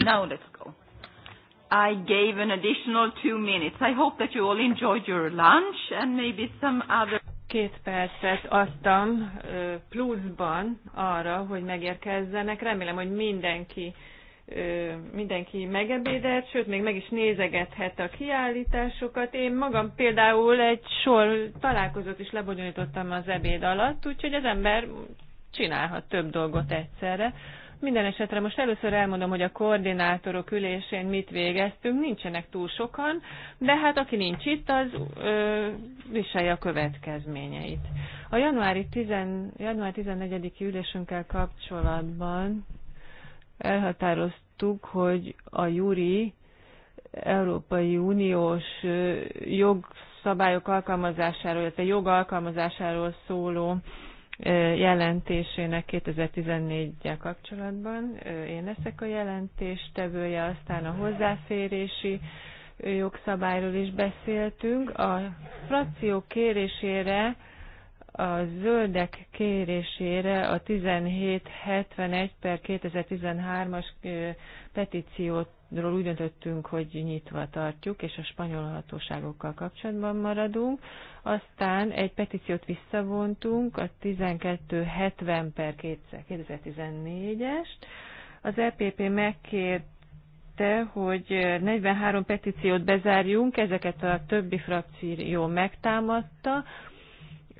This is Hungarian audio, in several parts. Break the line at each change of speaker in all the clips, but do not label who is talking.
Now let's go. I gave an additional two minutes. I hope that you all enjoyed your lunch and maybe some other... Két percet adtam pluszban arra, hogy megérkezzenek. Remélem, hogy mindenki mindenki megebédelt, sőt, még meg is nézegethet a kiállításokat. Én magam például egy sor találkozót is lebonyolítottam az ebéd alatt, úgyhogy az ember csinálhat több dolgot egyszerre. Minden esetre most először elmondom, hogy a koordinátorok ülésén mit végeztünk, nincsenek túl sokan, de hát aki nincs itt, az ö, viselje a következményeit. A januári 10, január 14-i ülésünkkel kapcsolatban elhatároztuk, hogy a Júri Európai Uniós jogszabályok alkalmazásáról, illetve jogalkalmazásáról szóló jelentésének 2014-jel kapcsolatban. Én leszek a jelentéstevője, aztán a hozzáférési jogszabályról is beszéltünk. A frakció kérésére, a zöldek kérésére a 1771 per 2013-as petíciót ról úgy döntöttünk, hogy nyitva tartjuk, és a spanyol hatóságokkal kapcsolatban maradunk. Aztán egy petíciót visszavontunk, a 1270 per 2014-est. Az EPP megkérte, hogy 43 petíciót bezárjunk, ezeket a többi frakció megtámadta,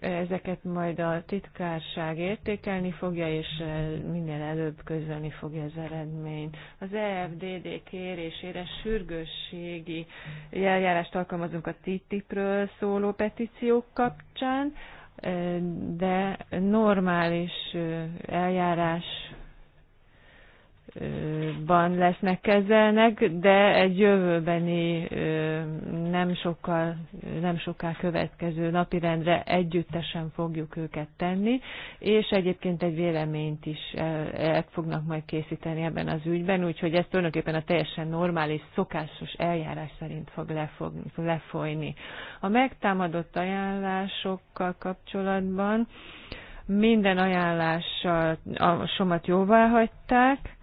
ezeket majd a titkárság értékelni fogja, és eh, minden előbb közölni fogja az eredményt. Az EFDD kérésére sürgősségi eljárást alkalmazunk a TTIP-ről szóló petíciók kapcsán, eh, de normális eh, eljárás ban lesznek kezelnek, de egy jövőbeni nem, sokkal, nem soká következő napirendre együttesen fogjuk őket tenni, és egyébként egy véleményt is el, el fognak majd készíteni ebben az ügyben, úgyhogy ez tulajdonképpen a teljesen normális, szokásos eljárás szerint fog lefogni, lefolyni. A megtámadott ajánlásokkal kapcsolatban minden ajánlással a somat jóvá hagyták,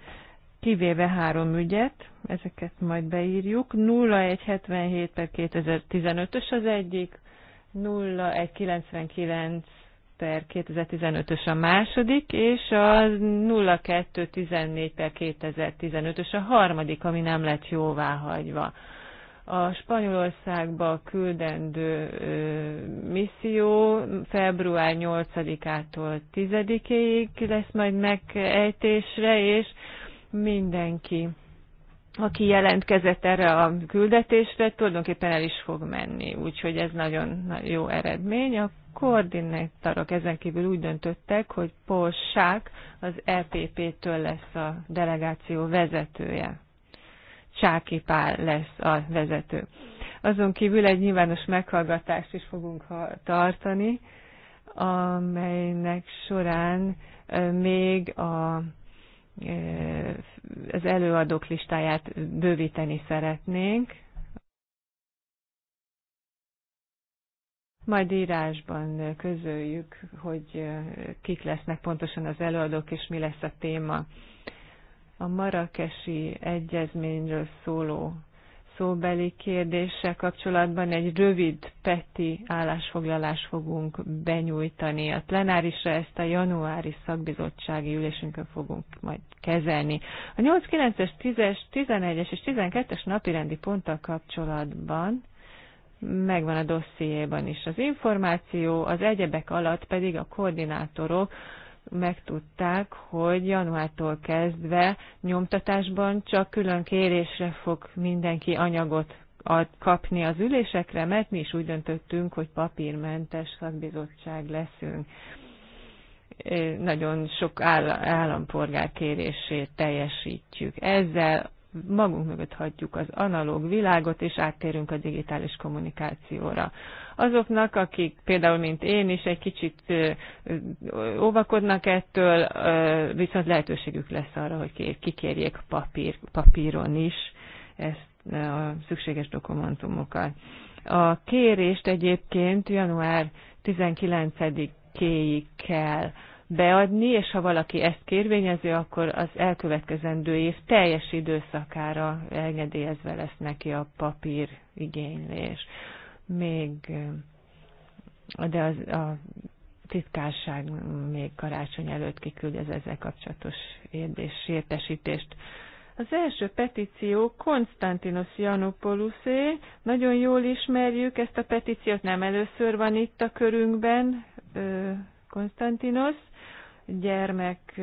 kivéve három ügyet, ezeket majd beírjuk. 0177 per 2015-ös az egyik, 0199 per 2015-ös a második, és a 0214 per 2015-ös a harmadik, ami nem lett jóvá hagyva. A Spanyolországba küldendő ö, misszió február 8-ától 10-ig lesz majd megejtésre, és mindenki, aki jelentkezett erre a küldetésre, tulajdonképpen el is fog menni. Úgyhogy ez nagyon jó eredmény. A koordinátorok ezen kívül úgy döntöttek, hogy Paul Schack az EPP-től lesz a delegáció vezetője. Csáki Pál lesz a vezető. Azon kívül egy nyilvános meghallgatást is fogunk tartani, amelynek során még a az előadók listáját bővíteni szeretnénk. Majd írásban közöljük, hogy kik lesznek pontosan az előadók, és mi lesz a téma. A marakesi egyezményről szóló szóbeli kérdéssel kapcsolatban egy rövid peti állásfoglalást fogunk benyújtani. A plenárisra ezt a januári szakbizottsági ülésünkön fogunk majd kezelni. A 8, 9-es, 10-es, 11-es és 12-es napirendi ponttal kapcsolatban megvan a dossziéban is az információ, az egyebek alatt pedig a koordinátorok megtudták, hogy januártól kezdve nyomtatásban csak külön kérésre fog mindenki anyagot ad, kapni az ülésekre, mert mi is úgy döntöttünk, hogy papírmentes szakbizottság leszünk. Nagyon sok állampolgár kérését teljesítjük. Ezzel magunk mögött hagyjuk az analóg világot, és áttérünk a digitális kommunikációra. Azoknak, akik például, mint én is, egy kicsit óvakodnak ettől, viszont lehetőségük lesz arra, hogy kikérjék papír, papíron is ezt a szükséges dokumentumokat. A kérést egyébként január 19-éig kell beadni, és ha valaki ezt kérvényező, akkor az elkövetkezendő év teljes időszakára engedélyezve lesz neki a papír igénylés. Még, de az, a titkárság még karácsony előtt kiküld az ezzel kapcsolatos értesítést. Az első petíció Konstantinos Janopoulosé nagyon jól ismerjük ezt a petíciót, nem először van itt a körünkben, Konstantinos gyermek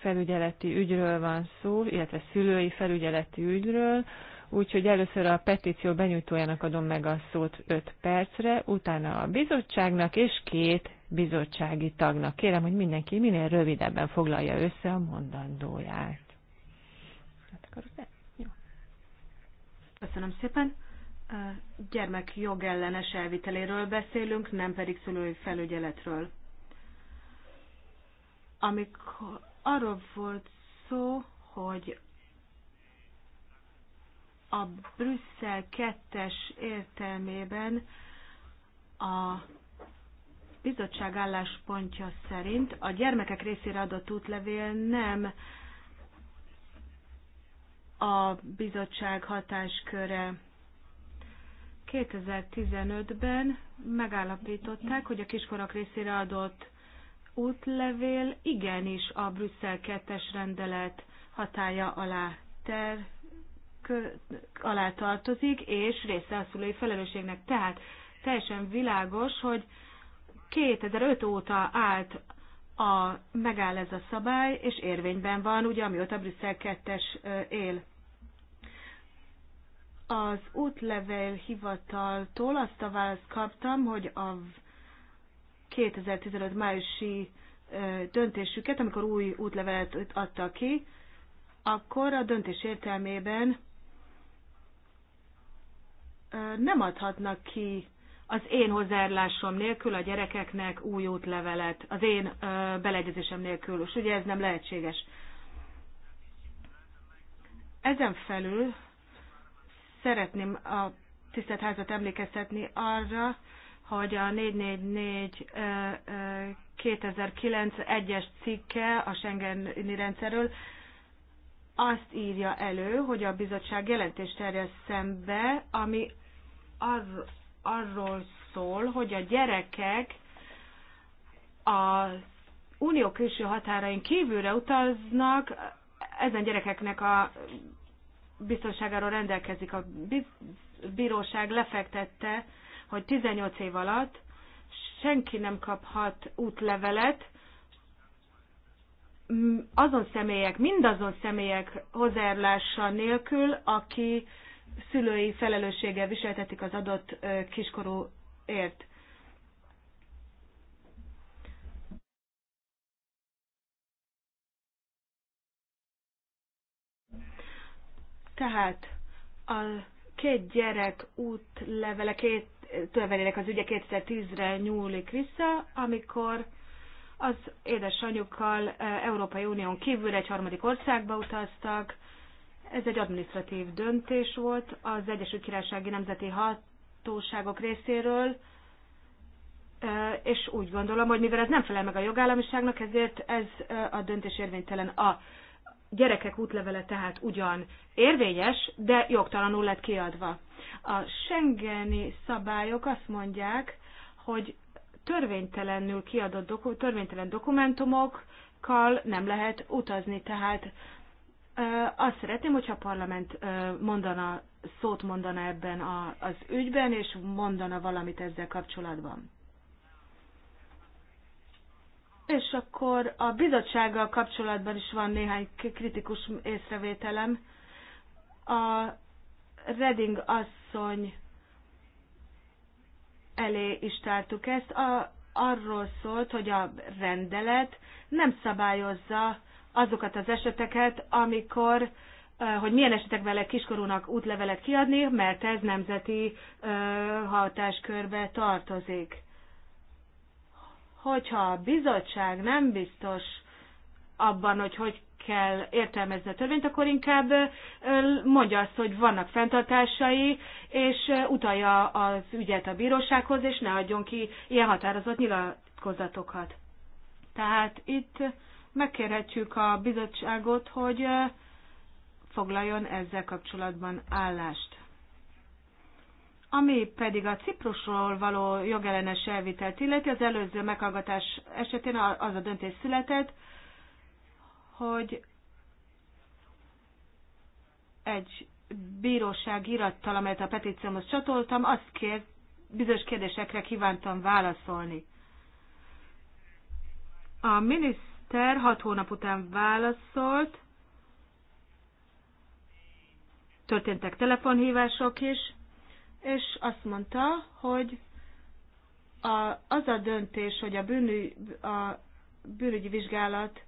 felügyeleti ügyről van szó, illetve szülői felügyeleti ügyről, úgyhogy először a petíció benyújtójának adom meg a szót 5 percre, utána a bizottságnak és két bizottsági tagnak. Kérem, hogy mindenki minél rövidebben foglalja össze a mondandóját.
Hát Köszönöm szépen. Gyermek jogellenes elviteléről beszélünk, nem pedig szülői felügyeletről amikor arról volt szó, hogy a Brüsszel kettes értelmében a bizottság álláspontja szerint a gyermekek részére adott útlevél nem a bizottság hatásköre. 2015-ben megállapították, hogy a kiskorok részére adott útlevél igenis a Brüsszel 2 rendelet hatája alá ter, kö, alá tartozik, és része a szülői felelősségnek. Tehát teljesen világos, hogy 2005 óta állt a, megáll ez a szabály, és érvényben van, ugye, amióta Brüsszel 2 él. Az útlevél hivataltól azt a választ kaptam, hogy a 2015 májusi döntésüket, amikor új útlevelet adtak ki, akkor a döntés értelmében nem adhatnak ki az én hozzáállásom nélkül a gyerekeknek új útlevelet, az én beleegyezésem nélkül, és ugye ez nem lehetséges. Ezen felül szeretném a tisztelt házat emlékeztetni arra, hogy a 444 2009 egyes cikke a Schengeni rendszerről azt írja elő, hogy a bizottság jelentést terjesz szembe, ami az, arról szól, hogy a gyerekek az unió külső határain kívülre utaznak, ezen gyerekeknek a biztonságáról rendelkezik a bíróság lefektette hogy 18 év alatt senki nem kaphat útlevelet, azon személyek, mindazon személyek hozzájárulása nélkül, aki szülői felelősséggel viseltetik az adott kiskorúért. Tehát a két gyerek útlevele, két törvényének az ügye 2010-re nyúlik vissza, amikor az édesanyjukkal e, Európai Unión kívül egy harmadik országba utaztak. Ez egy administratív döntés volt az Egyesült Királysági Nemzeti Hatóságok részéről, e, és úgy gondolom, hogy mivel ez nem felel meg a jogállamiságnak, ezért ez e, a döntés érvénytelen. A gyerekek útlevele tehát ugyan érvényes, de jogtalanul lett kiadva. A Schengeni szabályok azt mondják, hogy törvénytelenül kiadott doku- törvénytelen dokumentumokkal nem lehet utazni, tehát azt szeretném, hogyha a parlament mondana, szót mondana ebben a, az ügyben, és mondana valamit ezzel kapcsolatban. És akkor a bizottsággal kapcsolatban is van néhány kritikus észrevételem. A Reding asszony elé is tártuk ezt. A, arról szólt, hogy a rendelet nem szabályozza azokat az eseteket, amikor hogy milyen esetekben lehet kiskorúnak útlevelet kiadni, mert ez nemzeti hatáskörbe tartozik hogyha a bizottság nem biztos abban, hogy hogy kell értelmezni a törvényt, akkor inkább mondja azt, hogy vannak fenntartásai, és utalja az ügyet a bírósághoz, és ne adjon ki ilyen határozott nyilatkozatokat. Tehát itt megkérhetjük a bizottságot, hogy foglaljon ezzel kapcsolatban állást. Ami pedig a Ciprusról való jogellenes elvitelt illeti, az előző meghallgatás esetén az a döntés született, hogy egy bíróság irattal, amelyet a petíciómhoz csatoltam, azt kér, bizonyos kérdésekre kívántam válaszolni. A miniszter hat hónap után válaszolt, történtek telefonhívások is, és azt mondta, hogy a, az a döntés, hogy a, bűnű, a bűnügyi vizsgálat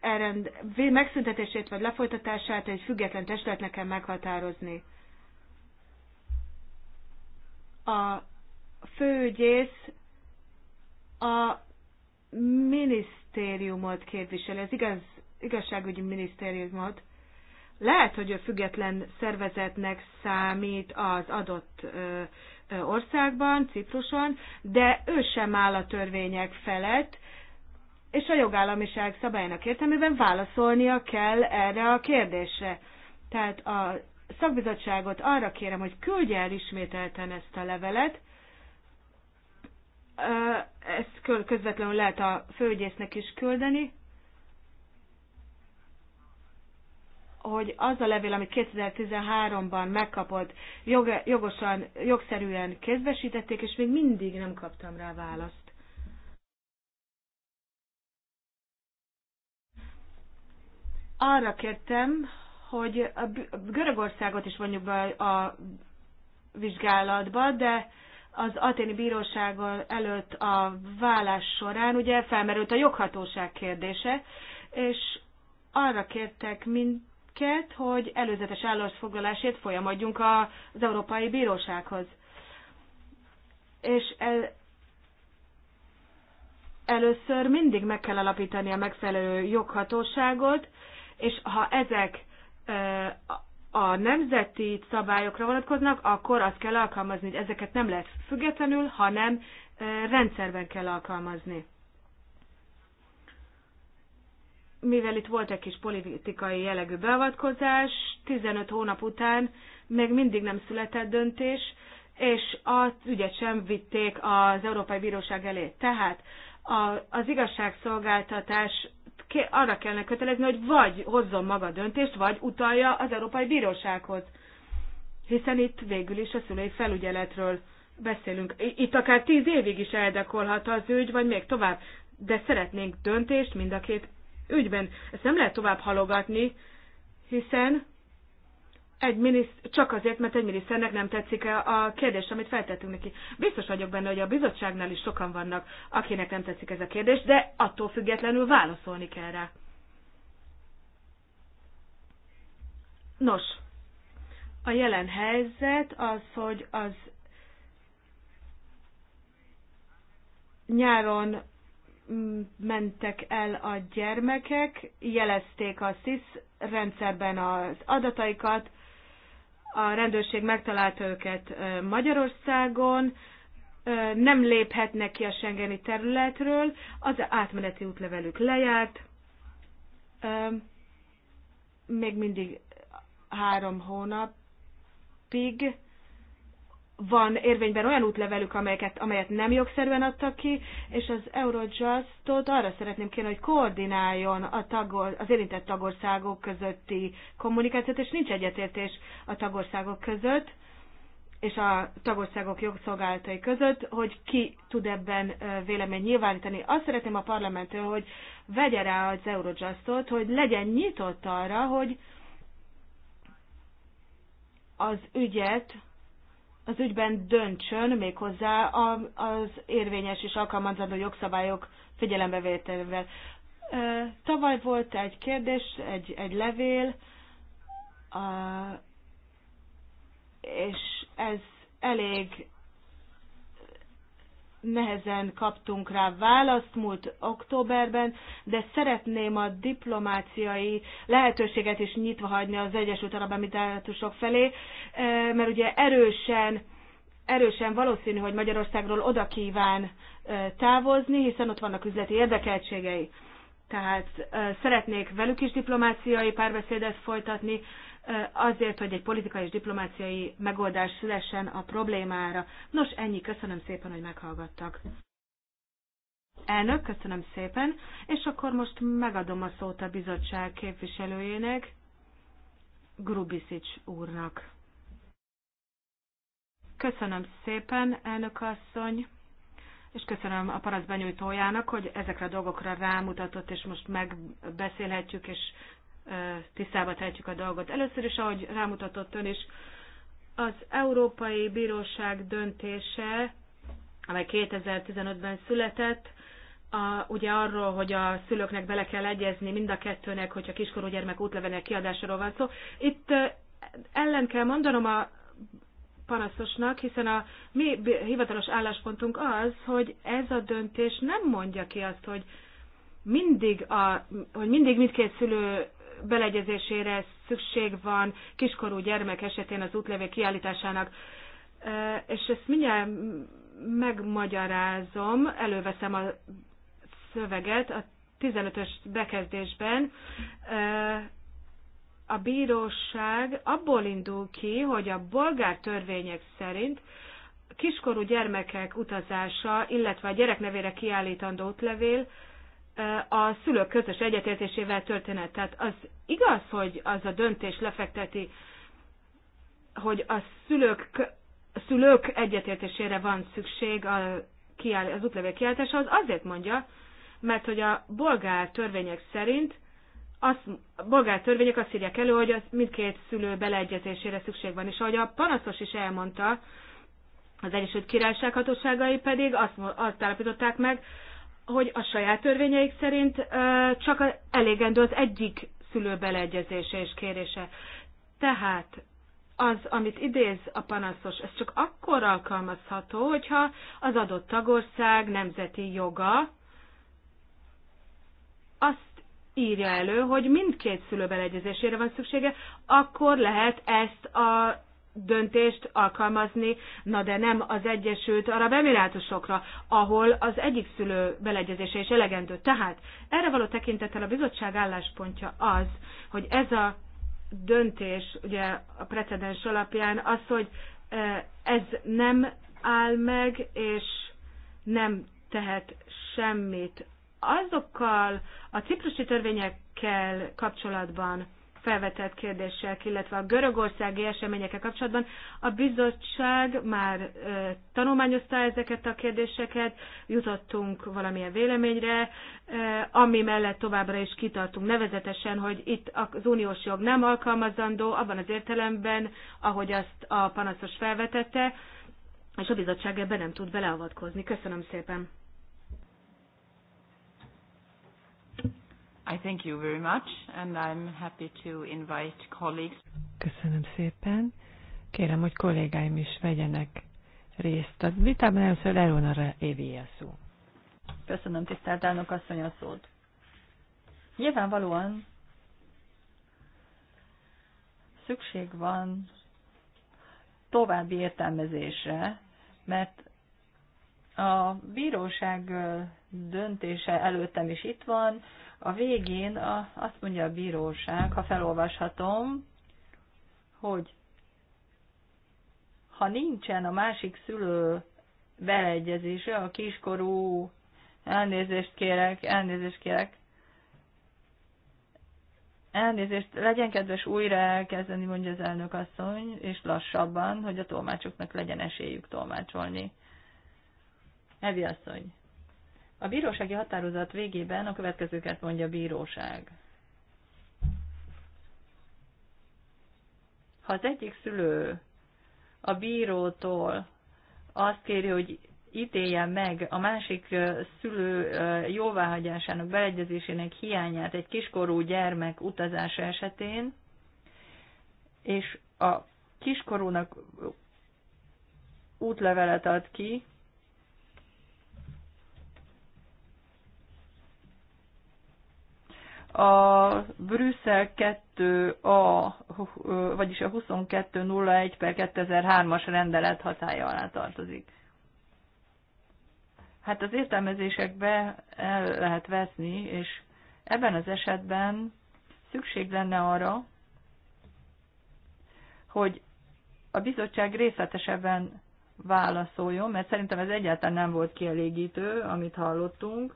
elrend, megszüntetését vagy lefolytatását egy független testületnek kell meghatározni. A főügyész a minisztériumot képviseli, az igaz, igazságügyi minisztériumot, lehet, hogy a független szervezetnek számít az adott országban, Cipruson, de ő sem áll a törvények felett, és a jogállamiság szabályának értelmében válaszolnia kell erre a kérdésre. Tehát a szakbizottságot arra kérem, hogy küldje el ismételten ezt a levelet, ezt közvetlenül lehet a főügyésznek is küldeni, hogy az a levél, amit 2013-ban megkapott, jog, jogosan, jogszerűen kézbesítették, és még mindig nem kaptam rá választ. Arra kértem, hogy a Görögországot is vonjuk be a vizsgálatba, de az aténi bíróság előtt a vállás során ugye felmerült a joghatóság kérdése, és arra kértek mint kért, hogy előzetes állásfoglalásért folyamadjunk az Európai Bírósághoz. És el, először mindig meg kell alapítani a megfelelő joghatóságot, és ha ezek a nemzeti szabályokra vonatkoznak, akkor azt kell alkalmazni, hogy ezeket nem lehet függetlenül, hanem rendszerben kell alkalmazni. mivel itt volt egy kis politikai jellegű beavatkozás, 15 hónap után még mindig nem született döntés, és az ügyet sem vitték az Európai Bíróság elé. Tehát a, az igazságszolgáltatás arra kellene kötelezni, hogy vagy hozzon maga döntést, vagy utalja az Európai Bírósághoz. Hiszen itt végül is a szülői felügyeletről beszélünk. Itt akár tíz évig is eldekolhat az ügy, vagy még tovább, de szeretnénk döntést mind a két ügyben. Ezt nem lehet tovább halogatni, hiszen egy miniszt, csak azért, mert egy miniszternek nem tetszik a kérdés, amit feltettünk neki. Biztos vagyok benne, hogy a bizottságnál is sokan vannak, akinek nem tetszik ez a kérdés, de attól függetlenül válaszolni kell rá. Nos, a jelen helyzet az, hogy az nyáron mentek el a gyermekek, jelezték a SIS rendszerben az adataikat, a rendőrség megtalálta őket Magyarországon, nem léphetnek ki a Schengeni területről, az átmeneti útlevelük lejárt, még mindig három hónapig van érvényben olyan útlevelük, amelyeket, amelyet nem jogszerűen adtak ki, és az Eurojust-ot arra szeretném kérni, hogy koordináljon a tagol, az érintett tagországok közötti kommunikációt, és nincs egyetértés a tagországok között, és a tagországok jogszolgálatai között, hogy ki tud ebben vélemény nyilvánítani. Azt szeretném a parlamenttől, hogy vegye rá az Eurojust-ot, hogy legyen nyitott arra, hogy az ügyet az ügyben döntsön méghozzá az érvényes és alkalmazandó jogszabályok figyelembevételével. Tavaly volt egy kérdés, egy, egy levél, és ez elég nehezen kaptunk rá választ múlt októberben, de szeretném a diplomáciai lehetőséget is nyitva hagyni az Egyesült Arab Emirátusok felé, eh, mert ugye erősen erősen valószínű, hogy Magyarországról oda kíván eh, távozni, hiszen ott vannak üzleti érdekeltségei. Tehát eh, szeretnék velük is diplomáciai párbeszédet folytatni, azért, hogy egy politikai és diplomáciai megoldás szülessen a problémára. Nos, ennyi, köszönöm szépen, hogy meghallgattak. Elnök, köszönöm szépen, és akkor most megadom a szót a bizottság képviselőjének, Grubisics úrnak. Köszönöm szépen, elnök asszony, és köszönöm a parasz benyújtójának, hogy ezekre a dolgokra rámutatott, és most megbeszélhetjük, és tisztába tehetjük a dolgot. Először is, ahogy rámutatott ön is, az Európai Bíróság döntése, amely 2015-ben született, a, ugye arról, hogy a szülőknek bele kell egyezni mind a kettőnek, hogyha kiskorú gyermek útlevenek kiadásáról van szó. Itt ellen kell mondanom a panaszosnak, hiszen a mi hivatalos álláspontunk az, hogy ez a döntés nem mondja ki azt, hogy mindig, a, hogy mindig mindkét szülő beleegyezésére szükség van kiskorú gyermek esetén az útlevél kiállításának. És ezt mindjárt megmagyarázom, előveszem a szöveget a 15-ös bekezdésben. A bíróság abból indul ki, hogy a bolgár törvények szerint kiskorú gyermekek utazása, illetve a gyereknevére kiállítandó útlevél a szülők közös egyetértésével történet. Tehát az igaz, hogy az a döntés lefekteti, hogy a szülők, a szülők egyetértésére van szükség a kiáll, az útlevél kiállítása, az azért mondja, mert hogy a bolgár törvények szerint az, a bolgár törvények azt írják elő, hogy az mindkét szülő beleegyezésére szükség van. És ahogy a panaszos is elmondta, az Egyesült Királyság hatóságai pedig azt, azt állapították meg, hogy a saját törvényeik szerint csak elégendő az egyik szülő beleegyezése és kérése. Tehát az, amit idéz a panaszos, ez csak akkor alkalmazható, hogyha az adott tagország nemzeti joga azt írja elő, hogy mindkét szülő beleegyezésére van szüksége, akkor lehet ezt a döntést alkalmazni, na de nem az Egyesült Arab Emirátusokra, ahol az egyik szülő beleegyezése is elegendő. Tehát erre való tekintettel a bizottság álláspontja az, hogy ez a döntés, ugye a precedens alapján az, hogy e, ez nem áll meg, és nem tehet semmit azokkal a ciprusi törvényekkel kapcsolatban, felvetett kérdések, illetve a görögországi eseményekkel kapcsolatban. A bizottság már tanulmányozta ezeket a kérdéseket, jutottunk valamilyen véleményre, ami mellett továbbra is kitartunk nevezetesen, hogy itt az uniós jog nem alkalmazandó abban az értelemben, ahogy azt a panaszos felvetette, és a bizottság ebben nem tud beleavatkozni. Köszönöm szépen!
I thank you very much, and I'm happy to invite colleagues. Köszönöm szépen. Kérem, hogy kollégáim is vegyenek részt a vitában. Először Eleonora Évi a szó. Köszönöm, tisztelt elnök asszony a szót. Nyilvánvalóan szükség van további értelmezésre, mert a bíróság döntése előttem is itt van, a végén a, azt mondja a bíróság, ha felolvashatom, hogy ha nincsen a másik szülő beleegyezése, a kiskorú elnézést kérek, elnézést kérek, elnézést, legyen kedves újra elkezdeni, mondja az elnök asszony, és lassabban, hogy a tolmácsoknak legyen esélyük tolmácsolni. Evi asszony. A bírósági határozat végében a következőket mondja a bíróság. Ha az egyik szülő a bírótól azt kéri, hogy ítélje meg a másik szülő jóváhagyásának, beleegyezésének hiányát egy kiskorú gyermek utazása esetén, és a kiskorúnak útlevelet ad ki, a Brüsszel 2A, vagyis a 2201 per 2003-as rendelet hatája alá tartozik. Hát az értelmezésekbe el lehet veszni, és ebben az esetben szükség lenne arra, hogy a bizottság részletesebben válaszoljon, mert szerintem ez egyáltalán nem volt kielégítő, amit hallottunk.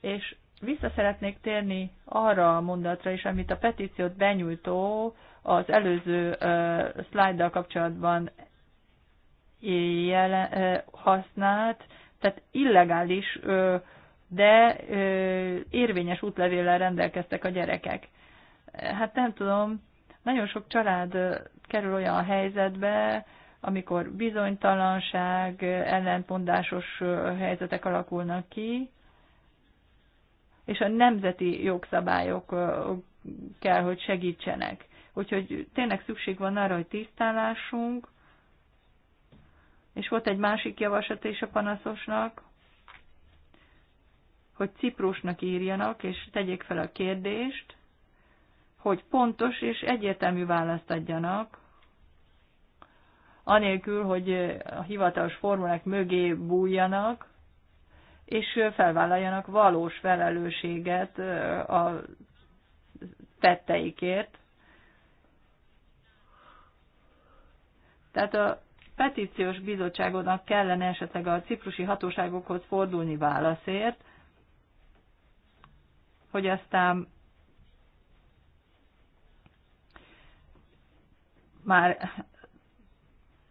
És vissza szeretnék térni arra a mondatra is, amit a petíciót benyújtó az előző uh, szlájddal kapcsolatban jelen, uh, használt, tehát illegális, uh, de uh, érvényes útlevéllel rendelkeztek a gyerekek. Hát nem tudom, nagyon sok család uh, kerül olyan helyzetbe, amikor bizonytalanság, ellentmondásos helyzetek alakulnak ki, és a nemzeti jogszabályok kell, hogy segítsenek. Úgyhogy tényleg szükség van arra, hogy tisztálásunk, és volt egy másik javaslat is a panaszosnak, hogy Ciprusnak írjanak, és tegyék fel a kérdést, hogy pontos és egyértelmű választ adjanak, anélkül, hogy a hivatalos formulák mögé bújjanak, és felvállaljanak valós felelősséget a tetteikért. Tehát a petíciós bizottságodnak kellene esetleg a ciprusi hatóságokhoz fordulni válaszért, hogy aztán már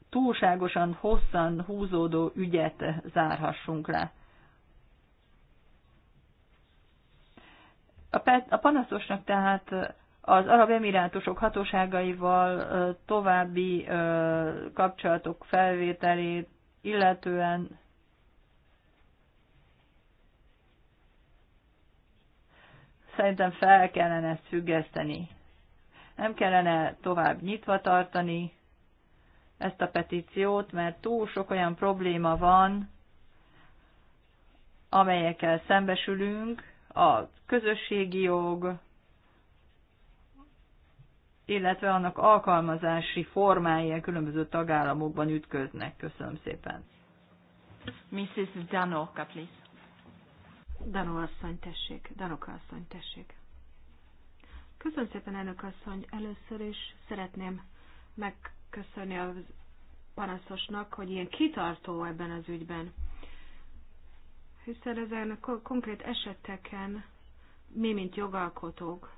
túlságosan hosszan húzódó ügyet zárhassunk le. A, panaszosnak tehát az arab emirátusok hatóságaival további kapcsolatok felvételét, illetően szerintem fel kellene ezt függeszteni. Nem kellene tovább nyitva tartani ezt a petíciót, mert túl sok olyan probléma van, amelyekkel szembesülünk, a közösségi jog, illetve annak alkalmazási formái a különböző tagállamokban ütköznek. Köszönöm szépen.
Mrs. Danoka, please. Danó asszony, tessék. Danoka asszony, tessék. Köszönöm szépen, elnök asszony. Először is szeretném megköszönni a panaszosnak, hogy ilyen kitartó ebben az ügyben hiszen ezen konkrét eseteken mi, mint jogalkotók,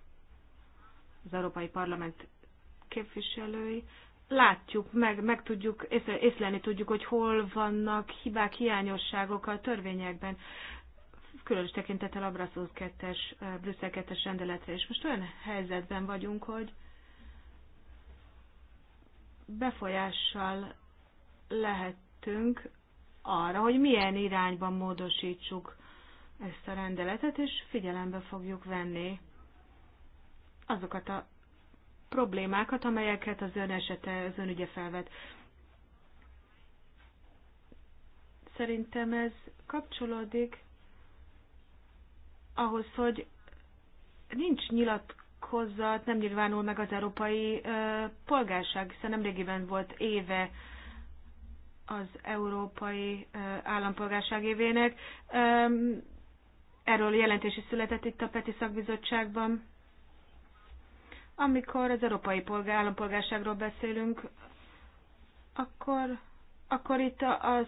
az Európai Parlament képviselői, látjuk meg, meg tudjuk, észre, észlelni tudjuk, hogy hol vannak hibák, hiányosságok a törvényekben. Különös tekintettel Abraszoz 2-es, eh, Brüsszel 2 rendeletre is. Most olyan helyzetben vagyunk, hogy befolyással lehettünk arra, hogy milyen irányban módosítsuk ezt a rendeletet, és figyelembe fogjuk venni azokat a problémákat, amelyeket az ön esete, az ön ügye felvet. Szerintem ez kapcsolódik ahhoz, hogy nincs nyilatkozat, nem nyilvánul meg az európai ö, polgárság, hiszen nemrégiben volt éve az európai állampolgárság évének. Erről jelentés is született itt a Peti Szakbizottságban. Amikor az európai polgár, állampolgárságról beszélünk, akkor, akkor itt a, a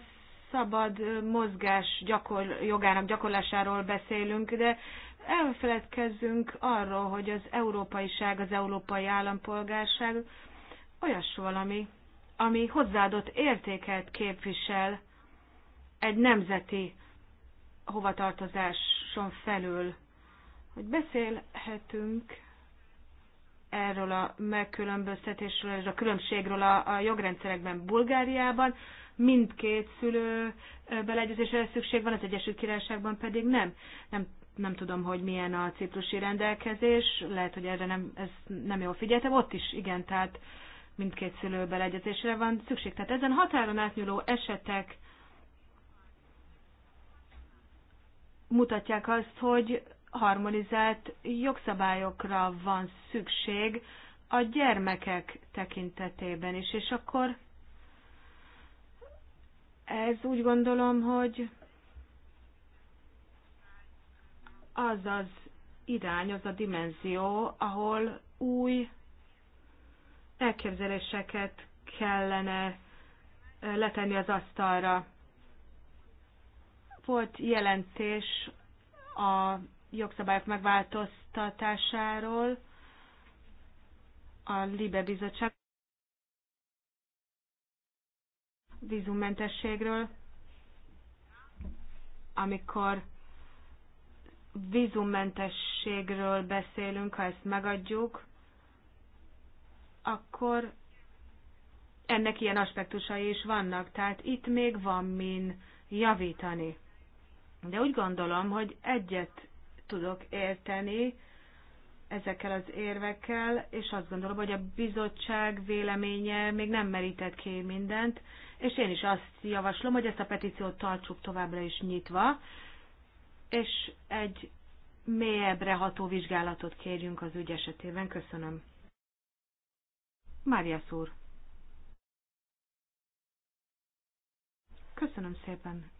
szabad mozgás gyakor, jogának gyakorlásáról beszélünk, de elfeledkezzünk arról, hogy az európaiság, az európai állampolgárság olyas valami, ami hozzáadott értéket képvisel egy nemzeti hovatartozáson felül. Hogy beszélhetünk erről a megkülönböztetésről, és a különbségről a, a jogrendszerekben Bulgáriában, mindkét szülő beleegyezésre szükség van, az Egyesült Királyságban pedig nem. Nem, nem tudom, hogy milyen a ciprusi rendelkezés, lehet, hogy erre nem, ez nem jól figyeltem, ott is igen, tehát mindkét szülő beleegyezésére van szükség. Tehát ezen határon átnyúló esetek mutatják azt, hogy harmonizált jogszabályokra van szükség a gyermekek tekintetében is, és akkor ez úgy gondolom, hogy az az irány, az a dimenzió, ahol új elképzeléseket kellene letenni az asztalra. Volt jelentés a jogszabályok megváltoztatásáról a Libe Bizottság vízummentességről, amikor vízummentességről beszélünk, ha ezt megadjuk, akkor ennek ilyen aspektusai is vannak, tehát itt még van min javítani. De úgy gondolom, hogy egyet tudok érteni ezekkel az érvekkel, és azt gondolom, hogy a bizottság véleménye még nem merített ki mindent, és én is azt javaslom, hogy ezt a petíciót tartsuk továbbra is nyitva, és egy mélyebbre ható vizsgálatot kérjünk az ügy esetében. Köszönöm. Mária szúr. Köszönöm szépen,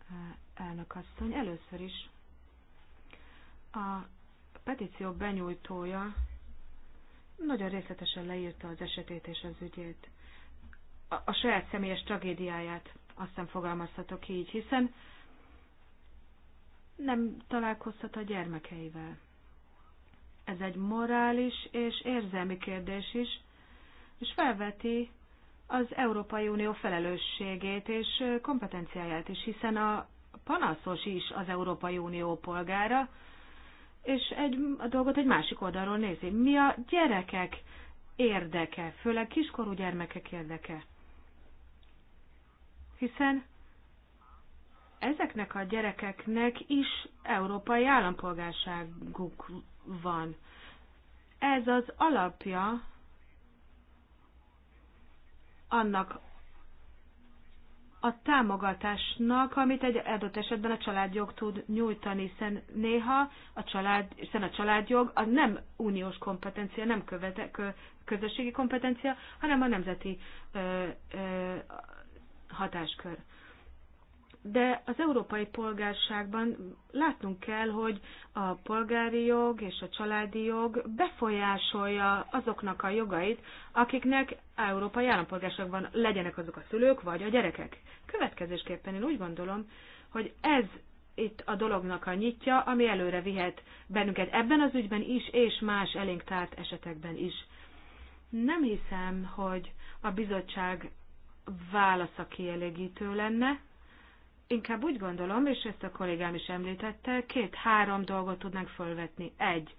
elnök asszony. Először is a petíció benyújtója nagyon részletesen leírta az esetét és az ügyét. A, a saját személyes tragédiáját azt nem fogalmazhatok így, hiszen nem találkozhat a gyermekeivel. Ez egy morális és érzelmi kérdés is, és felveti az Európai Unió felelősségét és kompetenciáját is, hiszen a panaszos is az Európai Unió polgára, és egy, a dolgot egy másik oldalról nézi. Mi a gyerekek érdeke, főleg kiskorú gyermekek érdeke? Hiszen ezeknek a gyerekeknek is európai állampolgárságuk van. Ez az alapja annak a támogatásnak, amit egy adott esetben a családjog tud nyújtani, hiszen néha a család, hiszen a családjog az nem uniós kompetencia, nem követe, kö, közösségi kompetencia, hanem a nemzeti ö, ö, hatáskör de az európai polgárságban látnunk kell, hogy a polgári jog és a családi jog befolyásolja azoknak a jogait, akiknek európai állampolgárságban legyenek azok a szülők vagy a gyerekek. Következésképpen én úgy gondolom, hogy ez itt a dolognak a nyitja, ami előre vihet bennünket ebben az ügyben is, és más elénk tárt esetekben is. Nem hiszem, hogy a bizottság válasza kielégítő lenne, inkább úgy gondolom, és ezt a kollégám is említette, két-három dolgot tudnánk fölvetni. Egy,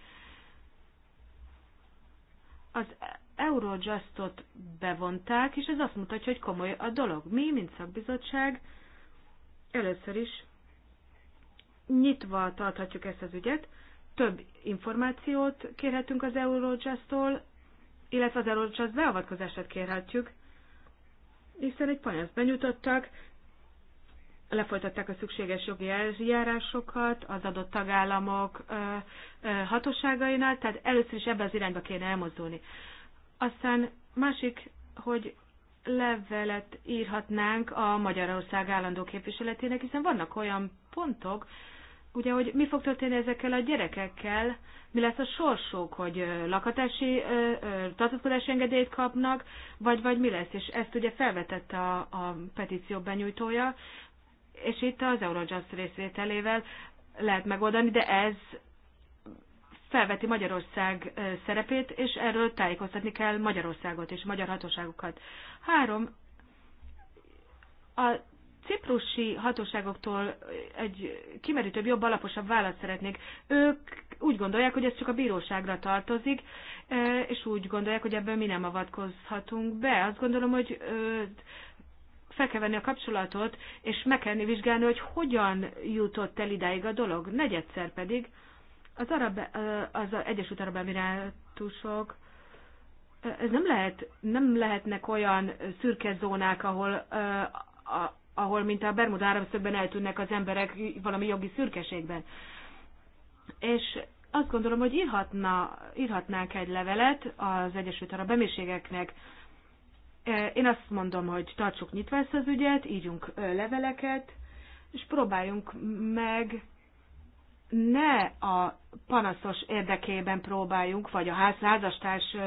az Eurojustot bevonták, és ez azt mutatja, hogy komoly a dolog. Mi, mint szakbizottság, először is nyitva tarthatjuk ezt az ügyet, több információt kérhetünk az Eurojust-tól, illetve az Eurojust beavatkozását kérhetjük, hiszen egy panaszt benyújtottak, lefolytatták a szükséges jogi eljárásokat az adott tagállamok hatóságainál, tehát először is ebbe az irányba kéne elmozdulni. Aztán másik, hogy levelet írhatnánk a Magyarország állandó képviseletének, hiszen vannak olyan pontok, ugye, hogy mi fog történni ezekkel a gyerekekkel, mi lesz a sorsuk, hogy lakatási, tartózkodási engedélyt kapnak, vagy, vagy mi lesz, és ezt ugye felvetette a, a petíció benyújtója, és itt az Eurojust részvételével lehet megoldani, de ez felveti Magyarország szerepét, és erről tájékoztatni kell Magyarországot és magyar hatóságokat. Három, a ciprusi hatóságoktól egy kimerítőbb, jobb, alaposabb választ szeretnék. Ők úgy gondolják, hogy ez csak a bíróságra tartozik, és úgy gondolják, hogy ebből mi nem avatkozhatunk be. Azt gondolom, hogy fel kell venni a kapcsolatot, és meg kell vizsgálni, hogy hogyan jutott el idáig a dolog. Negyedszer pedig az, arab, az Egyesült Arab Emirátusok ez nem lehet, nem lehetnek olyan szürke zónák, ahol, ahol mint a Bermuda áramszögben eltűnnek az emberek valami jogi szürkeségben. És azt gondolom, hogy írhatna, írhatnánk egy levelet az Egyesült Arab Emírségeknek, E, én azt mondom, hogy tartsuk nyitva ezt az ügyet, ígyunk e, leveleket, és próbáljunk meg ne a panaszos érdekében próbáljunk, vagy a ház, házastárs e,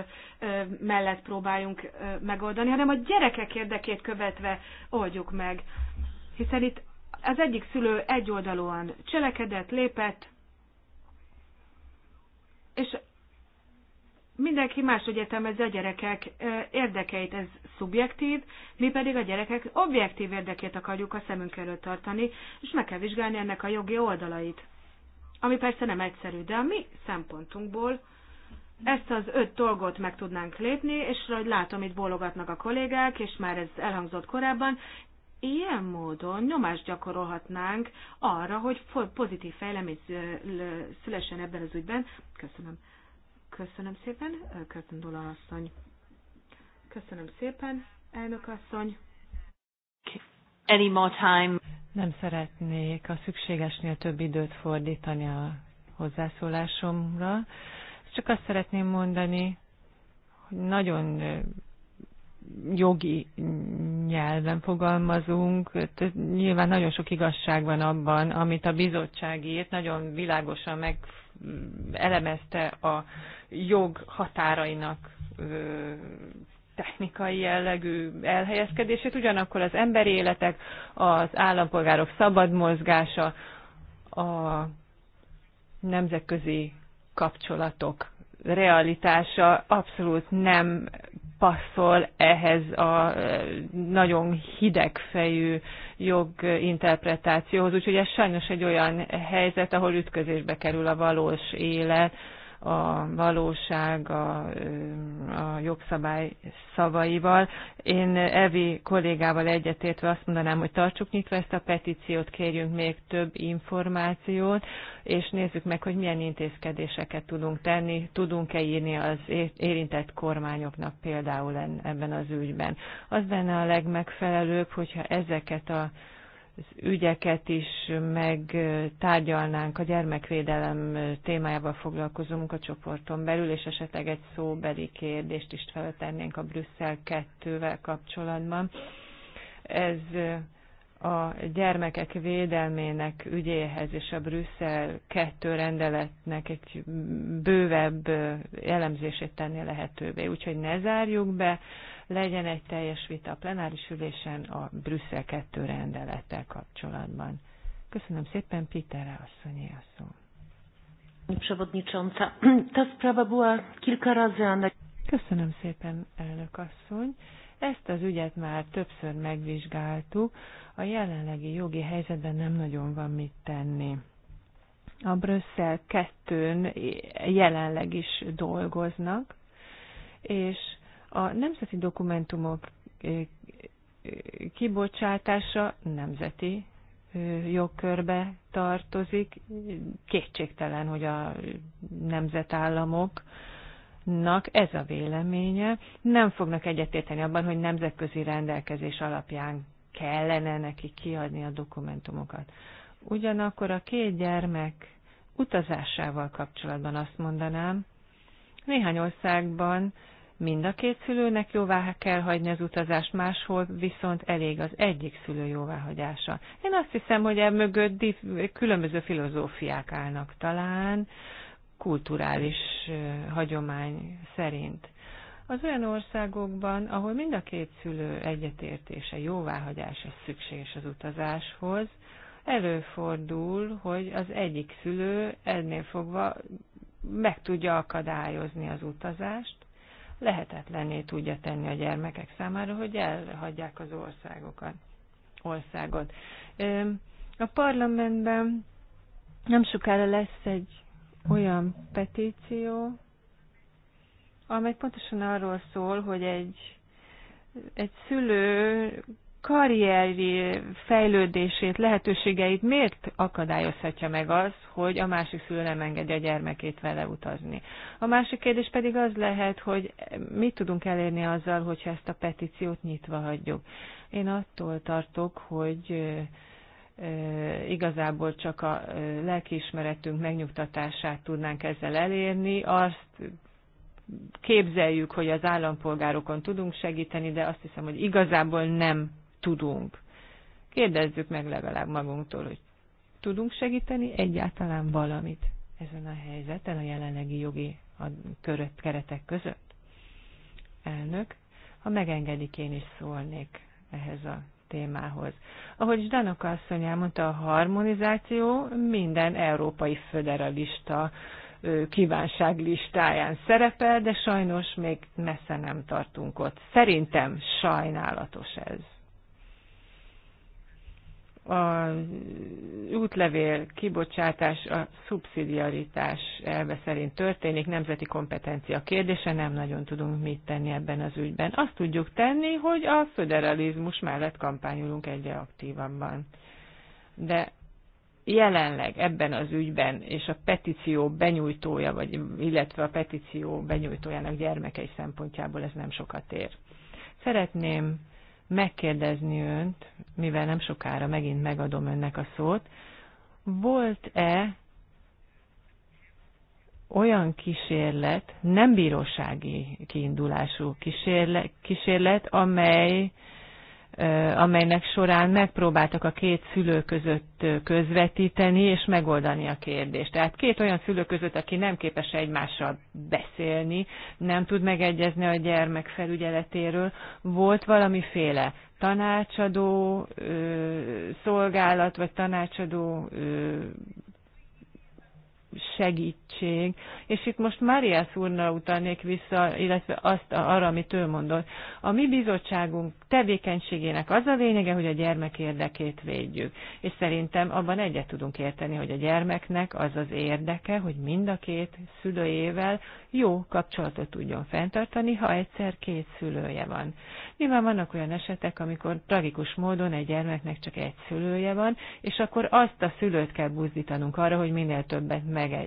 mellett próbáljunk megoldani, hanem a gyerekek érdekét követve oldjuk meg. Hiszen itt az egyik szülő egyoldalúan cselekedett, lépett, és mindenki más egyetemezze a gyerekek érdekeit, ez szubjektív, mi pedig a gyerekek objektív érdekét akarjuk a szemünk előtt tartani, és meg kell vizsgálni ennek a jogi oldalait. Ami persze nem egyszerű, de a mi szempontunkból ezt az öt dolgot meg tudnánk lépni, és hogy látom, itt bólogatnak a kollégák, és már ez elhangzott korábban, ilyen módon nyomást gyakorolhatnánk arra, hogy pozitív fejlemény szülessen ebben az ügyben. Köszönöm. Köszönöm szépen, köszönöm Dula asszony. Köszönöm szépen, elnök asszony.
Any more time? Nem szeretnék a szükségesnél több időt fordítani a hozzászólásomra. Csak azt szeretném mondani, hogy nagyon jogi nyelven fogalmazunk. Nyilván nagyon sok igazság van abban, amit a bizottság írt, nagyon világosan meg elemezte a jog határainak technikai jellegű elhelyezkedését, ugyanakkor az emberi életek, az állampolgárok szabad mozgása, a nemzetközi kapcsolatok realitása abszolút nem passzol ehhez a e, nagyon hidegfejű joginterpretációhoz, úgyhogy ez sajnos egy olyan helyzet, ahol ütközésbe kerül a valós élet a valóság, a, a jogszabály szavaival. Én Evi kollégával egyetértve azt mondanám, hogy tartsuk nyitva ezt a petíciót, kérjünk még több információt, és nézzük meg, hogy milyen intézkedéseket tudunk tenni, tudunk-e írni az érintett kormányoknak például ebben az ügyben. Az lenne a legmegfelelőbb, hogyha ezeket a ügyeket is megtárgyalnánk a gyermekvédelem témájával foglalkozó munkacsoporton belül, és esetleg egy szóbeli kérdést is feltennénk a Brüsszel 2-vel kapcsolatban. Ez a gyermekek védelmének ügyéhez és a Brüsszel 2 rendeletnek egy bővebb elemzését tenni lehetővé. Úgyhogy ne zárjuk be legyen egy teljes vita a plenáris ülésen a Brüsszel 2 rendelettel kapcsolatban. Köszönöm szépen, Pitere asszonyi a szó. Przewodnicząca, ta sprawa była kilka razy Köszönöm szépen, elnök asszony. Ezt az ügyet már többször megvizsgáltuk, a jelenlegi jogi helyzetben nem nagyon van mit tenni. A Brüsszel kettőn jelenleg is dolgoznak, és a nemzeti dokumentumok kibocsátása nemzeti jogkörbe tartozik. Kétségtelen, hogy a nemzetállamoknak ez a véleménye. Nem fognak egyetérteni abban, hogy nemzetközi rendelkezés alapján kellene neki kiadni a dokumentumokat. Ugyanakkor a két gyermek utazásával kapcsolatban azt mondanám, néhány országban mind a két szülőnek jóvá kell hagyni az utazást, máshol viszont elég az egyik szülő jóváhagyása. Én azt hiszem, hogy e mögött különböző filozófiák állnak talán, kulturális hagyomány szerint. Az olyan országokban, ahol mind a két szülő egyetértése, jóváhagyása szükséges az utazáshoz, előfordul, hogy az egyik szülő ennél fogva meg tudja akadályozni az utazást, lehetetlenné tudja tenni a gyermekek számára, hogy elhagyják az országokat, országot. A parlamentben nem sokára lesz egy olyan petíció, amely pontosan arról szól, hogy egy, egy szülő karrieri fejlődését, lehetőségeit miért akadályozhatja meg az, hogy a másik szülő nem engedi a gyermekét vele utazni? A másik kérdés pedig az lehet, hogy mit tudunk elérni azzal, hogyha ezt a petíciót nyitva hagyjuk. Én attól tartok, hogy igazából csak a lelkiismeretünk megnyugtatását tudnánk ezzel elérni, azt képzeljük, hogy az állampolgárokon tudunk segíteni, de azt hiszem, hogy igazából nem tudunk. Kérdezzük meg legalább magunktól, hogy tudunk segíteni egyáltalán valamit ezen a helyzeten, a jelenlegi jogi a keretek között. Elnök, ha megengedik, én is szólnék ehhez a témához. Ahogy Zsdanoka asszony elmondta, a harmonizáció minden európai föderalista kívánság listáján szerepel, de sajnos még messze nem tartunk ott. Szerintem sajnálatos ez a útlevél kibocsátás a szubszidiaritás elve szerint történik, nemzeti kompetencia kérdése, nem nagyon tudunk mit tenni ebben az ügyben. Azt tudjuk tenni, hogy a föderalizmus mellett kampányolunk egyre aktívabban. De jelenleg ebben az ügyben, és a petíció benyújtója, vagy, illetve a petíció benyújtójának gyermekei szempontjából ez nem sokat ér. Szeretném megkérdezni önt, mivel nem sokára megint megadom önnek a szót, volt-e olyan kísérlet, nem bírósági kiindulású kísérlet, kísérlet amely amelynek során megpróbáltak a két szülő között közvetíteni és megoldani a kérdést. Tehát két olyan szülő között, aki nem képes egymással beszélni, nem tud megegyezni a gyermek felügyeletéről, volt valamiféle tanácsadó ö, szolgálat, vagy tanácsadó ö, segítség. És itt most Máriász úrra utalnék vissza, illetve azt arra, amit ő mondott. A mi bizottságunk tevékenységének az a lényege, hogy a gyermek érdekét védjük. És szerintem abban egyet tudunk érteni, hogy a gyermeknek az az érdeke, hogy mind a két szülőjével jó kapcsolatot tudjon fenntartani, ha egyszer két szülője van. Nyilván vannak olyan esetek, amikor tragikus módon egy gyermeknek csak egy szülője van, és akkor azt a szülőt kell buzdítanunk arra, hogy minél többet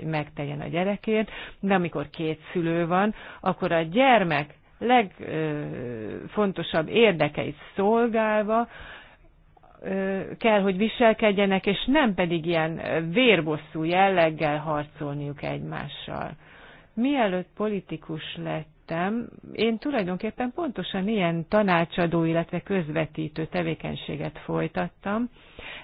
megtegyen a gyerekért, de amikor két szülő van, akkor a gyermek legfontosabb érdekeit szolgálva, kell, hogy viselkedjenek, és nem pedig ilyen vérbosszú jelleggel harcolniuk egymással. Mielőtt politikus lett, tettem, én tulajdonképpen pontosan ilyen tanácsadó, illetve közvetítő tevékenységet folytattam.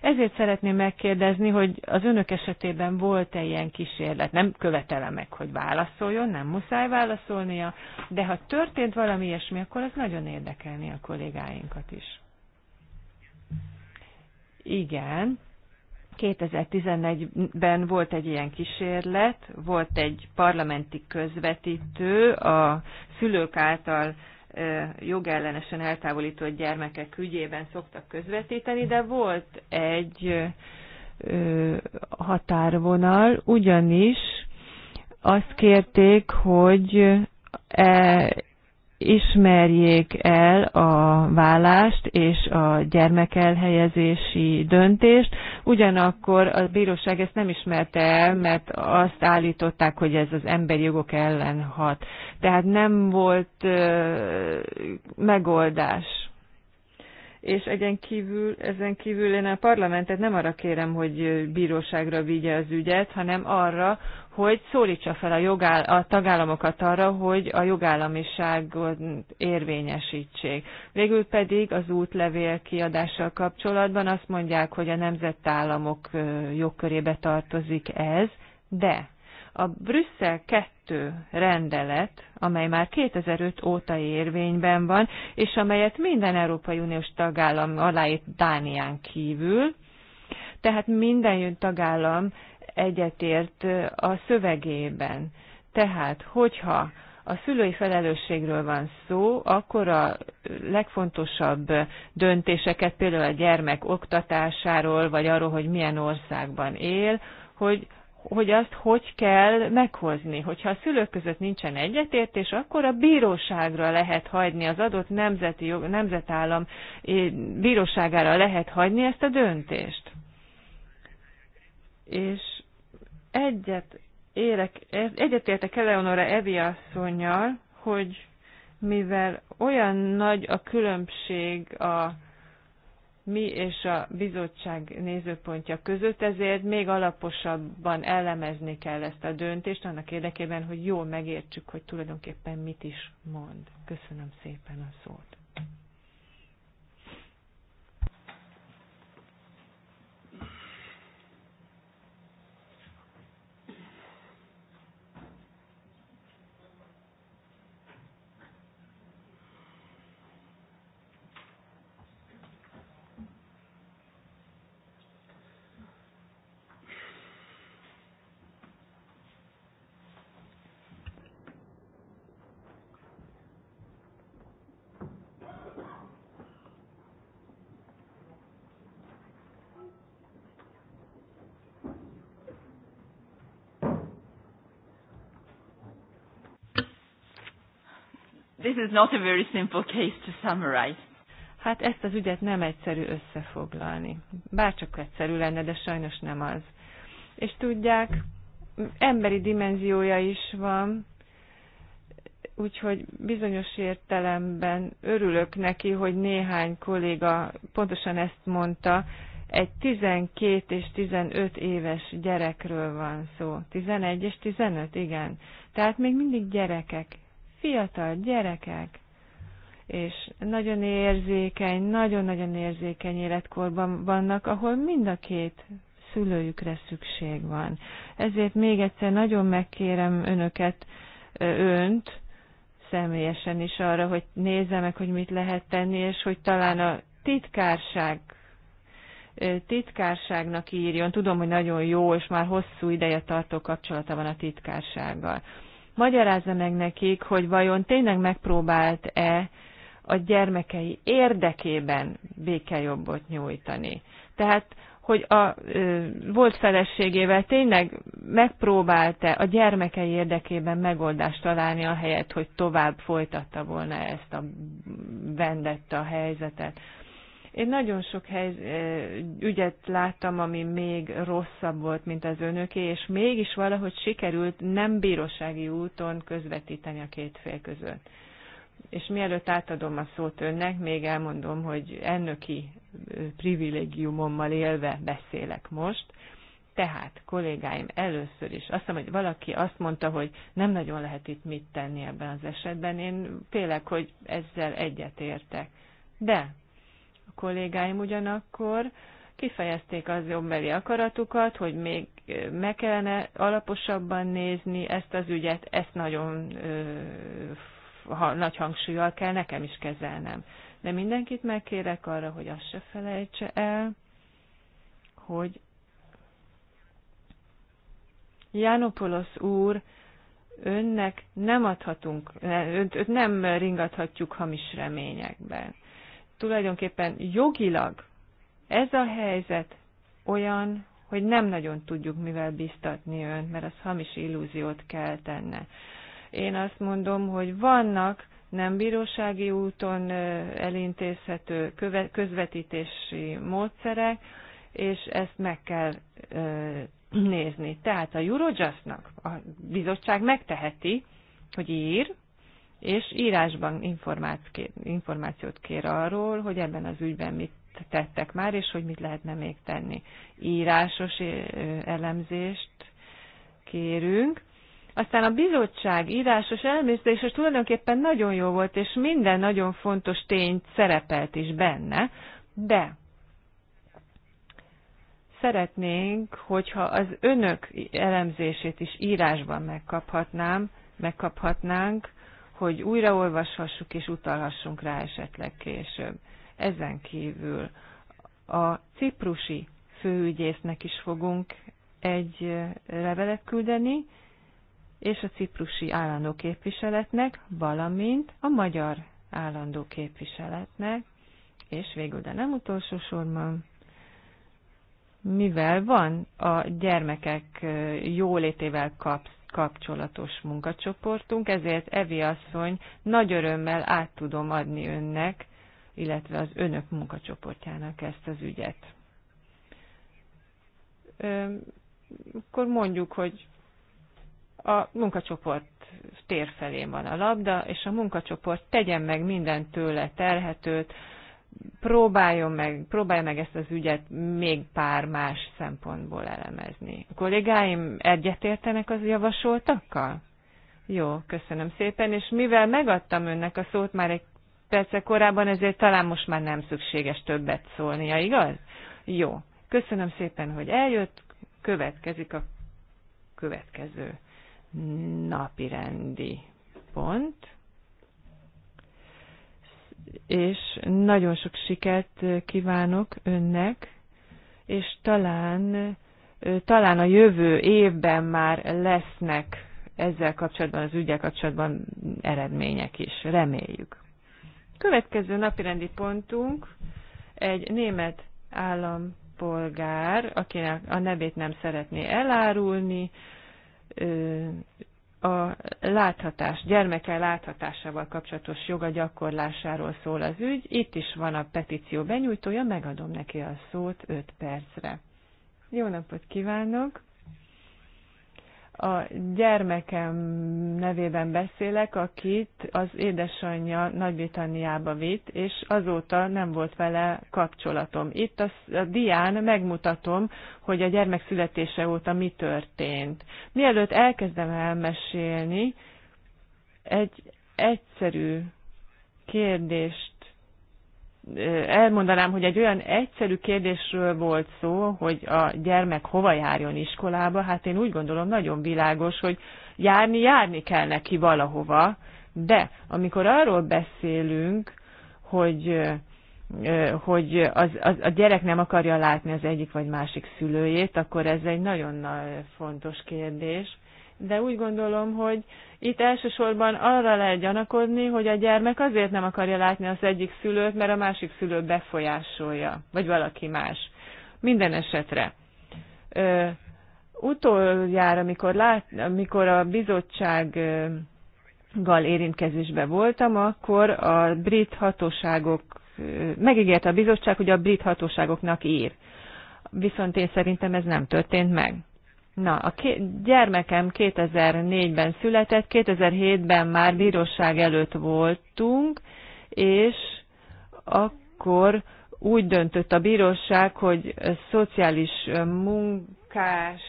Ezért szeretném megkérdezni, hogy az önök esetében volt-e ilyen kísérlet? Nem követelem meg, hogy válaszoljon, nem muszáj válaszolnia, de ha történt valami ilyesmi, akkor az nagyon érdekelni a kollégáinkat is. Igen, 2011-ben volt egy ilyen kísérlet, volt egy parlamenti közvetítő a szülők által jogellenesen eltávolított gyermekek ügyében szoktak közvetíteni, de volt egy határvonal, ugyanis azt kérték, hogy e ismerjék el a vállást és a gyermekelhelyezési döntést. Ugyanakkor a bíróság ezt nem ismerte el, mert azt állították, hogy ez az emberi jogok ellen hat. Tehát nem volt ö, megoldás. És egyen kívül, ezen kívül én a parlamentet nem arra kérem, hogy bíróságra vigye az ügyet, hanem arra, hogy szólítsa fel a, jogáll, a tagállamokat arra, hogy a jogállamiságot érvényesítsék. Végül pedig az útlevél kiadással kapcsolatban azt mondják, hogy a nemzetállamok jogkörébe tartozik ez, de a Brüsszel 2 rendelet, amely már 2005 óta érvényben van, és amelyet minden Európai Uniós tagállam aláírt Dánián kívül, tehát minden jön tagállam egyetért a szövegében. Tehát, hogyha a szülői felelősségről van szó, akkor a legfontosabb döntéseket, például a gyermek oktatásáról, vagy arról, hogy milyen országban él, hogy hogy azt hogy kell meghozni. Hogyha a szülők között nincsen egyetértés, akkor a bíróságra lehet hagyni, az adott nemzeti jog, nemzetállam bíróságára lehet hagyni ezt a döntést. És egyet érek, egyetértek Eleonora Evi asszonynal, hogy mivel olyan nagy a különbség a mi és a bizottság nézőpontja között, ezért még alaposabban elemezni kell ezt a döntést, annak érdekében, hogy jól megértsük, hogy tulajdonképpen mit is mond. Köszönöm szépen a szót. this is not a very simple case to summarize. Hát ezt az ügyet nem egyszerű összefoglalni. Bárcsak egyszerű lenne, de sajnos nem az. És tudják, emberi dimenziója is van, úgyhogy bizonyos értelemben örülök neki, hogy néhány kolléga pontosan ezt mondta, egy 12 és 15 éves gyerekről van szó. 11 és 15, igen. Tehát még mindig gyerekek fiatal gyerekek, és nagyon érzékeny, nagyon-nagyon érzékeny életkorban vannak, ahol mind a két szülőjükre szükség van. Ezért még egyszer nagyon megkérem önöket, önt, személyesen is arra, hogy nézze meg, hogy mit lehet tenni, és hogy talán a titkárság titkárságnak írjon. Tudom, hogy nagyon jó, és már hosszú ideje tartó kapcsolata van a titkársággal magyarázza meg nekik, hogy vajon tényleg megpróbált-e a gyermekei érdekében békejobbot nyújtani. Tehát, hogy a ö, volt feleségével tényleg megpróbált-e a gyermekei érdekében megoldást találni a helyet, hogy tovább folytatta volna ezt a vendetta helyzetet. Én nagyon sok hely, ügyet láttam, ami még rosszabb volt, mint az önöké, és mégis valahogy sikerült nem bírósági úton közvetíteni a két fél között. És mielőtt átadom a szót önnek, még elmondom, hogy ennöki privilégiumommal élve beszélek most. Tehát, kollégáim, először is azt mondom, hogy valaki azt mondta, hogy nem nagyon lehet itt mit tenni ebben az esetben. Én tényleg, hogy ezzel egyetértek. De kollégáim ugyanakkor kifejezték az jobbeli akaratukat, hogy még meg kellene alaposabban nézni ezt az ügyet, ezt nagyon ö, ha, nagy hangsúlyjal kell nekem is kezelnem. De mindenkit megkérek arra, hogy azt se felejtse el, hogy Jánopolosz úr, önnek nem adhatunk, önt, önt nem ringathatjuk hamis reményekben tulajdonképpen jogilag ez a helyzet olyan, hogy nem nagyon tudjuk mivel biztatni önt, mert az hamis illúziót kell tenne. Én azt mondom, hogy vannak nem bírósági úton elintézhető közvetítési módszerek, és ezt meg kell nézni. Tehát a Eurojustnak a bizottság megteheti, hogy ír, és írásban információt kér arról, hogy ebben az ügyben mit tettek már, és hogy mit lehetne még tenni. Írásos elemzést kérünk. Aztán a bizottság írásos és tulajdonképpen nagyon jó volt, és minden nagyon fontos tény szerepelt is benne, de szeretnénk, hogyha az önök elemzését is írásban megkaphatnám, megkaphatnánk, hogy újraolvashassuk és utalhassunk rá esetleg később. Ezen kívül a ciprusi főügyésznek is fogunk egy levelet küldeni, és a ciprusi állandó képviseletnek, valamint a magyar állandó képviseletnek, és végül, de nem utolsó sorban, mivel van a gyermekek jólétével kapsz, kapcsolatos munkacsoportunk, ezért Evi asszony nagy örömmel át tudom adni önnek, illetve az önök munkacsoportjának ezt az ügyet. Akkor mondjuk, hogy a munkacsoport tér felén van a labda, és a munkacsoport tegyen meg minden tőle telhetőt, próbáljon meg, próbálj meg ezt az ügyet még pár más szempontból elemezni. A kollégáim egyetértenek az javasoltakkal? Jó, köszönöm szépen, és mivel megadtam önnek a szót már egy perce korábban, ezért talán most már nem szükséges többet szólnia, igaz? Jó, köszönöm szépen, hogy eljött, következik a következő napirendi pont és nagyon sok sikert kívánok önnek, és talán, talán a jövő évben már lesznek ezzel kapcsolatban, az ügyel kapcsolatban eredmények is, reméljük. Következő napirendi pontunk egy német állampolgár, akinek a nevét nem szeretné elárulni, a láthatás, gyermeke láthatásával kapcsolatos joga gyakorlásáról szól az ügy. Itt is van a petíció benyújtója, megadom neki a szót 5 percre. Jó napot kívánok! a gyermekem nevében beszélek, akit az édesanyja Nagy-Britanniába vitt, és azóta nem volt vele kapcsolatom. Itt a, a dián megmutatom, hogy a gyermek születése óta mi történt. Mielőtt elkezdem elmesélni, egy egyszerű kérdést elmondanám, hogy egy olyan egyszerű kérdésről volt szó, hogy a gyermek hova járjon iskolába, hát én úgy gondolom nagyon világos, hogy járni, járni kell neki valahova, de amikor arról beszélünk, hogy hogy az, az, a gyerek nem akarja látni az egyik vagy másik szülőjét, akkor ez egy nagyon fontos kérdés de úgy gondolom, hogy itt elsősorban arra lehet gyanakodni, hogy a gyermek azért nem akarja látni az egyik szülőt, mert a másik szülő befolyásolja, vagy valaki más. Minden esetre. Ö, utoljára, amikor, lát, amikor a bizottság gal érintkezésbe voltam, akkor a brit hatóságok, megígérte a bizottság, hogy a brit hatóságoknak ír. Viszont én szerintem ez nem történt meg. Na, a ké- gyermekem 2004-ben született, 2007-ben már bíróság előtt voltunk, és akkor úgy döntött a bíróság, hogy szociális munkás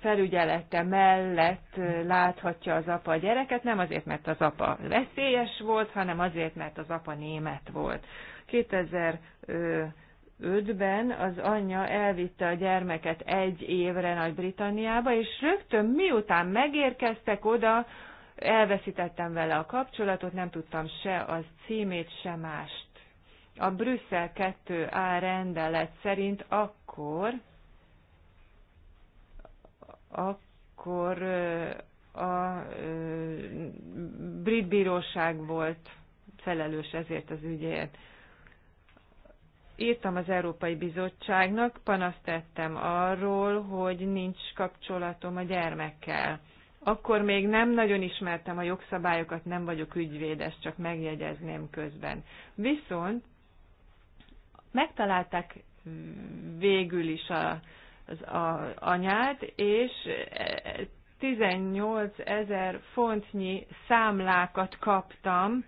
felügyelete mellett láthatja az apa a gyereket, nem azért, mert az apa veszélyes volt, hanem azért, mert az apa német volt. 2000 5 az anyja elvitte a gyermeket egy évre Nagy-Britanniába, és rögtön miután megérkeztek oda, elveszítettem vele a kapcsolatot, nem tudtam se az címét, se mást. A Brüsszel 2A rendelet szerint akkor, akkor a brit bíróság volt felelős ezért az ügyért írtam az Európai Bizottságnak, panaszt tettem arról, hogy nincs kapcsolatom a gyermekkel. Akkor még nem nagyon ismertem a jogszabályokat, nem vagyok ügyvédes, csak megjegyezném közben. Viszont megtalálták végül is a, az a, anyát, és 18 ezer fontnyi számlákat kaptam,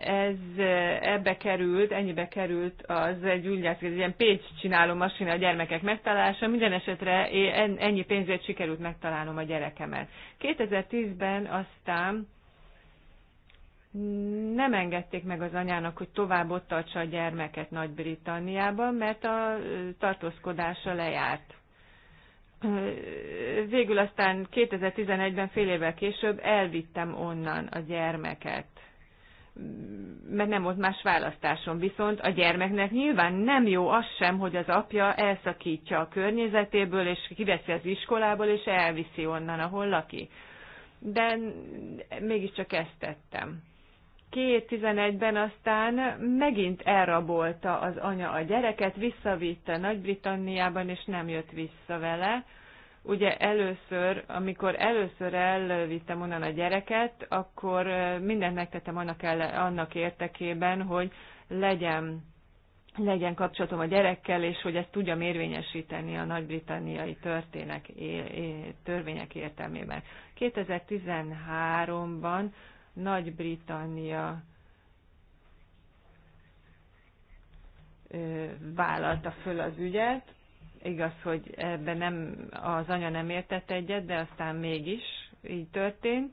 ez ebbe került, ennyibe került az egy úgy látszik, egy ilyen pénzt csináló masina a gyermekek megtalálása, minden esetre ennyi pénzért sikerült megtalálnom a gyerekemet. 2010-ben aztán nem engedték meg az anyának, hogy tovább ott tartsa a gyermeket Nagy-Britanniában, mert a tartózkodása lejárt. Végül aztán 2011-ben, fél évvel később elvittem onnan a gyermeket mert nem volt más választásom. Viszont a gyermeknek nyilván nem jó az sem, hogy az apja elszakítja a környezetéből, és kiveszi az iskolából, és elviszi onnan, ahol lakik. De mégiscsak ezt tettem. 2011-ben aztán megint elrabolta az anya a gyereket, visszavitte Nagy-Britanniában, és nem jött vissza vele ugye először, amikor először elvittem onnan a gyereket, akkor mindent megtettem annak, el, annak értekében, hogy legyen, legyen kapcsolatom a gyerekkel, és hogy ezt tudjam érvényesíteni a nagy-britanniai történek, törvények értelmében. 2013-ban Nagy-Britannia vállalta föl az ügyet, Igaz, hogy ebben nem, az anya nem értett egyet, de aztán mégis így történt.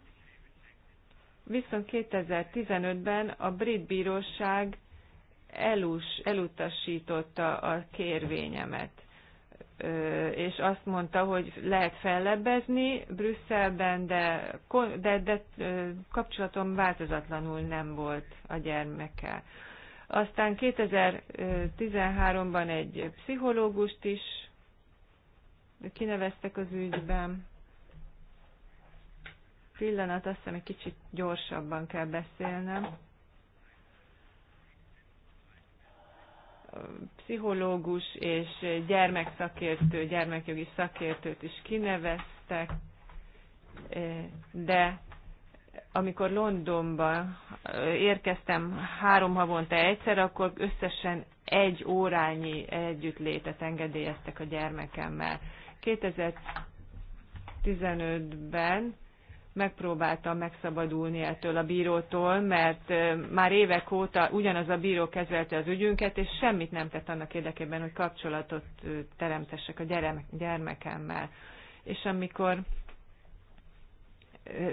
Viszont 2015-ben a brit bíróság elus, elutasította a kérvényemet, és azt mondta, hogy lehet fellebbezni Brüsszelben, de, de, de kapcsolatom változatlanul nem volt a gyermekkel. Aztán 2013-ban egy pszichológust is kineveztek az ügyben. Pillanat, azt hiszem egy kicsit gyorsabban kell beszélnem. Pszichológus és gyermekszakértő, gyermekjogi szakértőt is kineveztek, de amikor Londonba érkeztem három havonta egyszer, akkor összesen egy órányi együttlétet engedélyeztek a gyermekemmel. 2015-ben megpróbáltam megszabadulni ettől a bírótól, mert már évek óta ugyanaz a bíró kezelte az ügyünket, és semmit nem tett annak érdekében, hogy kapcsolatot teremtessek a gyermekemmel. És amikor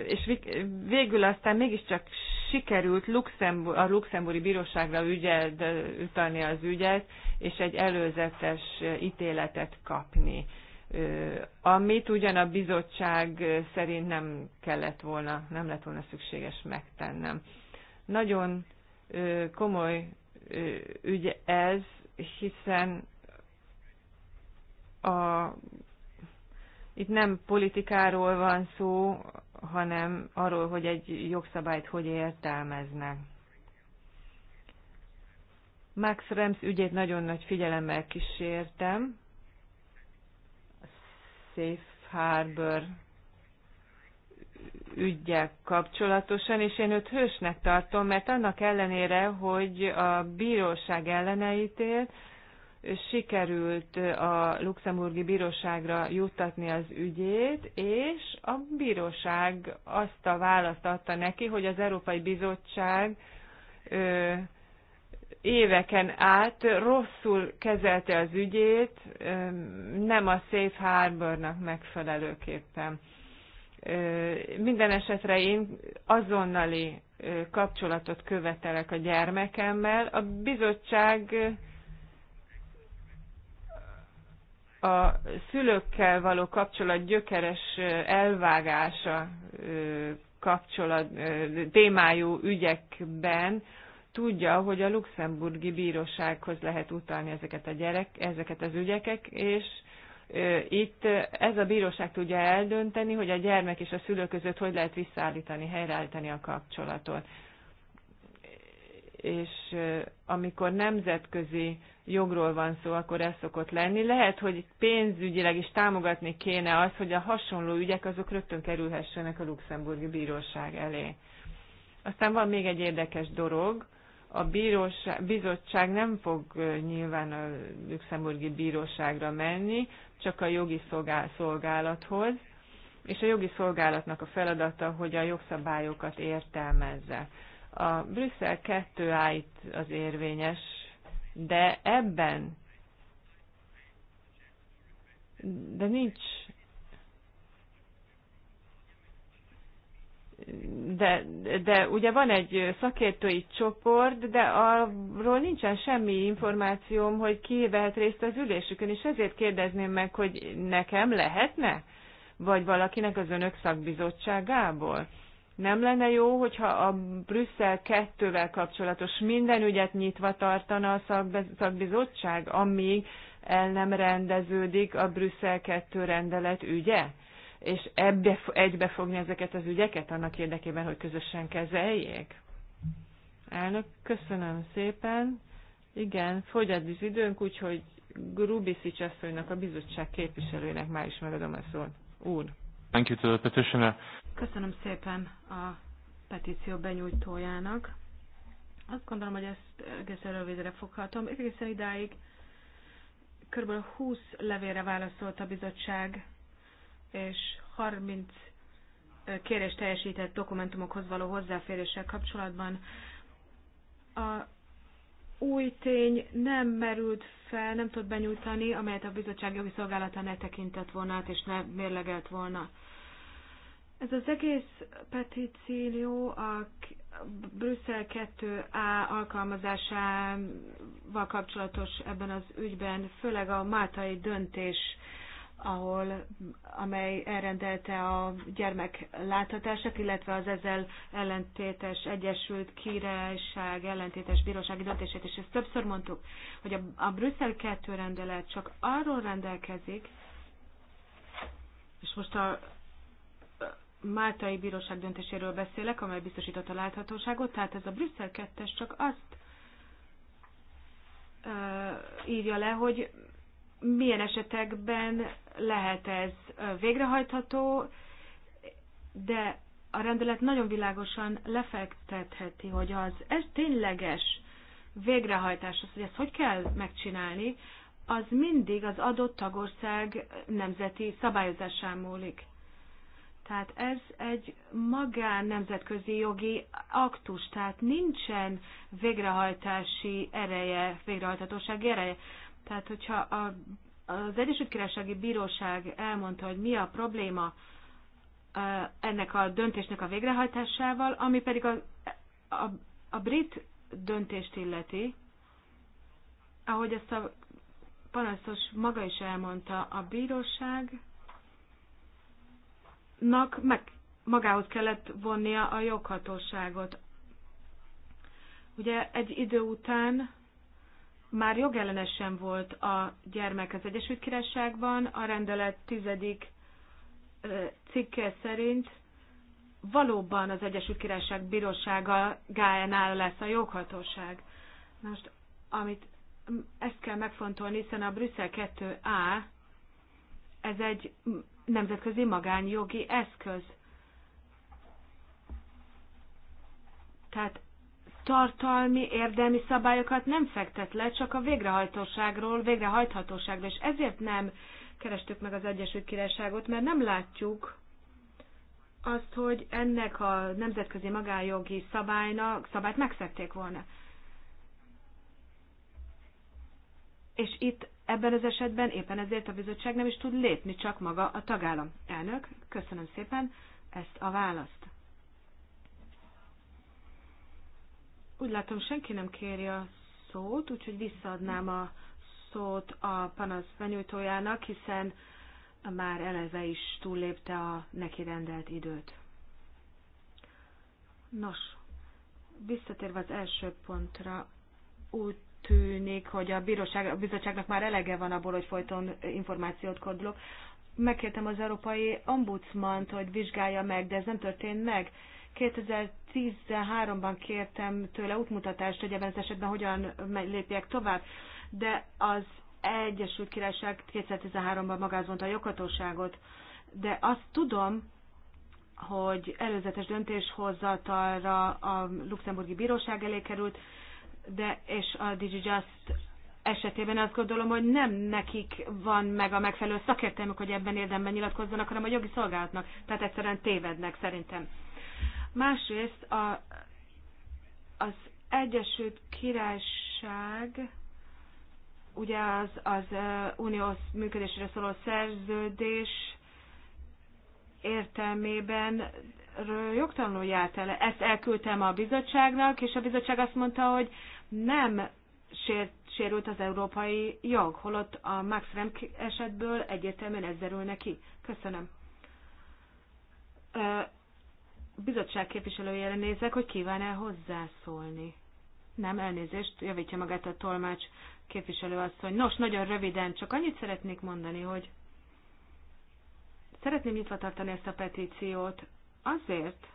és végül aztán mégiscsak sikerült Luxembur, a luxemburgi bíróságra ügyelt, utalni az ügyet, és egy előzetes ítéletet kapni, amit ugyan a bizottság szerint nem kellett volna, nem lett volna szükséges megtennem. Nagyon komoly ügy ez, hiszen a itt nem politikáról van szó, hanem arról, hogy egy jogszabályt hogy értelmeznek. Max Rems ügyét nagyon nagy figyelemmel kísértem. Safe Harbor ügyek kapcsolatosan, és én őt hősnek tartom, mert annak ellenére, hogy a bíróság ítélt, sikerült a luxemburgi bíróságra juttatni az ügyét, és a bíróság azt a választ adta neki, hogy az Európai Bizottság éveken át rosszul kezelte az ügyét, nem a Safe Harbornak megfelelőképpen. Minden esetre én azonnali kapcsolatot követelek a gyermekemmel. A bizottság a szülőkkel való kapcsolat gyökeres elvágása kapcsolat témájú ügyekben tudja, hogy a luxemburgi bírósághoz lehet utalni ezeket a gyerek, ezeket az ügyeket, és itt ez a bíróság tudja eldönteni, hogy a gyermek és a szülő között hogy lehet visszaállítani, helyreállítani a kapcsolatot és amikor nemzetközi jogról van szó, akkor ez szokott lenni. Lehet, hogy pénzügyileg is támogatni kéne az, hogy a hasonló ügyek azok rögtön kerülhessenek a luxemburgi bíróság elé. Aztán van még egy érdekes dolog, a bíróság, bizottság nem fog nyilván a luxemburgi bíróságra menni, csak a jogi szolgál, szolgálathoz, és a jogi szolgálatnak a feladata, hogy a jogszabályokat értelmezze a Brüsszel 2 a az érvényes, de ebben de nincs de, de ugye van egy szakértői csoport, de arról nincsen semmi információm, hogy ki vehet részt az ülésükön, és ezért kérdezném meg, hogy nekem lehetne? Vagy valakinek az önök szakbizottságából? Nem lenne jó, hogyha a Brüsszel kettővel kapcsolatos minden ügyet nyitva tartana a szakbizottság, amíg el nem rendeződik a Brüsszel kettő rendelet ügye? És ebbe, egybefogni ezeket az ügyeket annak érdekében, hogy közösen kezeljék? Elnök, köszönöm szépen. Igen, fogyad az időnk, úgyhogy Grubi Szicsasszonynak, a bizottság képviselőjének már is megadom a
szót. Úr. Thank you to the petitioner. Köszönöm szépen a petíció benyújtójának. Azt gondolom, hogy ezt egészen rövidre foghatom. Egészen idáig kb. 20 levélre válaszolt a bizottság, és 30 kérés teljesített dokumentumokhoz való hozzáféréssel kapcsolatban. A új tény nem merült fel, nem tud benyújtani, amelyet a bizottság jogi szolgálata ne tekintett volna át és ne mérlegelt volna. Ez az egész petíció a Brüsszel 2A alkalmazásával kapcsolatos ebben az ügyben, főleg a máltai döntés ahol, amely elrendelte a gyermek láthatását, illetve az ezzel ellentétes Egyesült Királyság ellentétes bírósági döntését, és ezt többször mondtuk, hogy a, a Brüsszel 2 rendelet csak arról rendelkezik, és most a Máltai Bíróság döntéséről beszélek, amely biztosította a láthatóságot, tehát ez a Brüsszel 2 csak azt írja le, hogy milyen esetekben lehet ez végrehajtható, de a rendelet nagyon világosan lefektetheti, hogy az ez tényleges végrehajtás, az, hogy ezt hogy kell megcsinálni, az mindig az adott tagország nemzeti szabályozásán múlik. Tehát ez egy magán nemzetközi jogi aktus, tehát nincsen végrehajtási ereje, végrehajtatóság ereje. Tehát, hogyha a, az Egyesült Királysági Bíróság elmondta, hogy mi a probléma ennek a döntésnek a végrehajtásával, ami pedig a, a, a brit döntést illeti, ahogy ezt a panaszos maga is elmondta, a bíróságnak meg magához kellett vonnia a joghatóságot. Ugye egy idő után már jogellenes sem volt a gyermek az Egyesült Királyságban, a rendelet tizedik cikke szerint valóban az Egyesült Királyság bírósága Gájánál lesz a joghatóság. Most, amit ezt kell megfontolni, hiszen a Brüsszel 2A ez egy nemzetközi magánjogi eszköz. Tehát tartalmi, érdemi szabályokat nem fektet le, csak a végrehajtóságról, végrehajthatóságról, és ezért nem kerestük meg az Egyesült Királyságot, mert nem látjuk azt, hogy ennek a nemzetközi magájogi szabálynak, szabályt megszekték volna. És itt ebben az esetben éppen ezért a bizottság nem is tud lépni, csak maga a tagállam. Elnök, köszönöm szépen ezt a választ. Úgy látom, senki nem kéri a szót, úgyhogy visszaadnám a szót a panasz benyújtójának, hiszen már eleve is túllépte a neki rendelt időt. Nos, visszatérve az első pontra, úgy tűnik, hogy a, bíróság, a bizottságnak már elege van abból, hogy folyton információt kordulok. Megkértem az Európai Ombudsmant, hogy vizsgálja meg, de ez nem történt meg. 2013-ban kértem tőle útmutatást, hogy ebben az esetben hogyan lépjek tovább, de az Egyesült Királyság 2013-ban magához mondta a joghatóságot, de azt tudom, hogy előzetes döntéshozatalra a luxemburgi bíróság elé került, de és a DigiJust esetében azt gondolom, hogy nem nekik van meg a megfelelő szakértelmük, hogy ebben érdemben nyilatkozzanak, hanem a jogi szolgálatnak. Tehát egyszerűen tévednek szerintem. Másrészt a, az Egyesült Királyság ugye az, az uniós működésére szóló szerződés értelmében jogtalanul járt el. Ezt elküldtem a bizottságnak, és a bizottság azt mondta, hogy nem sért, sérült az európai jog, holott a Max Remk esetből egyértelműen ez derül neki. Köszönöm bizottság képviselőjére nézek, hogy kíván el hozzászólni. Nem, elnézést, javítja magát a tolmács képviselő asszony. Nos, nagyon röviden, csak annyit szeretnék mondani, hogy szeretném nyitva tartani ezt a petíciót azért,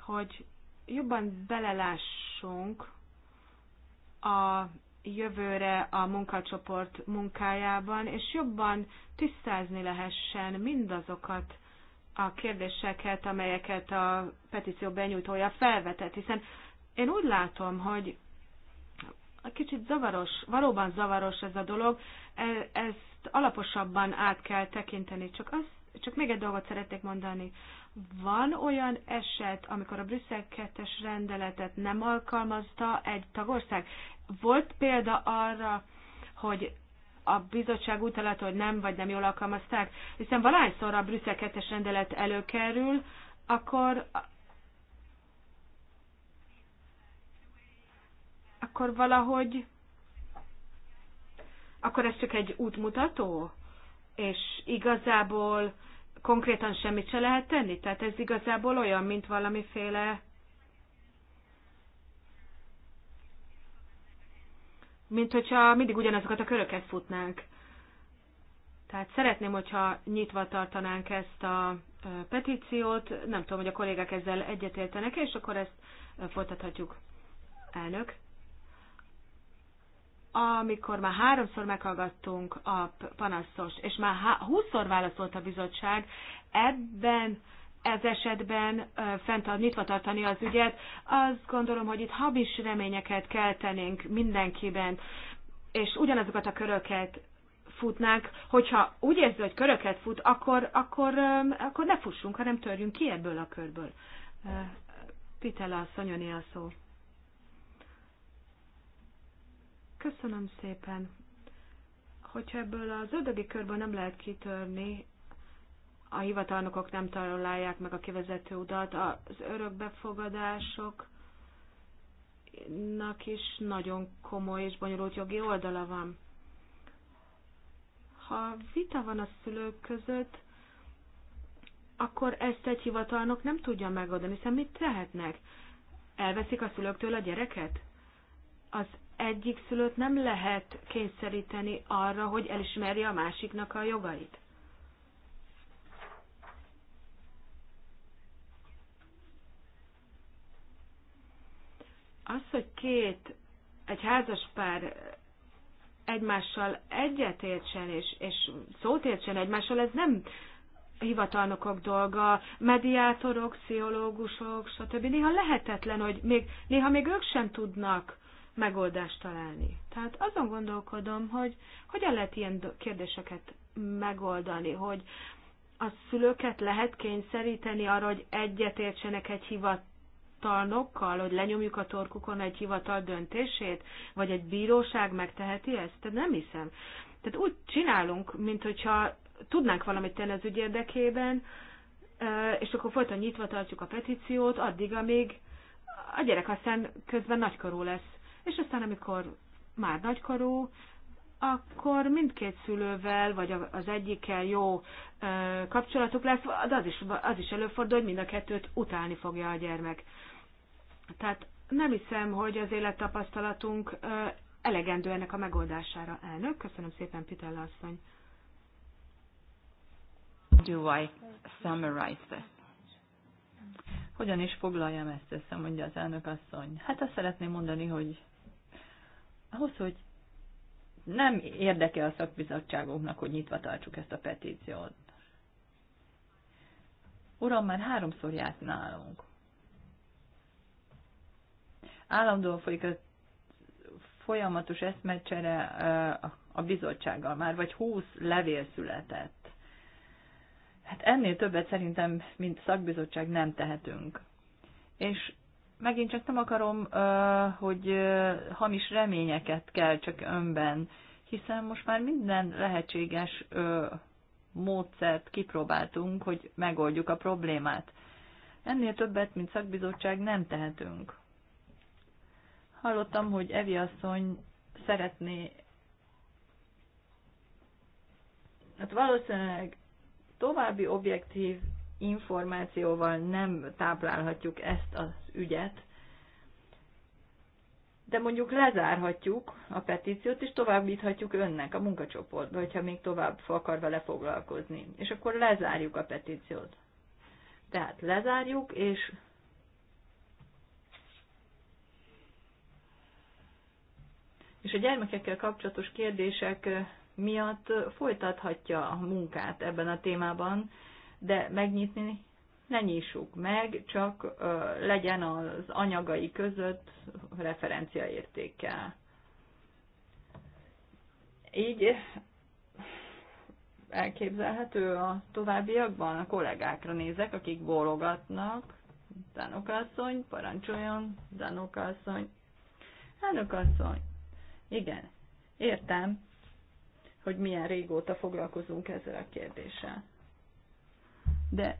hogy jobban belelássunk a jövőre a munkacsoport munkájában, és jobban tisztázni lehessen mindazokat a kérdéseket, amelyeket a petíció benyújtója felvetett, hiszen én úgy látom, hogy kicsit zavaros, valóban zavaros ez a dolog, e, ezt alaposabban át kell tekinteni. Csak, az, csak még egy dolgot szeretnék mondani. Van olyan eset, amikor a Brüsszel 2 rendeletet nem alkalmazta egy tagország? Volt példa arra, hogy a bizottság úgy hogy nem, vagy nem jól alkalmazták, hiszen valahányszor a Brüsszel 2 rendelet előkerül, akkor akkor valahogy akkor ez csak egy útmutató, és igazából konkrétan semmit se lehet tenni. Tehát ez igazából olyan, mint valamiféle mint hogyha mindig ugyanazokat a köröket futnánk. Tehát szeretném, hogyha nyitva tartanánk ezt a petíciót, nem tudom, hogy a kollégák ezzel egyetértenek, és akkor ezt folytathatjuk. Elnök. Amikor már háromszor meghallgattunk a panaszos, és már 20-szor válaszolt a bizottság, ebben ez esetben fent nyitva tartani az ügyet. Azt gondolom, hogy itt habis reményeket keltenénk mindenkiben, és ugyanazokat a köröket futnánk, hogyha úgy érzi, hogy köröket fut, akkor, akkor, akkor ne fussunk, hanem törjünk ki ebből a körből. Pitela asszony, a szó. Köszönöm szépen. Hogyha ebből az ördögi körből nem lehet kitörni, a hivatalnokok nem találják meg a kivezető udat, az örökbefogadásoknak is nagyon komoly és bonyolult jogi oldala van. Ha vita van a szülők között, akkor ezt egy hivatalnok nem tudja megoldani, hiszen mit tehetnek? Elveszik a szülőktől a gyereket? Az egyik szülőt nem lehet kényszeríteni arra, hogy elismerje a másiknak a jogait Az, hogy két, egy házas pár egymással egyetértsen és, és szót értsen egymással, ez nem hivatalnokok dolga, mediátorok, pszichológusok, stb. Néha lehetetlen, hogy még, néha még ők sem tudnak megoldást találni. Tehát azon gondolkodom, hogy hogyan lehet ilyen kérdéseket megoldani, hogy a szülőket lehet kényszeríteni arra, hogy egyetértsenek egy hivat, hivatalnokkal, hogy lenyomjuk a torkukon egy hivatal döntését, vagy egy bíróság megteheti ezt? Tehát nem hiszem. Tehát úgy csinálunk, mint hogyha tudnánk valamit tenni az ügy érdekében, és akkor folyton nyitva tartjuk a petíciót, addig, amíg a gyerek aztán közben nagykorú lesz. És aztán, amikor már nagykorú, akkor mindkét szülővel, vagy az egyikkel jó kapcsolatuk lesz, de az is, az is előfordul, hogy mind a kettőt utálni fogja a gyermek. Tehát nem hiszem, hogy az élettapasztalatunk elegendő ennek a megoldására. Elnök, köszönöm szépen, Pitella asszony. Do I summarize this? Hogyan is foglaljam ezt össze,
mondja az elnök asszony. Hát azt szeretném mondani, hogy ahhoz, hogy nem érdeke a szakbizottságunknak, hogy nyitva tartsuk ezt a petíciót. Uram, már háromszor járt nálunk Állandóan folyik a folyamatos eszmecsere eh, a bizottsággal már, vagy húsz levél született. Hát ennél többet szerintem, mint szakbizottság nem tehetünk. És megint csak nem akarom, eh, hogy eh, hamis reményeket kell csak önben, hiszen most már minden lehetséges módszert kipróbáltunk, hogy megoldjuk a problémát. Ennél többet, mint szakbizottság nem tehetünk. Hallottam, hogy Evi asszony szeretné, hát valószínűleg további objektív információval nem táplálhatjuk ezt az ügyet, de mondjuk lezárhatjuk a petíciót, és továbbíthatjuk önnek a munkacsoportba, hogyha még tovább akar vele foglalkozni. És akkor lezárjuk a petíciót. Tehát lezárjuk, és és a gyermekekkel kapcsolatos kérdések eh, miatt eh, folytathatja a munkát ebben a témában, de megnyitni ne nyissuk meg, csak eh, legyen az anyagai között referenciaértékkel. Így elképzelhető a továbbiakban, a kollégákra nézek, akik bólogatnak. Danokasszony, parancsoljon, Danokasszony, elnökasszony. Igen, értem, hogy milyen régóta foglalkozunk ezzel a kérdéssel. De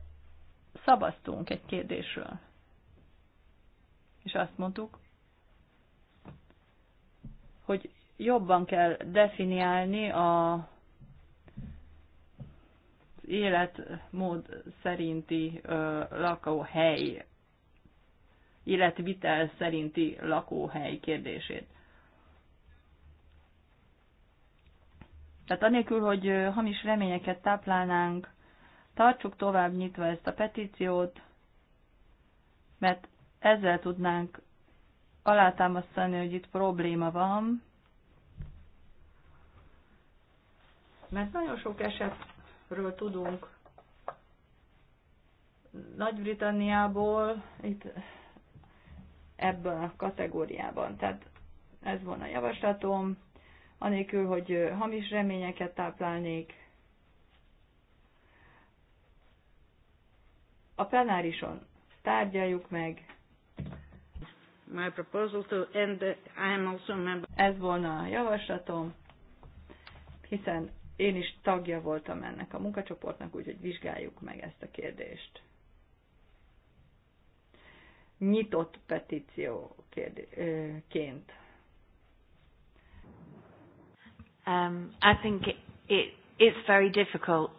szavaztunk egy kérdésről. És azt mondtuk, hogy jobban kell definiálni a életmód szerinti ö, lakóhely, életvitel szerinti lakóhely kérdését. Tehát anélkül, hogy hamis reményeket táplálnánk, tartsuk tovább nyitva ezt a petíciót, mert ezzel tudnánk alátámasztani, hogy itt probléma van, mert nagyon sok esetről tudunk Nagy-Britanniából, itt ebben a kategóriában. Tehát ez volna a javaslatom anélkül, hogy hamis reményeket táplálnék. A plenárison tárgyaljuk meg. My proposal to end the, I am also member. Ez volna a javaslatom, hiszen én is tagja voltam ennek a munkacsoportnak, úgyhogy vizsgáljuk meg ezt a kérdést. Nyitott petícióként Um, I think it, it, it's very difficult.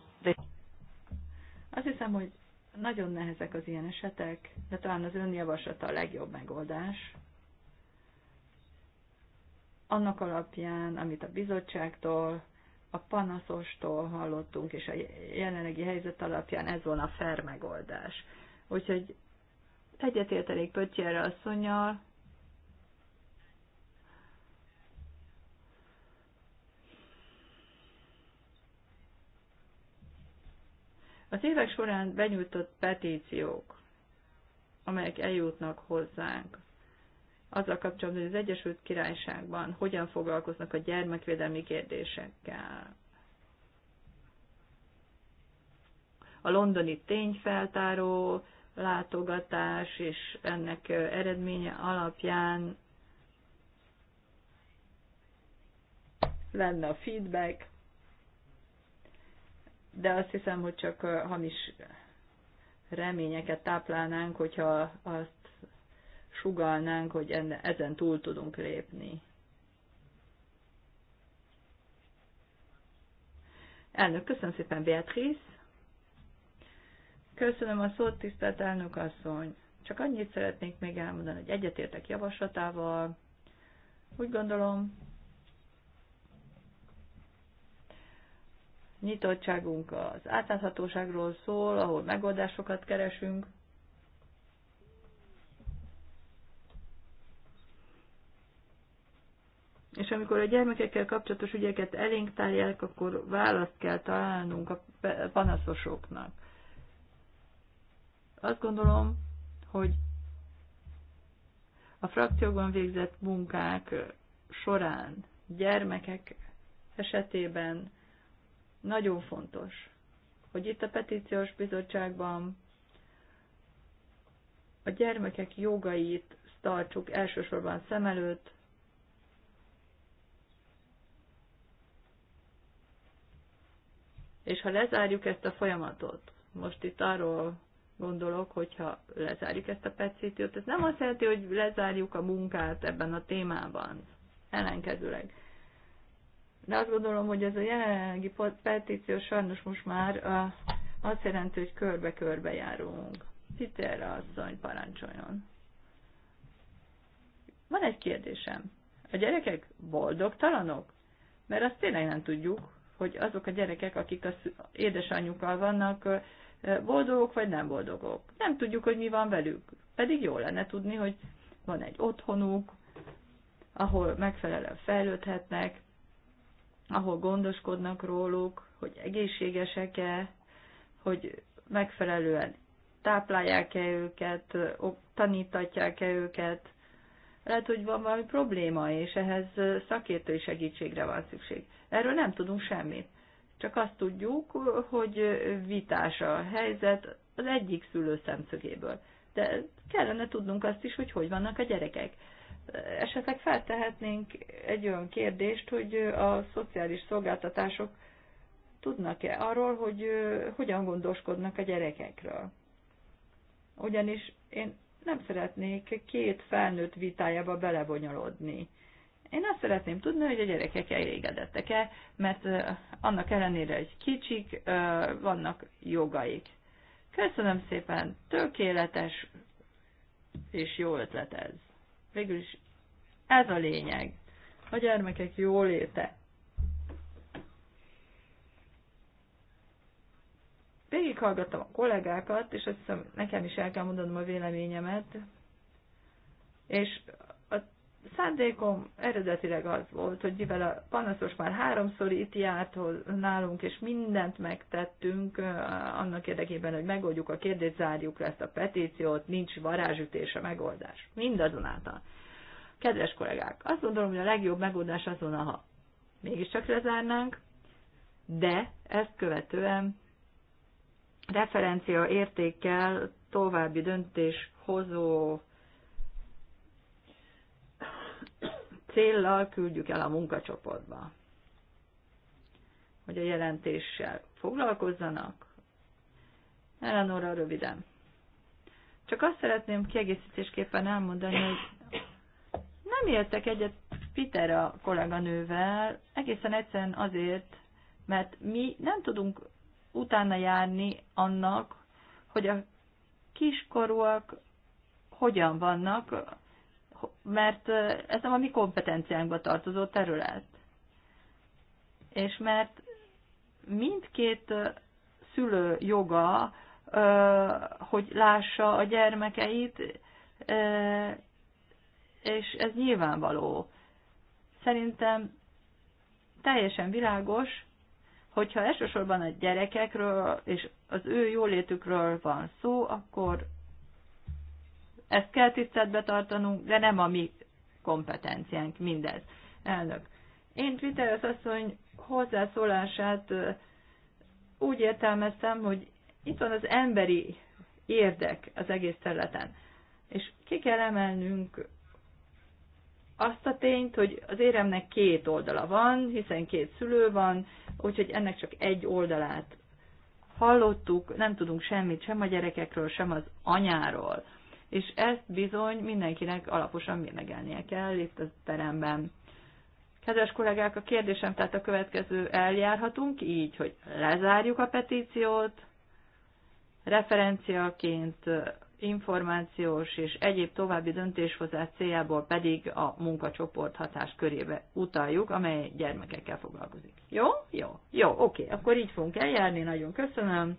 Azt hiszem, hogy nagyon nehezek az ilyen esetek, de talán az ön javaslata a legjobb megoldás. Annak alapján, amit a bizottságtól, a panaszostól hallottunk, és a jelenlegi helyzet alapján ez volna a fair megoldás. Úgyhogy egyetért elég a szonyal, Az évek során benyújtott petíciók, amelyek eljutnak hozzánk, azzal kapcsolatban, hogy az Egyesült Királyságban hogyan foglalkoznak a gyermekvédelmi kérdésekkel. A londoni tényfeltáró látogatás és ennek eredménye alapján lenne a feedback, de azt hiszem, hogy csak hamis reményeket táplálnánk, hogyha azt sugalnánk, hogy enne, ezen túl tudunk lépni. Elnök, köszönöm szépen, Beatrice. Köszönöm a szót, tisztelt elnök asszony. Csak annyit szeretnék még elmondani, hogy egyetértek javaslatával. Úgy gondolom, nyitottságunk az átláthatóságról szól, ahol megoldásokat keresünk. És amikor a gyermekekkel kapcsolatos ügyeket elénk tárják, akkor választ kell találnunk a panaszosoknak. Azt gondolom, hogy a frakcióban végzett munkák során gyermekek esetében nagyon fontos, hogy itt a petíciós bizottságban a gyermekek jogait tartsuk elsősorban szem előtt, És ha lezárjuk ezt a folyamatot, most itt arról gondolok, hogyha lezárjuk ezt a petíciót, ez nem azt jelenti, hogy lezárjuk a munkát ebben a témában, ellenkezőleg. De azt gondolom, hogy ez a jelenlegi petíció sajnos most már azt jelenti, hogy körbe-körbe járunk. itt erre asszony parancsoljon. Van egy kérdésem. A gyerekek boldogtalanok? Mert azt tényleg nem tudjuk, hogy azok a gyerekek, akik az édesanyjukkal vannak, boldogok vagy nem boldogok. Nem tudjuk, hogy mi van velük. Pedig jó lenne tudni, hogy van egy otthonuk, ahol megfelelően fejlődhetnek, ahol gondoskodnak róluk, hogy egészségesek-e, hogy megfelelően táplálják-e őket, tanítatják-e őket. Lehet, hogy van valami probléma, és ehhez szakértői segítségre van szükség. Erről nem tudunk semmit. Csak azt tudjuk, hogy vitás a helyzet az egyik szülő szemszögéből. De kellene tudnunk azt is, hogy hogy vannak a gyerekek esetleg feltehetnénk egy olyan kérdést, hogy a szociális szolgáltatások tudnak-e arról, hogy hogyan gondoskodnak a gyerekekről. Ugyanis én nem szeretnék két felnőtt vitájába belebonyolódni. Én azt szeretném tudni, hogy a gyerekek elégedettek-e, mert annak ellenére, hogy kicsik, vannak jogaik. Köszönöm szépen, tökéletes és jó ötlet ez. Végül is ez a lényeg. A gyermekek jóléte. Végighallgattam a kollégákat, és azt hiszem, nekem is el kell mondanom a véleményemet, és szándékom eredetileg az volt, hogy mivel a panaszos már háromszor itt járt nálunk, és mindent megtettünk annak érdekében, hogy megoldjuk a kérdést, zárjuk le ezt a petíciót, nincs varázsütés a megoldás. Mindazonáltal. Kedves kollégák, azt gondolom, hogy a legjobb megoldás azon, ha mégiscsak lezárnánk, de ezt követően referencia értékkel további döntéshozó céllal küldjük el a munkacsoportba, hogy a jelentéssel foglalkozzanak. Eleonora, röviden. Csak azt szeretném kiegészítésképpen elmondani, hogy nem értek egyet Peter a kolléganővel, egészen egyszerűen azért, mert mi nem tudunk utána járni annak, hogy a kiskorúak hogyan vannak mert ez nem a mi kompetenciánkba tartozó terület. És mert mindkét szülő joga, hogy lássa a gyermekeit, és ez nyilvánvaló. Szerintem teljesen világos, hogyha elsősorban a gyerekekről és az ő jólétükről van szó, akkor ezt kell tiszteletbe tartanunk, de nem a mi kompetenciánk mindez. Elnök. Én az, asszony hozzászólását úgy értelmeztem, hogy itt van az emberi érdek az egész területen. És ki kell emelnünk azt a tényt, hogy az éremnek két oldala van, hiszen két szülő van, úgyhogy ennek csak egy oldalát hallottuk, nem tudunk semmit sem a gyerekekről, sem az anyáról és ezt bizony mindenkinek alaposan mérlegelnie kell itt a teremben. Kedves kollégák, a kérdésem tehát a következő eljárhatunk így, hogy lezárjuk a petíciót, referenciaként információs és egyéb további döntéshozás céljából pedig a munkacsoport hatás körébe utaljuk, amely gyermekekkel foglalkozik. Jó? Jó. Jó, oké. Akkor így fogunk eljárni. Nagyon köszönöm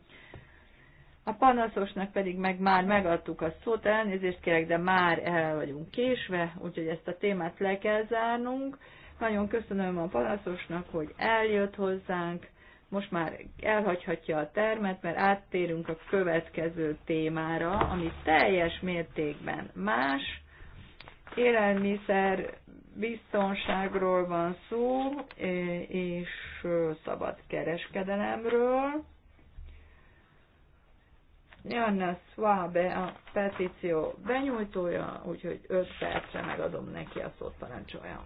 a panaszosnak pedig meg már megadtuk a szót, elnézést kérek, de már el vagyunk késve, úgyhogy ezt a témát le kell zárnunk. Nagyon köszönöm a panaszosnak, hogy eljött hozzánk. Most már elhagyhatja a termet, mert áttérünk a következő témára, ami teljes mértékben más. Élelmiszer biztonságról van szó, és szabad kereskedelemről Janna Swabe a petíció benyújtója, úgyhogy 5 percre megadom neki a szót parancsolja.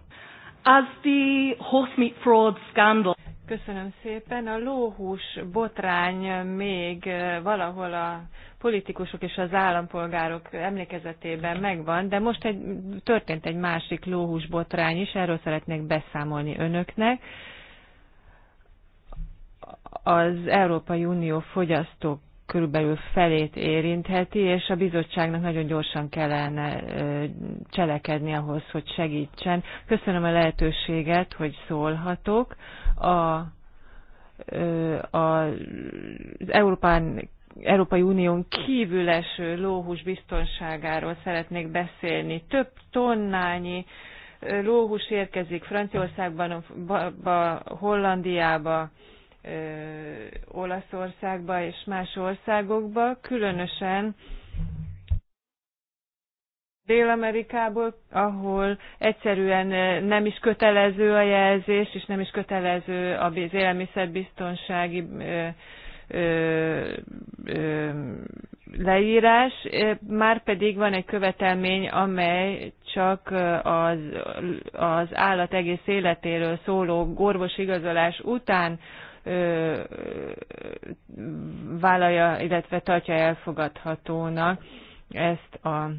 As the horse meat
fraud scandal. Köszönöm szépen. A lóhús botrány még eh, valahol a politikusok és az állampolgárok emlékezetében megvan, de most egy, történt egy másik lóhús botrány is, erről szeretnék beszámolni önöknek. Az Európai Unió fogyasztók körülbelül felét érintheti, és a bizottságnak nagyon gyorsan kellene cselekedni ahhoz, hogy segítsen. Köszönöm a lehetőséget, hogy szólhatok. A, a, az Európán Európai Unión kívül eső lóhús biztonságáról szeretnék beszélni. Több tonnányi lóhús érkezik Franciaországban, Hollandiába, Olaszországba és más országokba, különösen Dél-Amerikából, ahol egyszerűen nem is kötelező a jelzés, és nem is kötelező az élelmiszerbiztonsági ö, ö, leírás, már pedig van egy követelmény, amely csak az, az állat egész életéről szóló orvosigazolás után vállalja, illetve tartja elfogadhatónak ezt a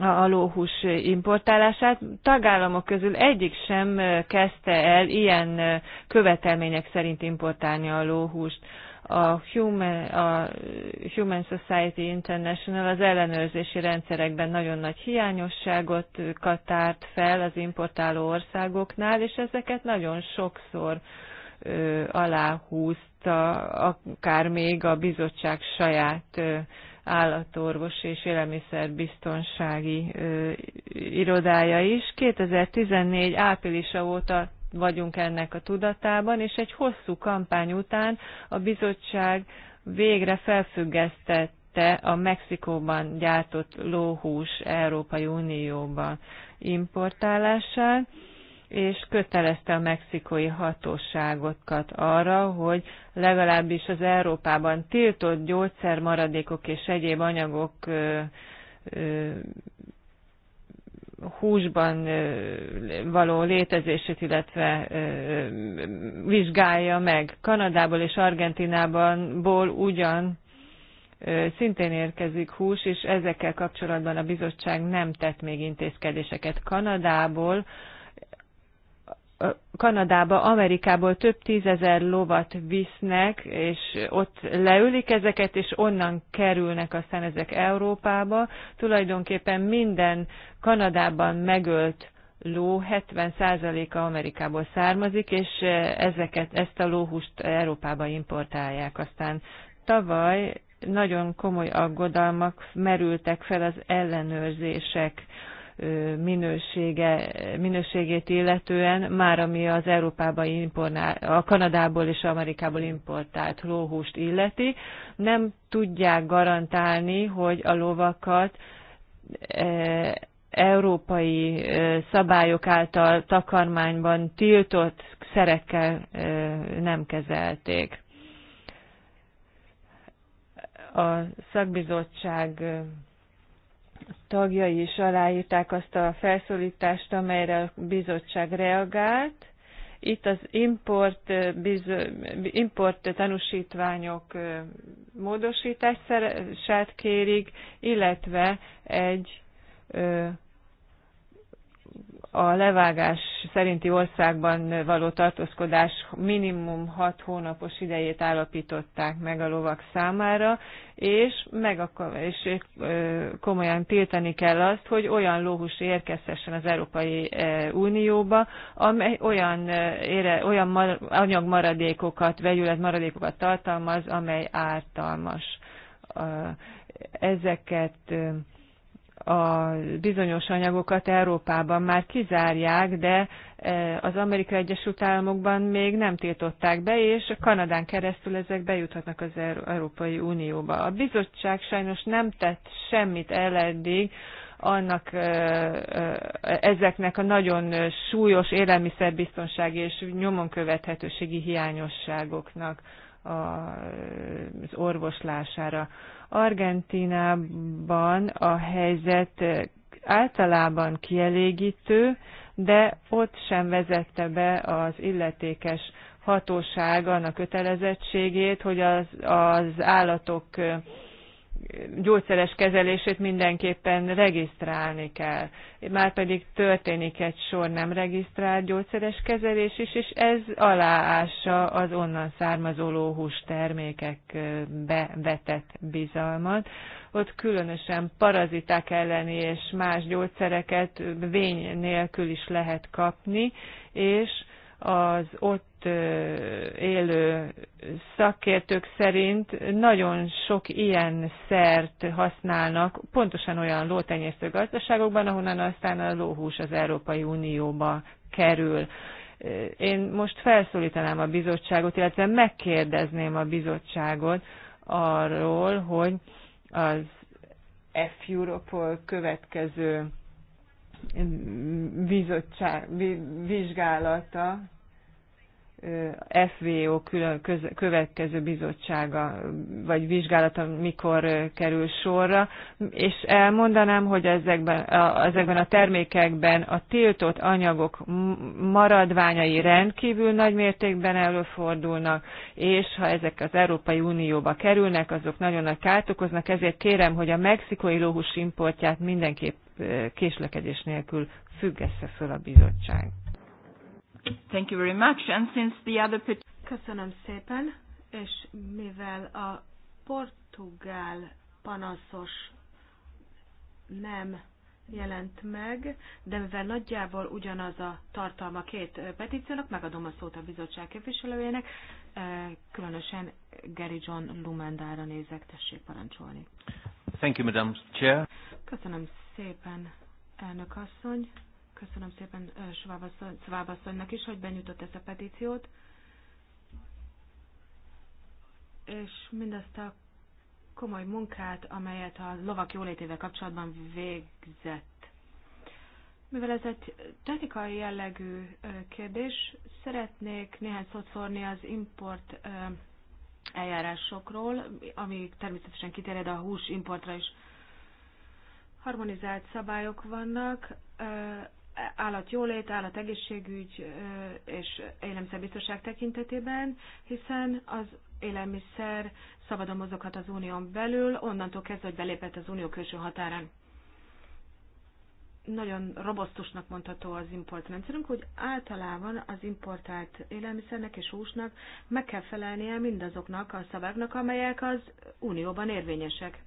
a alóhús importálását. Tagállamok közül egyik sem kezdte el ilyen követelmények szerint importálni a lóhúst. A Human, a Human Society International az ellenőrzési rendszerekben nagyon nagy hiányosságot katárt fel az importáló országoknál, és ezeket nagyon sokszor uh, aláhúzta akár még a bizottság saját állatorvos és élelmiszerbiztonsági irodája is. 2014 áprilisa óta vagyunk ennek a tudatában, és egy hosszú kampány után a bizottság végre felfüggesztette a Mexikóban gyártott lóhús Európai Unióba importálását és kötelezte a mexikói hatóságokat arra, hogy legalábbis az Európában tiltott gyógyszermaradékok és egyéb anyagok ö, ö, húsban való létezését, illetve
vizsgálja
meg. Kanadából és Argentinából ból ugyan szintén érkezik hús, és ezekkel kapcsolatban a bizottság nem tett még intézkedéseket. Kanadából Kanadába, Amerikából több tízezer lovat visznek, és ott leülik ezeket, és onnan kerülnek aztán ezek Európába. Tulajdonképpen minden Kanadában megölt ló 70%-a Amerikából származik, és ezeket, ezt a lóhúst Európába importálják. Aztán tavaly nagyon komoly aggodalmak merültek fel az ellenőrzések minősége, minőségét illetően, már ami az Európában importál, a Kanadából és Amerikából importált lóhúst illeti, nem tudják garantálni, hogy a lovakat európai szabályok által takarmányban tiltott szerekkel nem kezelték. A szakbizottság tagjai is aláírták azt a felszólítást, amelyre a bizottság reagált. Itt az import, import tanúsítványok módosítását kérik, illetve egy a levágás szerinti országban való tartózkodás minimum 6 hónapos idejét állapították meg a lovak számára, és, meg a, és komolyan tiltani kell azt, hogy olyan lóhús érkezhessen az Európai Unióba, amely olyan, ére, olyan mar, anyagmaradékokat, maradékokat tartalmaz, amely ártalmas. Ezeket a bizonyos anyagokat Európában már kizárják, de e, az Amerikai Egyesült Államokban még nem tiltották be, és Kanadán keresztül ezek bejuthatnak az Európai Unióba. A bizottság sajnos nem tett semmit el eddig, annak e, e, ezeknek a nagyon súlyos élelmiszerbiztonsági és nyomon követhetőségi hiányosságoknak az orvoslására. Argentinában a helyzet általában kielégítő, de ott sem vezette be az illetékes hatóság annak kötelezettségét, hogy az, az állatok gyógyszeres kezelését mindenképpen regisztrálni kell. Márpedig történik egy sor nem regisztrált gyógyszeres kezelés is, és ez aláássa az onnan származó lóhús termékek bevetett bizalmat. Ott különösen paraziták elleni és más gyógyszereket vény nélkül is lehet kapni, és az ott itt élő szakértők szerint nagyon sok ilyen szert használnak pontosan olyan lótenyésztő gazdaságokban, ahonnan aztán a lóhús az Európai Unióba kerül. Én most felszólítanám a bizottságot, illetve megkérdezném a bizottságot arról, hogy az F-Europol következő bizottság, vizsgálata FVO következő bizottsága vagy vizsgálata mikor kerül sorra, és elmondanám, hogy ezekben a, ezekben a termékekben a tiltott anyagok maradványai rendkívül nagy mértékben előfordulnak, és ha ezek az Európai Unióba kerülnek, azok nagyon nagy kárt okoznak, ezért kérem, hogy a mexikai lóhús importját mindenképp késlekedés nélkül függesse föl a bizottság. Thank you very much. And
since the other Köszönöm szépen, és mivel a portugál panaszos nem jelent meg, de mivel nagyjából ugyanaz a tartalma két petíciónak, megadom a szót a bizottság képviselőjének, különösen Gary John Lumendára nézek, tessék parancsolni. Thank you, Madam Chair. Köszönöm szépen, elnök asszony. Köszönöm szépen Svábasszonynak is, hogy benyújtott ezt a petíciót. És mindezt a komoly munkát, amelyet a lovak jólétével kapcsolatban végzett. Mivel ez egy technikai jellegű kérdés, szeretnék néhány szót szórni az import eljárásokról, ami természetesen kitered a hús importra is. Harmonizált szabályok vannak, állat állat egészségügy és élelmiszerbiztonság tekintetében, hiszen az élelmiszer szabadon mozoghat az unión belül, onnantól kezdve, hogy belépett az unió külső határán. Nagyon robosztusnak mondható az importrendszerünk, hogy általában az importált élelmiszernek és húsnak meg kell felelnie mindazoknak a szabáknak, amelyek az unióban érvényesek.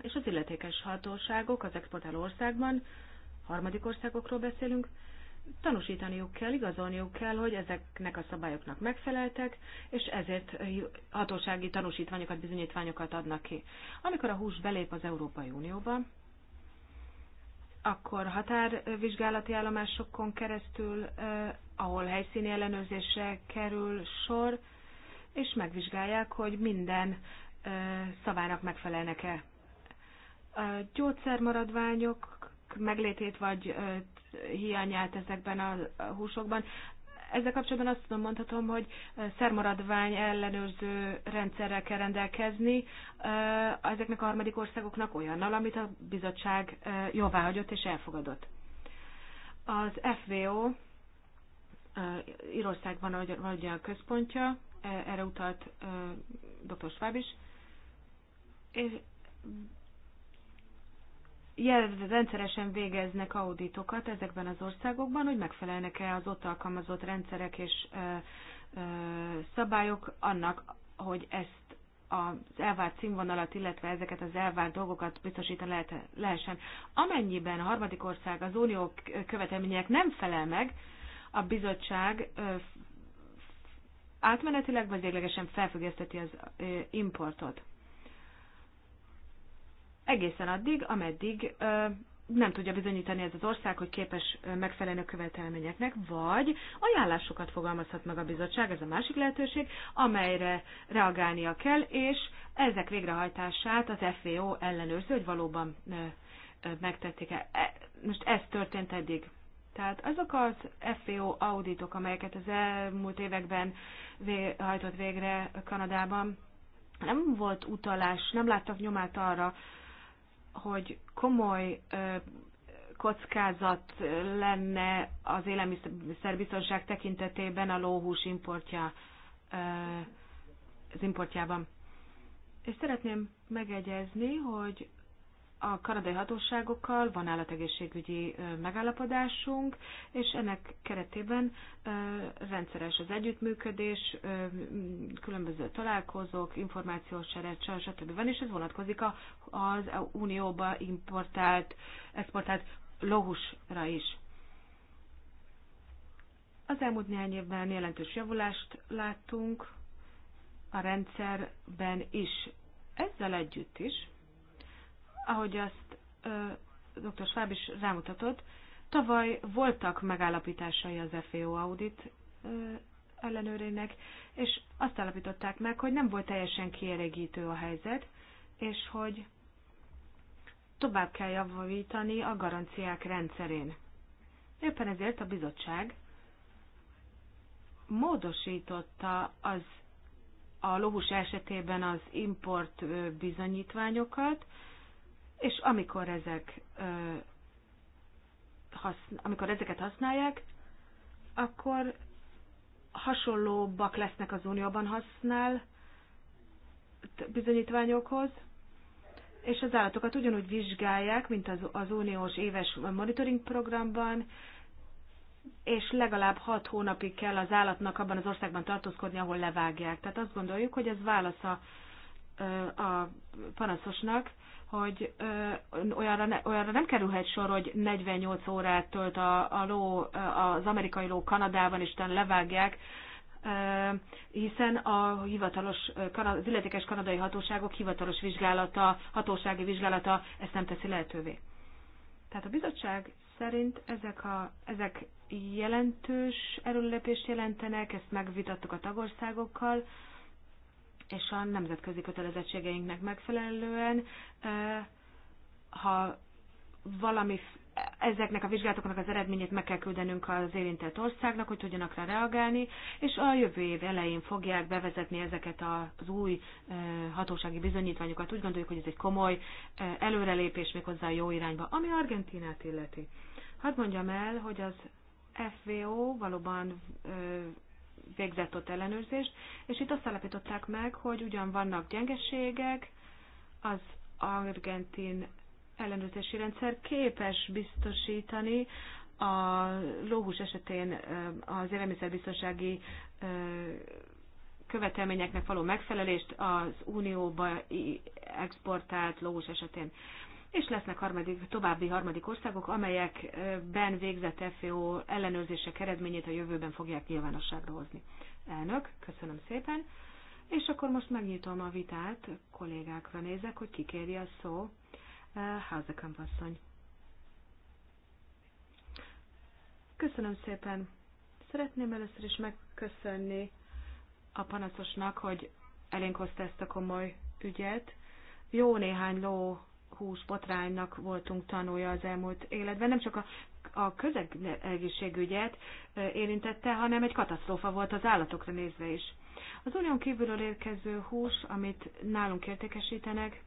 És az illetékes hatóságok az exportáló országban harmadik országokról beszélünk, tanúsítaniuk kell, igazolniuk kell, hogy ezeknek a szabályoknak megfeleltek, és ezért hatósági tanúsítványokat, bizonyítványokat adnak ki. Amikor a hús belép az Európai Unióba, akkor határvizsgálati állomásokon keresztül, eh, ahol helyszíni ellenőrzésre kerül sor, és megvizsgálják, hogy minden eh, szavának megfelelnek-e. A gyógyszermaradványok meglétét vagy hiányát ezekben a húsokban. Ezzel kapcsolatban azt tudom mondhatom, hogy szermaradvány ellenőrző rendszerrel kell rendelkezni ezeknek a harmadik országoknak olyannal, amit a bizottság jóváhagyott és elfogadott. Az FVO Írországban van ugye a központja, erre utalt dr. Schwab is, és rendszeresen végeznek auditokat ezekben az országokban, hogy megfelelnek-e az ott alkalmazott rendszerek és ö, ö, szabályok annak, hogy ezt az elvárt színvonalat, illetve ezeket az elvárt dolgokat biztosítani lehet, lehessen. Amennyiben a harmadik ország az unió követelmények nem felel meg, a bizottság ö, átmenetileg vagy véglegesen felfüggeszteti az importot egészen addig, ameddig nem tudja bizonyítani ez az ország, hogy képes megfelelni a követelményeknek, vagy ajánlásokat fogalmazhat meg a bizottság, ez a másik lehetőség, amelyre reagálnia kell, és ezek végrehajtását az FVO ellenőrző, hogy valóban megtették-e. E, most ez történt eddig. Tehát azok az FVO auditok, amelyeket az elmúlt években vé- hajtott végre Kanadában, nem volt utalás, nem láttak nyomát arra, hogy komoly kockázat lenne az élelmiszerbiztonság tekintetében a lóhús importja, az importjában. És szeretném megegyezni, hogy a kanadai hatóságokkal van állategészségügyi megállapodásunk, és ennek keretében rendszeres az együttműködés, különböző találkozók, információs információsere, stb. van, és ez vonatkozik az Unióba importált, exportált lóhusra is. Az elmúlt néhány évben jelentős javulást láttunk a rendszerben is. Ezzel együtt is ahogy azt ö, dr. Schwab is rámutatott, tavaly voltak megállapításai az FAO audit ö, ellenőrének, és azt állapították meg, hogy nem volt teljesen kielégítő a helyzet, és hogy tovább kell javítani a garanciák rendszerén. Éppen ezért a bizottság módosította az a lóhús esetében az import bizonyítványokat, és amikor ezek haszn- amikor ezeket használják, akkor hasonlóbbak lesznek az unióban használ bizonyítványokhoz, és az állatokat ugyanúgy vizsgálják, mint az, az uniós éves monitoring programban, és legalább hat hónapig kell az állatnak abban az országban tartózkodni, ahol levágják. Tehát azt gondoljuk, hogy ez válasz a, a panaszosnak, hogy ö, olyanra, ne, olyanra nem kerülhet sor, hogy 48 órát tölt a, a ló, az amerikai ló Kanadában, és utána levágják, ö, hiszen a hivatalos, az illetékes kanadai hatóságok hivatalos vizsgálata, hatósági vizsgálata ezt nem teszi lehetővé. Tehát a bizottság szerint ezek, a, ezek jelentős erőlepést jelentenek, ezt megvitattuk a tagországokkal, és a nemzetközi kötelezettségeinknek megfelelően, ha valami ezeknek a vizsgálatoknak az eredményét meg kell küldenünk az érintett országnak, hogy tudjanak rá reagálni, és a jövő év elején fogják bevezetni ezeket az új hatósági bizonyítványokat. Úgy gondoljuk, hogy ez egy komoly előrelépés méghozzá a jó irányba, ami Argentinát illeti. Hadd mondjam el, hogy az FVO valóban végzett ott ellenőrzést, és itt azt állapították meg, hogy ugyan vannak gyengeségek, az argentin ellenőrzési rendszer képes biztosítani a lóhús esetén az élelmiszerbiztonsági követelményeknek való megfelelést az unióba exportált lóhús esetén és lesznek harmadik, további harmadik országok, amelyekben végzett FEO ellenőrzések eredményét a jövőben fogják nyilvánosságra hozni. Elnök, köszönöm szépen, és akkor most megnyitom a vitát, kollégákra nézek, hogy ki kéri a szó. Házekamp asszony. Köszönöm szépen. Szeretném először is megköszönni a panaszosnak, hogy elénk hozta ezt a komoly ügyet. Jó néhány ló hús botránynak voltunk tanulja az elmúlt életben. Nem csak a, a közegészségügyet érintette, hanem egy katasztrófa volt az állatokra nézve is. Az unión kívülről érkező hús, amit nálunk értékesítenek,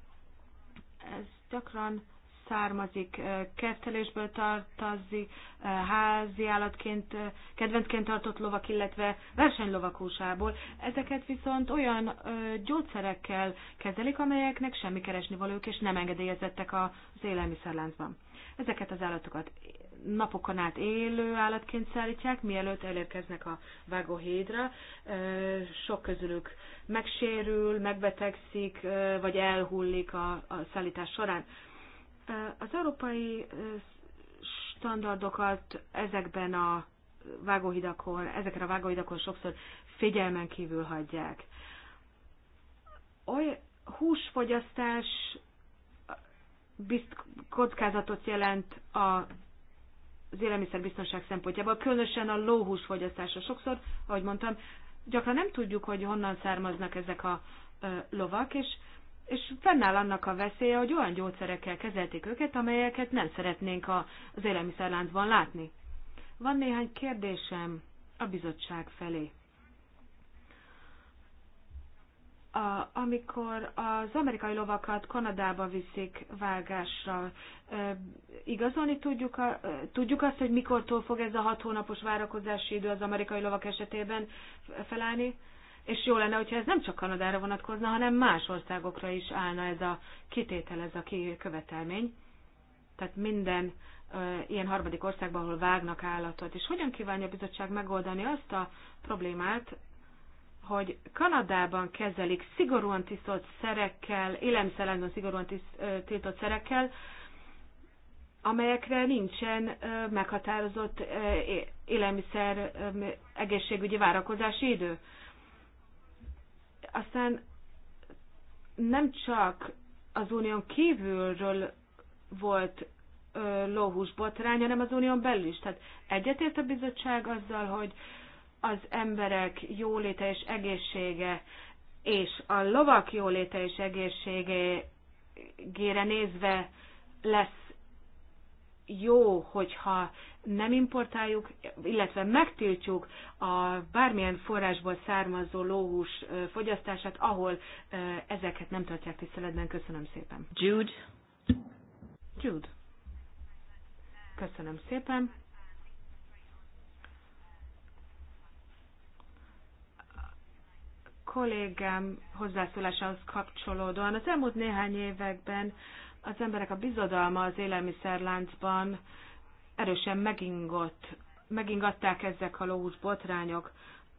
ez gyakran származik, kertelésből tartozik, házi állatként, kedvencként tartott lovak, illetve versenylovak húsából. Ezeket viszont olyan gyógyszerekkel kezelik, amelyeknek semmi valók és nem engedélyezettek az élelmiszerláncban. Ezeket az állatokat napokon át élő állatként szállítják, mielőtt elérkeznek a vágóhídra. Sok közülük megsérül, megbetegszik, vagy elhullik a szállítás során. Az európai standardokat ezekben a vágóhidakon, ezekre a vágóhidakon sokszor figyelmen kívül hagyják. Oly húsfogyasztás bizt, kockázatot jelent a az élelmiszerbiztonság szempontjából, különösen a lóhús fogyasztása. Sokszor, ahogy mondtam, gyakran nem tudjuk, hogy honnan származnak ezek a ö, lovak, és és fennáll annak a veszélye, hogy olyan gyógyszerekkel kezelték őket, amelyeket nem szeretnénk az élelmiszerláncban látni. Van néhány kérdésem a bizottság felé. A, amikor az amerikai lovakat Kanadába viszik vágásra, e, igazolni tudjuk, a, e, tudjuk azt, hogy mikortól fog ez a hat hónapos várakozási idő az amerikai lovak esetében felállni? és jó lenne, hogyha ez nem csak Kanadára vonatkozna, hanem más országokra is állna ez a kitétel, ez a követelmény. Tehát minden ö, ilyen harmadik országban, ahol vágnak állatot. És hogyan kívánja a bizottság megoldani azt a problémát, hogy Kanadában kezelik szigorúan tisztott szerekkel, élelmiszerláncon szigorúan tiszt, ö, tiltott szerekkel, amelyekre nincsen ö, meghatározott ö, élelmiszer ö, egészségügyi várakozási idő aztán nem csak az unión kívülről volt lóhús botrány, hanem az unión belül is. Tehát egyetért a bizottság azzal, hogy az emberek jóléte és egészsége és a lovak jóléte és egészségére nézve lesz jó, hogyha nem importáljuk, illetve megtiltjuk a bármilyen forrásból származó lóhús fogyasztását, ahol ezeket nem tartják tiszteletben. Köszönöm szépen. Jude. Jude. Köszönöm szépen. kollégám hozzászólásához kapcsolódóan az elmúlt néhány években az emberek a bizodalma az élelmiszerláncban erősen megingott, megingatták ezek a lóhús botrányok.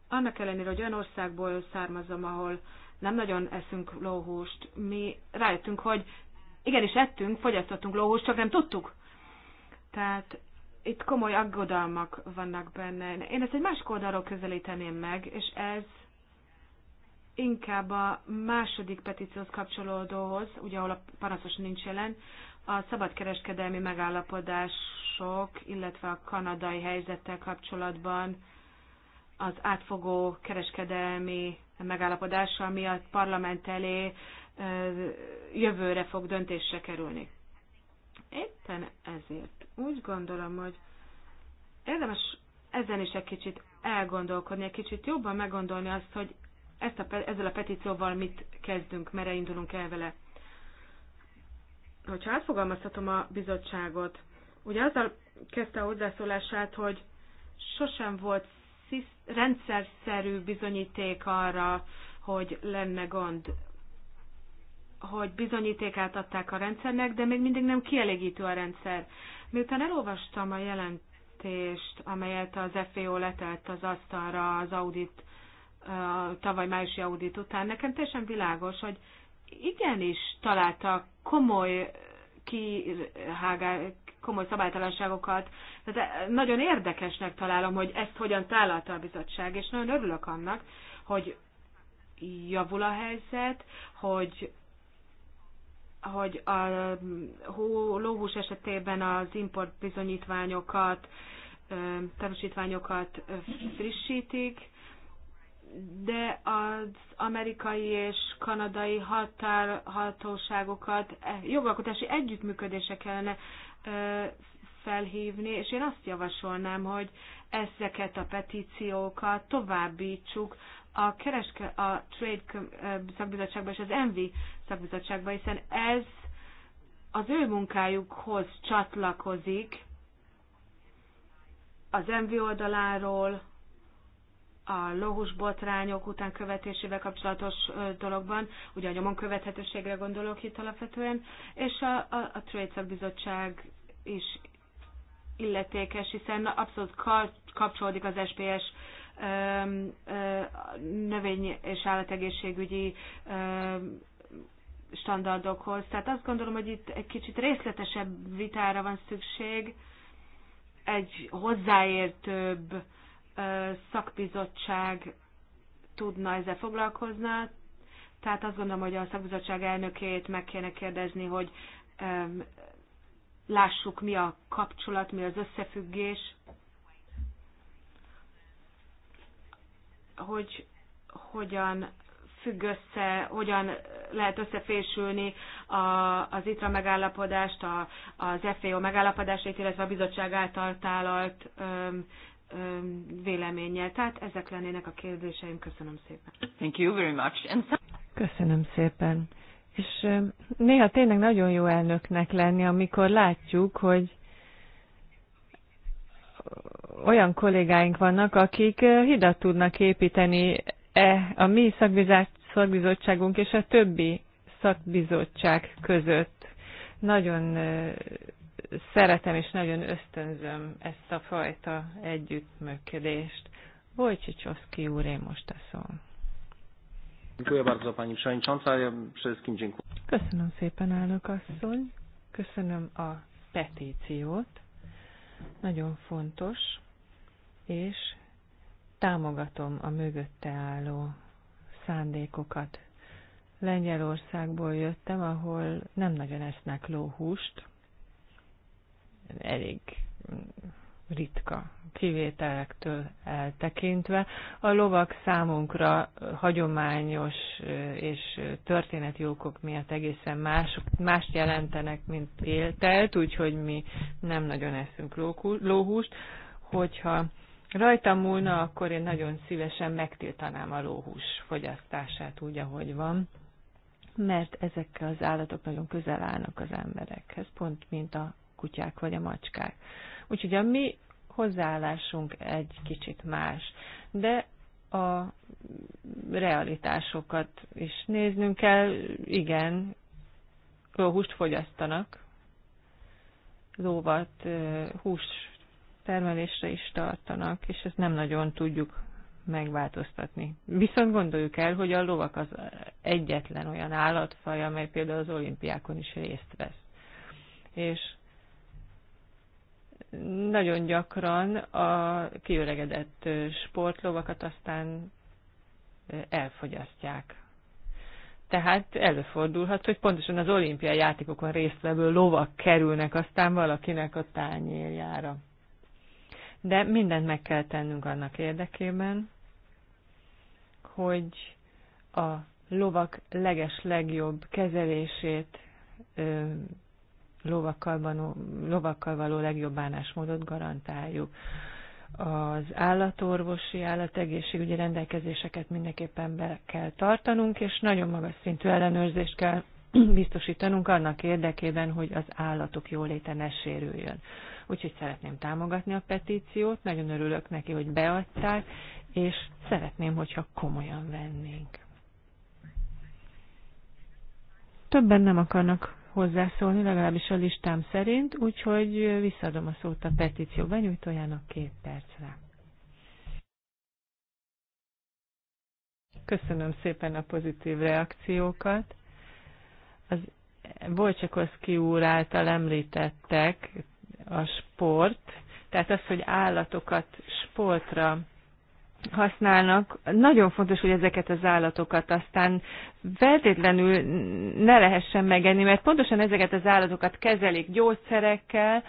Annak ellenére, hogy olyan országból származom, ahol nem nagyon eszünk lóhúst, mi rájöttünk, hogy igenis ettünk, fogyasztottunk lóhúst, csak nem tudtuk. Tehát itt komoly aggodalmak vannak benne. Én ezt egy másik oldalról közelíteném meg, és ez inkább a második petícióhoz kapcsolódóhoz, ugye ahol a panaszos nincs jelen, a szabadkereskedelmi megállapodások, illetve a kanadai helyzettel kapcsolatban az átfogó kereskedelmi megállapodása, ami a parlament elé jövőre fog döntésre kerülni. Éppen ezért úgy gondolom, hogy érdemes ezen is egy kicsit elgondolkodni, egy kicsit jobban meggondolni azt, hogy ezt a, ezzel a petícióval mit kezdünk, merre indulunk el vele. Hogyha átfogalmazhatom a bizottságot, ugye azzal kezdte a hozzászólását, hogy sosem volt rendszerszerű bizonyíték arra, hogy lenne gond, hogy bizonyítékát adták a rendszernek, de még mindig nem kielégítő a rendszer. Miután elolvastam a jelentést, amelyet az FAO letelt az asztalra az audit tavaly májusi audit után, nekem teljesen világos, hogy igenis találtak komoly kihágá, komoly szabálytalanságokat. Tehát eh, nagyon érdekesnek találom, hogy ezt hogyan tálalta a bizottság, és nagyon örülök annak, hogy javul a helyzet, hogy hogy a lóhús esetében az import bizonyítványokat, eh, tanúsítványokat eh, frissítik, de az amerikai és kanadai határhatóságokat e, jogalkotási együttműködése kellene felhívni, és én azt javasolnám, hogy ezeket a petíciókat továbbítsuk a, kereske, a Trade szakbizottságba és az Envi szakbizottságba, hiszen ez az ő munkájukhoz csatlakozik az Envi oldaláról, a lóhús botrányok után követésével kapcsolatos dologban, ugye a nyomon követhetőségre gondolok itt alapvetően, és a, a, a Trade Szakbizottság is illetékes, hiszen abszolút kapcsolódik az SPS növény- és állategészségügyi standardokhoz. Tehát azt gondolom, hogy itt egy kicsit részletesebb vitára van szükség, egy hozzáértőbb szakbizottság tudna ezzel foglalkozni. Tehát azt gondolom, hogy a szakbizottság elnökét meg kéne kérdezni, hogy lássuk, mi a kapcsolat, mi az összefüggés, hogy hogyan függ össze, hogyan lehet összefésülni a, az ITRA megállapodást, a, az FAO megállapodásait, illetve a bizottság által tálalt öm, véleménnyel. Tehát ezek lennének a kérdéseim. Köszönöm szépen. Thank you very much. And...
Köszönöm szépen. És néha tényleg nagyon jó elnöknek lenni, amikor látjuk, hogy olyan kollégáink vannak, akik hidat tudnak építeni e, a mi szakbizottságunk és a többi szakbizottság között. Nagyon szeretem és nagyon ösztönzöm ezt a fajta együttműködést. Wojciechowski én most a szó. Dziękuję bardzo Pani Przewodnicząca. Ja wszystkim dziękuję. Köszönöm szépen, elnök asszony. Köszönöm a petíciót. Nagyon fontos, és támogatom a mögötte álló szándékokat. Lengyelországból jöttem, ahol nem nagyon esznek lóhúst, elég ritka kivételektől eltekintve. A lovak számunkra hagyományos és történeti okok miatt egészen más, mást jelentenek, mint éltelt, úgyhogy mi nem nagyon eszünk lóhúst. Hogyha rajtam múlna, akkor én nagyon szívesen megtiltanám a lóhús fogyasztását úgy, ahogy van mert ezek az állatok nagyon közel állnak az emberekhez, pont mint a kutyák vagy a macskák. Úgyhogy a mi hozzáállásunk egy kicsit más. De a realitásokat is néznünk kell. Igen, húst fogyasztanak, lóvat hús termelésre is tartanak, és ezt nem nagyon tudjuk megváltoztatni. Viszont gondoljuk el, hogy a lovak az egyetlen olyan állatfaj, amely például az olimpiákon is részt vesz. És nagyon gyakran a kiöregedett sportlovakat aztán elfogyasztják. Tehát előfordulhat, hogy pontosan az olimpiai játékokon résztvevő lovak kerülnek aztán valakinek a tányérjára. De mindent meg kell tennünk annak érdekében, hogy a lovak leges legjobb kezelését lovakkal, való, lovakkal való legjobb bánásmódot garantáljuk. Az állatorvosi, állategészségügyi rendelkezéseket mindenképpen be kell tartanunk, és nagyon magas szintű ellenőrzést kell biztosítanunk annak érdekében, hogy az állatok jóléte ne sérüljön. Úgyhogy szeretném támogatni a petíciót, nagyon örülök neki, hogy beadták, és szeretném, hogyha komolyan vennénk. Többen nem akarnak hozzászólni, legalábbis a listám szerint, úgyhogy visszadom a szót a petíció benyújtójának két percre. Köszönöm szépen a pozitív reakciókat. Az Bolcsakoszki úr által említettek a sport, tehát az, hogy állatokat sportra használnak, nagyon fontos, hogy ezeket az állatokat aztán feltétlenül ne lehessen megenni, mert pontosan ezeket az állatokat kezelik gyógyszerekkel,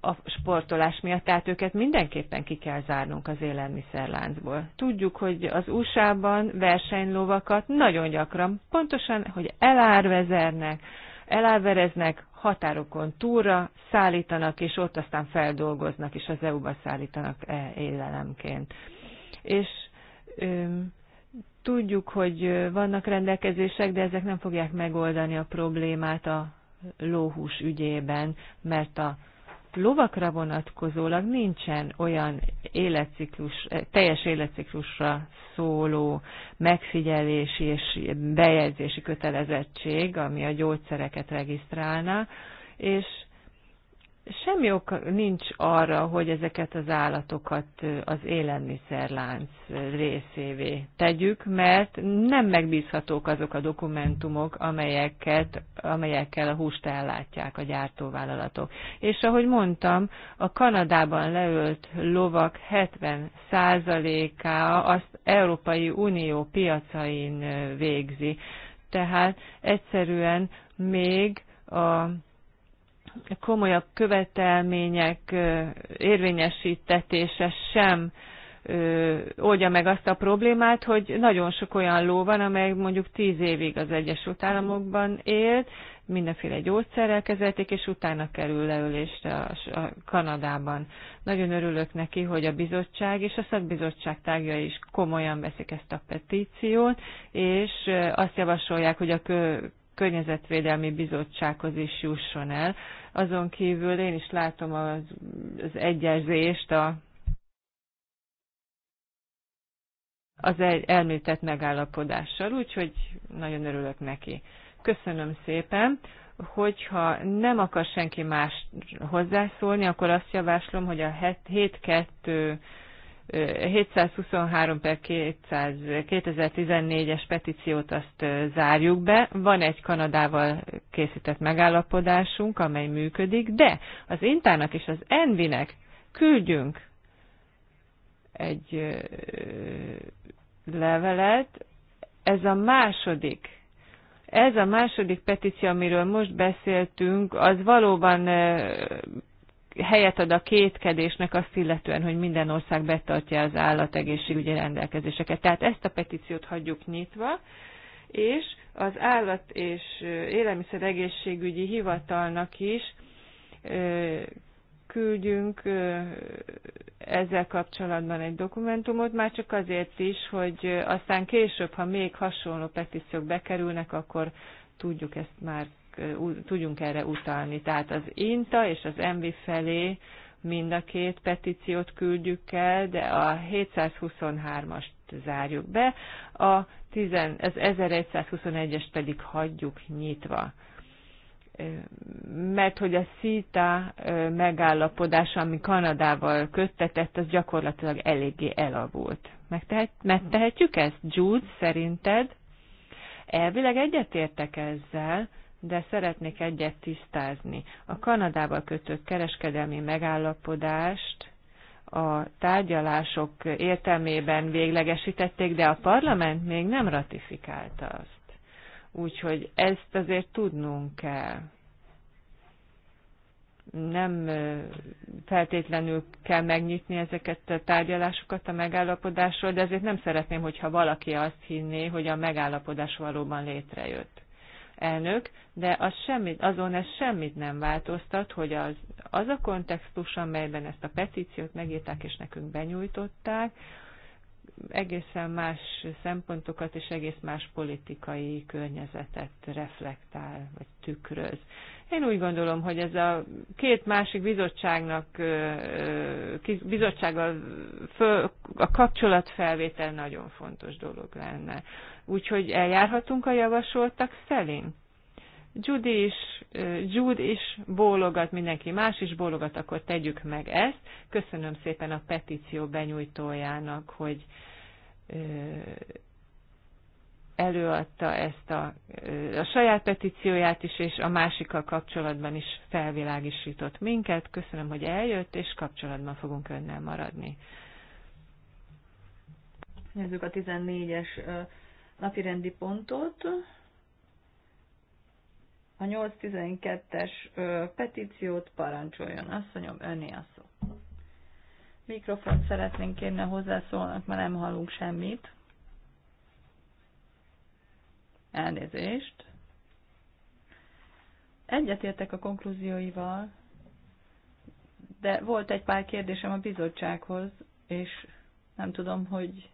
a sportolás miatt, tehát őket mindenképpen ki kell zárnunk az élelmiszerláncból. Tudjuk, hogy az USA-ban versenylovakat nagyon gyakran, pontosan, hogy elárvezernek, elárvereznek, határokon túlra szállítanak, és ott aztán feldolgoznak, és az EU-ba szállítanak e élelemként. És tudjuk, hogy vannak rendelkezések, de ezek nem fogják megoldani a problémát a lóhús ügyében, mert a lovakra vonatkozólag nincsen olyan életciklus, eh, teljes életciklusra szóló megfigyelési és bejegyzési kötelezettség, ami a gyógyszereket regisztrálna, és semmi ok nincs arra, hogy ezeket az állatokat az élelmiszerlánc részévé tegyük, mert nem megbízhatók azok a dokumentumok, amelyeket, amelyekkel a húst ellátják a gyártóvállalatok. És ahogy mondtam, a Kanadában leölt lovak 70%-a azt Európai Unió piacain végzi. Tehát egyszerűen még a komolyabb követelmények érvényesítetése sem oldja meg azt a problémát, hogy nagyon sok olyan ló van, amely mondjuk tíz évig az Egyesült Államokban élt, mindenféle gyógyszerrel kezelték, és utána kerül leülésre a Kanadában. Nagyon örülök neki, hogy a bizottság és a szakbizottság tagja is komolyan veszik ezt a petíciót, és azt javasolják, hogy a Környezetvédelmi Bizottsághoz is jusson el. Azon kívül én is látom az, az egyezést a az egy elmített megállapodással, úgyhogy nagyon örülök neki. Köszönöm szépen. Hogyha nem akar senki más hozzászólni, akkor azt javaslom, hogy a 7-2 723 per 2014-es petíciót azt zárjuk be. Van egy Kanadával készített megállapodásunk, amely működik, de az Intának és az Envinek küldjünk egy levelet. Ez a második ez a második petíció, amiről most beszéltünk, az valóban helyet ad a kétkedésnek azt illetően, hogy minden ország betartja az állategészségügyi rendelkezéseket. Tehát ezt a petíciót hagyjuk nyitva, és az állat és egészségügyi hivatalnak is küldjünk ezzel kapcsolatban egy dokumentumot, már csak azért is, hogy aztán később, ha még hasonló petíciók bekerülnek, akkor tudjuk ezt már tudjunk erre utalni. Tehát az INTA és az MV felé mind a két petíciót küldjük el, de a 723-ast zárjuk be, a 10, az 1121-est pedig hagyjuk nyitva. Mert hogy a CITA megállapodás, ami Kanadával köttetett, az gyakorlatilag eléggé elavult. megtehetjük ezt, Jude, szerinted? Elvileg egyetértek ezzel, de szeretnék egyet tisztázni. A Kanadával kötött kereskedelmi megállapodást a tárgyalások értelmében véglegesítették, de a parlament még nem ratifikálta azt. Úgyhogy ezt azért tudnunk kell. Nem feltétlenül kell megnyitni ezeket a tárgyalásokat a megállapodásról, de azért nem szeretném, hogyha valaki azt hinné, hogy a megállapodás valóban létrejött elnök, de az semmit, azon ez semmit nem változtat, hogy az, az a kontextus, amelyben ezt a petíciót megírták és nekünk benyújtották, egészen más szempontokat és egész más politikai környezetet reflektál, vagy tükröz. Én úgy gondolom, hogy ez a két másik bizottságnak, bizottsággal a kapcsolatfelvétel nagyon fontos dolog lenne. Úgyhogy eljárhatunk a javasoltak szerint. Judy is, Jude is bólogat, mindenki más is bólogat, akkor tegyük meg ezt. Köszönöm szépen a petíció benyújtójának, hogy előadta ezt a, a saját petícióját is, és a másikkal kapcsolatban is felvilágosított minket. Köszönöm, hogy eljött, és kapcsolatban fogunk önnel maradni. Nézzük a 14-es napirendi pontot, a 812-es petíciót parancsoljon. Asszonyom, önné a szó. Mikrofont szeretnénk kérni, hozzászólnak, mert nem hallunk semmit. Elnézést. Egyetértek a konklúzióival, de volt egy pár kérdésem a bizottsághoz, és nem tudom, hogy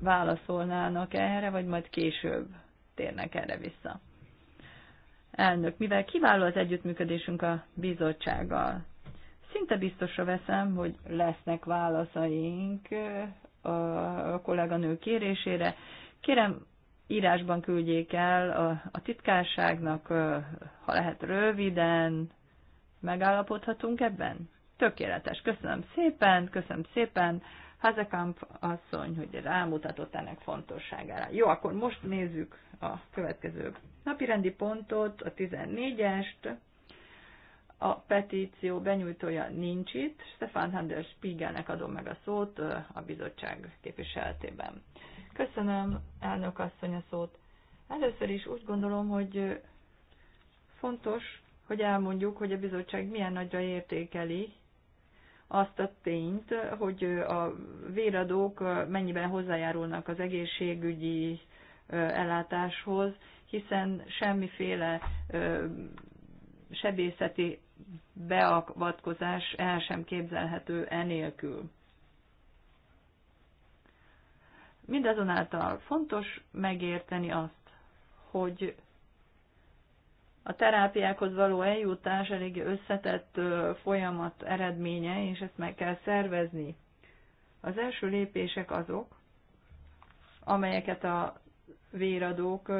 válaszolnának erre, vagy majd később térnek erre vissza. Elnök, mivel kiváló az együttműködésünk a bizottsággal, szinte biztosra veszem, hogy lesznek válaszaink a kolléganő kérésére. Kérem, írásban küldjék el a, a titkárságnak, ha lehet röviden, megállapodhatunk ebben? Tökéletes. Köszönöm szépen, köszönöm szépen. Hazekamp asszony, hogy rámutatott ennek fontosságára. Jó, akkor most nézzük a következő napirendi pontot, a 14-est. A petíció benyújtója nincs itt. Stefan Hander Spiegelnek adom meg a szót a bizottság képviseletében. Köszönöm, elnök asszony a szót. Először is úgy gondolom, hogy fontos, hogy elmondjuk, hogy a bizottság milyen nagyra értékeli azt a tényt, hogy a véradók mennyiben hozzájárulnak az egészségügyi ellátáshoz, hiszen semmiféle sebészeti beavatkozás el sem képzelhető enélkül. Mindazonáltal fontos megérteni azt, hogy a terápiákhoz való eljutás elég összetett folyamat eredménye, és ezt meg kell szervezni. Az első lépések azok, amelyeket a véradók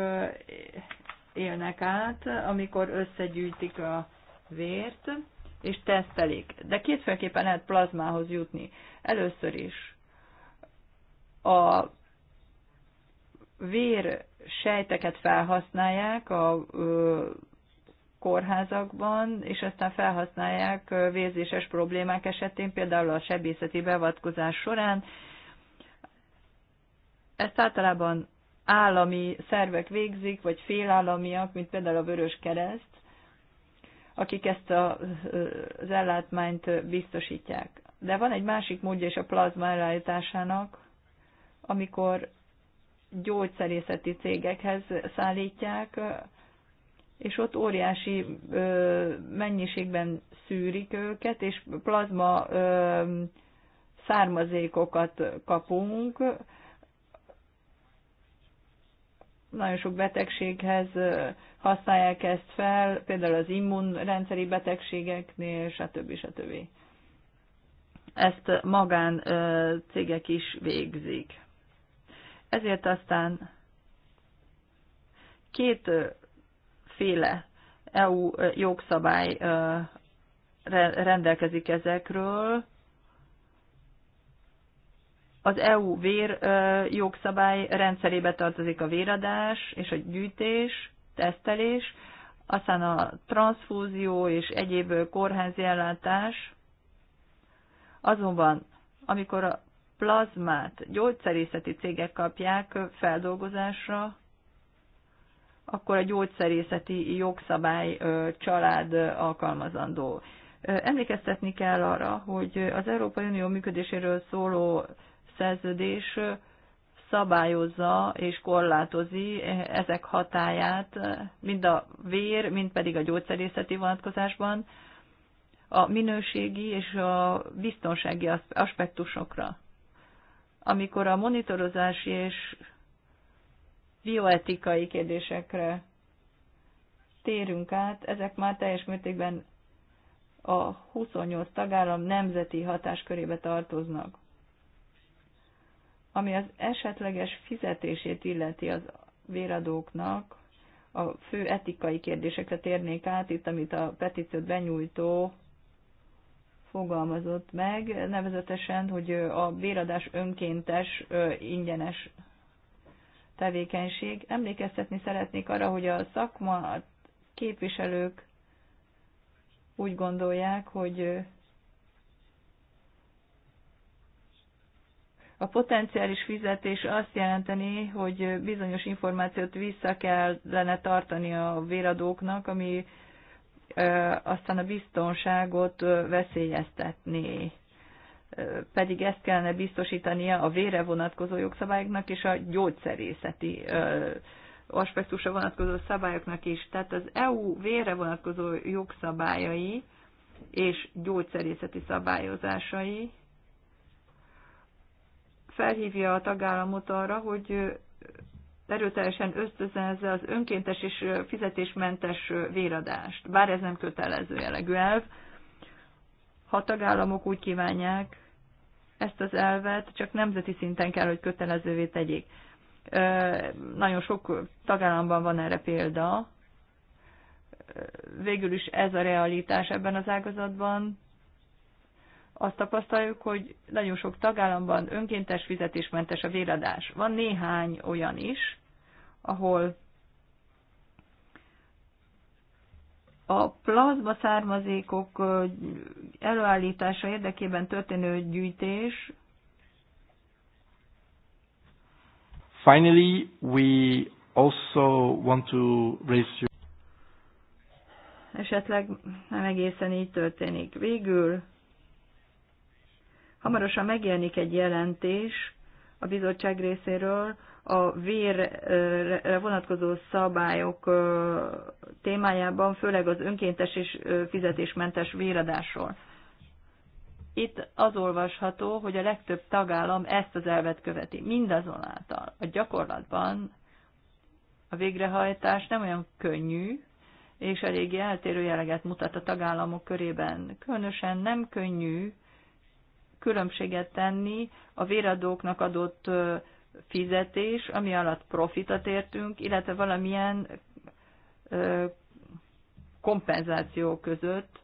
élnek át, amikor összegyűjtik a vért, és tesztelik. De kétféleképpen lehet plazmához jutni. Először is a vér sejteket felhasználják a kórházakban, és aztán felhasználják vérzéses problémák esetén, például a sebészeti beavatkozás során. Ezt általában állami szervek végzik, vagy félállamiak, mint például a Vörös Kereszt, akik ezt a, az ellátmányt biztosítják. De van egy másik módja is a plazma ellátásának, amikor gyógyszerészeti cégekhez szállítják és ott óriási ö, mennyiségben szűrik őket, és plazma ö, származékokat kapunk. Nagyon sok betegséghez használják ezt fel, például az immunrendszeri betegségeknél, stb. stb. Ezt magán ö, cégek is végzik. Ezért aztán két féle EU jogszabály rendelkezik ezekről. Az EU vér jogszabály rendszerébe tartozik a véradás és a gyűjtés, tesztelés, aztán a transfúzió és egyéb kórházi ellátás. Azonban, amikor a plazmát gyógyszerészeti cégek kapják feldolgozásra, akkor a gyógyszerészeti jogszabály család alkalmazandó. Emlékeztetni kell arra, hogy az Európai Unió működéséről szóló szerződés szabályozza és korlátozi ezek hatáját, mind a vér, mind pedig a gyógyszerészeti vonatkozásban a minőségi és a biztonsági aspektusokra. Amikor a monitorozási és bioetikai kérdésekre térünk át, ezek már teljes mértékben a 28 tagállam nemzeti hatáskörébe tartoznak. Ami az esetleges fizetését illeti az véradóknak, a fő etikai kérdésekre térnék át, itt amit a petíciót benyújtó fogalmazott meg, nevezetesen, hogy a véradás önkéntes, ingyenes tevékenység. Emlékeztetni szeretnék arra, hogy a szakma a képviselők úgy gondolják, hogy A potenciális fizetés azt jelenteni, hogy bizonyos információt vissza kellene tartani a véradóknak, ami aztán a biztonságot veszélyeztetné pedig ezt kellene biztosítania a vére vonatkozó jogszabályoknak és a gyógyszerészeti aspektusra vonatkozó szabályoknak is. Tehát az EU vére vonatkozó jogszabályai és gyógyszerészeti szabályozásai felhívja a tagállamot arra, hogy erőteljesen ösztözenze az önkéntes és fizetésmentes véradást, bár ez nem kötelező jellegű elv. Ha tagállamok úgy kívánják, ezt az elvet csak nemzeti szinten kell, hogy kötelezővé tegyék. Nagyon sok tagállamban van erre példa. Végül is ez a realitás ebben az ágazatban. Azt tapasztaljuk, hogy nagyon sok tagállamban önkéntes fizetésmentes a véradás. Van néhány olyan is, ahol a plazma származékok előállítása érdekében történő gyűjtés.
Finally, we also want to raise your...
Esetleg nem egészen így történik. Végül hamarosan megjelenik egy jelentés a bizottság részéről a vérre vonatkozó szabályok témájában, főleg az önkéntes és fizetésmentes véradásról. Itt az olvasható, hogy a legtöbb tagállam ezt az elvet követi. Mindazonáltal a gyakorlatban a végrehajtás nem olyan könnyű, és eléggé eltérő jeleget mutat a tagállamok körében. Különösen nem könnyű különbséget tenni a véradóknak adott fizetés, ami alatt profitot értünk, illetve valamilyen kompenzáció között,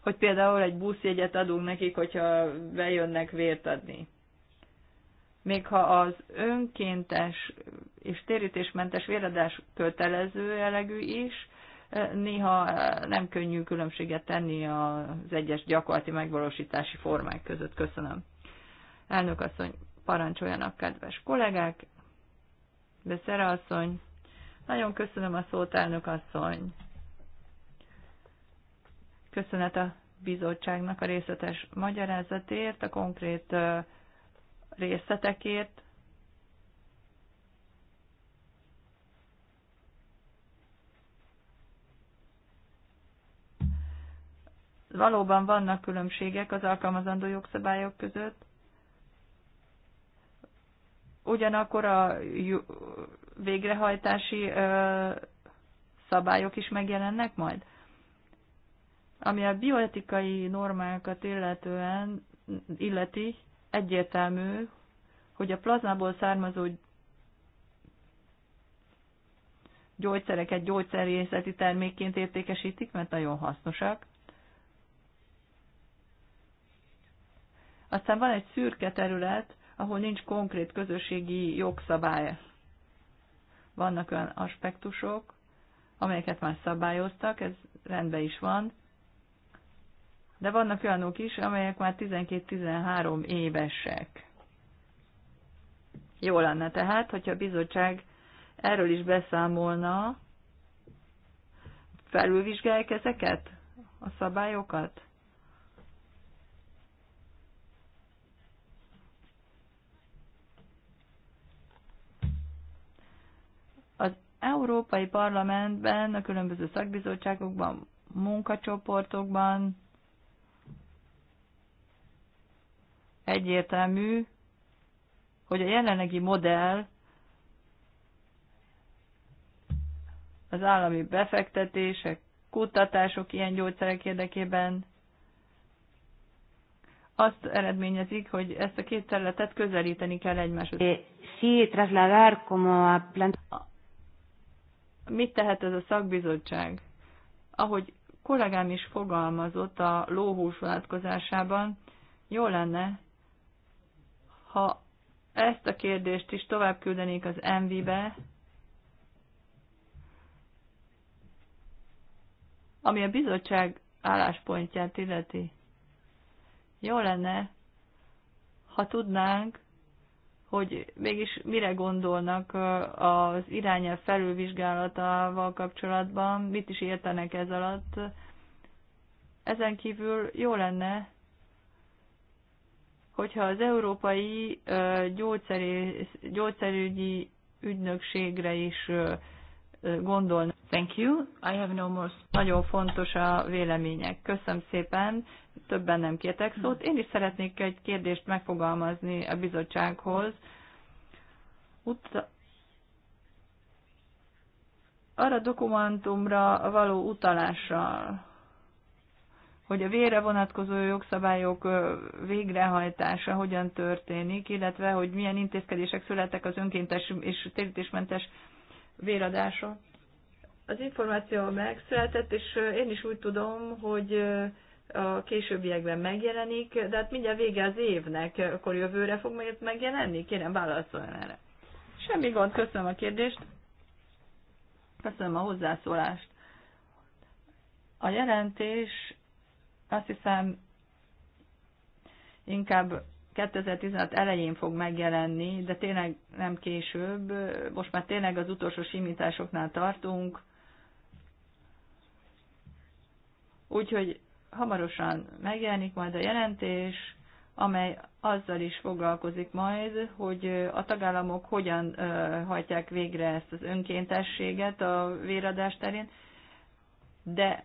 hogy például egy buszjegyet adunk nekik, hogyha bejönnek vért adni. Még ha az önkéntes és térítésmentes véradás kötelező elegű is, néha nem könnyű különbséget tenni az egyes gyakorlati megvalósítási formák között. Köszönöm. Elnök asszony, parancsoljanak, kedves kollégák, de Szere asszony, nagyon köszönöm a szót, elnök asszony. Köszönet a bizottságnak a részletes magyarázatért, a konkrét részletekért. Valóban vannak különbségek az alkalmazandó jogszabályok között, ugyanakkor a végrehajtási szabályok is megjelennek majd? Ami a bioetikai normákat illetően illeti, egyértelmű, hogy a plazmából származó gyógyszereket gyógyszerészeti termékként értékesítik, mert nagyon hasznosak. Aztán van egy szürke terület, ahol nincs konkrét közösségi jogszabály. Vannak olyan aspektusok, amelyeket már szabályoztak, ez rendben is van, de vannak olyanok is, amelyek már 12-13 évesek. Jó lenne tehát, hogyha a bizottság erről is beszámolna, felülvizsgálják ezeket, a szabályokat? Európai Parlamentben, a különböző szakbizottságokban, munkacsoportokban egyértelmű, hogy a jelenlegi modell az állami befektetések, kutatások ilyen gyógyszerek érdekében azt eredményezik, hogy ezt a két területet közelíteni kell egymáshoz. Sí, trasladar como a plant... Mit tehet ez a szakbizottság? Ahogy kollégám is fogalmazott a lóhús vonatkozásában, jó lenne, ha ezt a kérdést is tovább küldenék az MV-be, ami a bizottság álláspontját illeti. Jó lenne, ha tudnánk hogy mégis mire gondolnak az irányel felülvizsgálatával kapcsolatban, mit is értenek ez alatt. Ezen kívül jó lenne, hogyha az Európai Gyógyszerügyi Ügynökségre is gondolnak. Thank you. I have no more. Nagyon fontos a vélemények. Köszönöm szépen többen nem kértek szót. Én is szeretnék egy kérdést megfogalmazni a bizottsághoz. utca, arra dokumentumra való utalással, hogy a vére vonatkozó jogszabályok végrehajtása hogyan történik, illetve hogy milyen intézkedések születtek az önkéntes és térítésmentes véradásra. Az információ megszületett, és én is úgy tudom, hogy a későbbiekben megjelenik, de hát mindjárt vége az évnek, akkor jövőre fog majd megjelenni? Kérem, válaszoljon erre. Semmi gond, köszönöm a kérdést. Köszönöm a hozzászólást. A jelentés azt hiszem inkább 2016 elején fog megjelenni, de tényleg nem később. Most már tényleg az utolsó simításoknál tartunk. Úgyhogy hamarosan megjelenik majd a jelentés, amely azzal is foglalkozik majd, hogy a tagállamok hogyan hajtják végre ezt az önkéntességet a véradás terén, de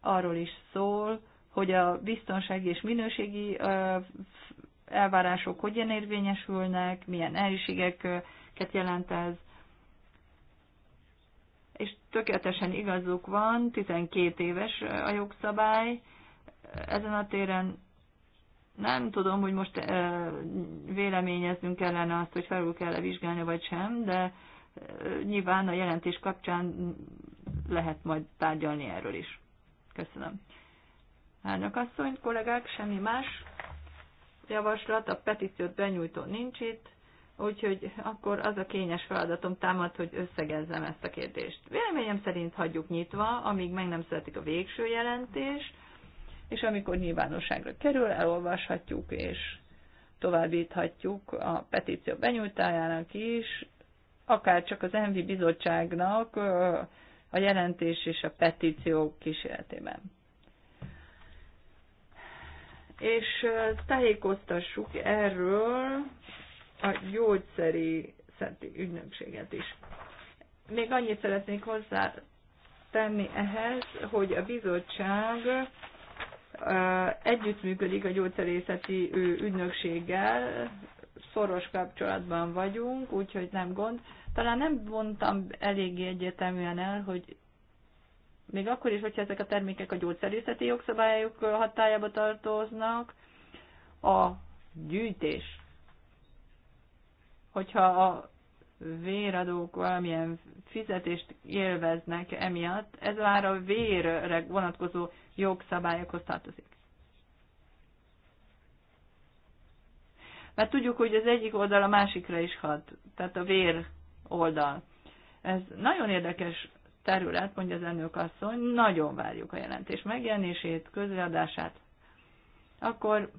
arról is szól, hogy a biztonsági és minőségi elvárások hogyan érvényesülnek, milyen nehézségeket jelent ez, és tökéletesen igazuk van, 12 éves a jogszabály, ezen a téren nem tudom, hogy most véleményeznünk kellene azt, hogy felül kell-e vizsgálni vagy sem, de nyilván a jelentés kapcsán lehet majd tárgyalni erről is. Köszönöm. Elnök asszony, kollégák, semmi más javaslat, a petíciót benyújtó nincs itt, úgyhogy akkor az a kényes feladatom támad, hogy összegezzem ezt a kérdést. Véleményem szerint hagyjuk nyitva, amíg meg nem születik a végső jelentés, és amikor nyilvánosságra kerül, elolvashatjuk és továbbíthatjuk a petíció benyújtájának is, akár csak az Envi Bizottságnak a jelentés és a petíció kísérletében. És tájékoztassuk erről a gyógyszeri szenti ügynökséget is. Még annyit szeretnék hozzá tenni ehhez, hogy a bizottság együttműködik a gyógyszerészeti ügynökséggel, szoros kapcsolatban vagyunk, úgyhogy nem gond. Talán nem mondtam eléggé egyértelműen el, hogy még akkor is, hogyha ezek a termékek a gyógyszerészeti jogszabályok hatájába tartoznak, a gyűjtés, hogyha a véradók valamilyen fizetést élveznek emiatt, ez már a vérre vonatkozó jogszabályokhoz tartozik. Mert tudjuk, hogy az egyik oldal a másikra is hat, tehát a vér oldal. Ez nagyon érdekes terület, mondja az elnök asszony, nagyon várjuk a jelentés megjelenését, közreadását. Akkor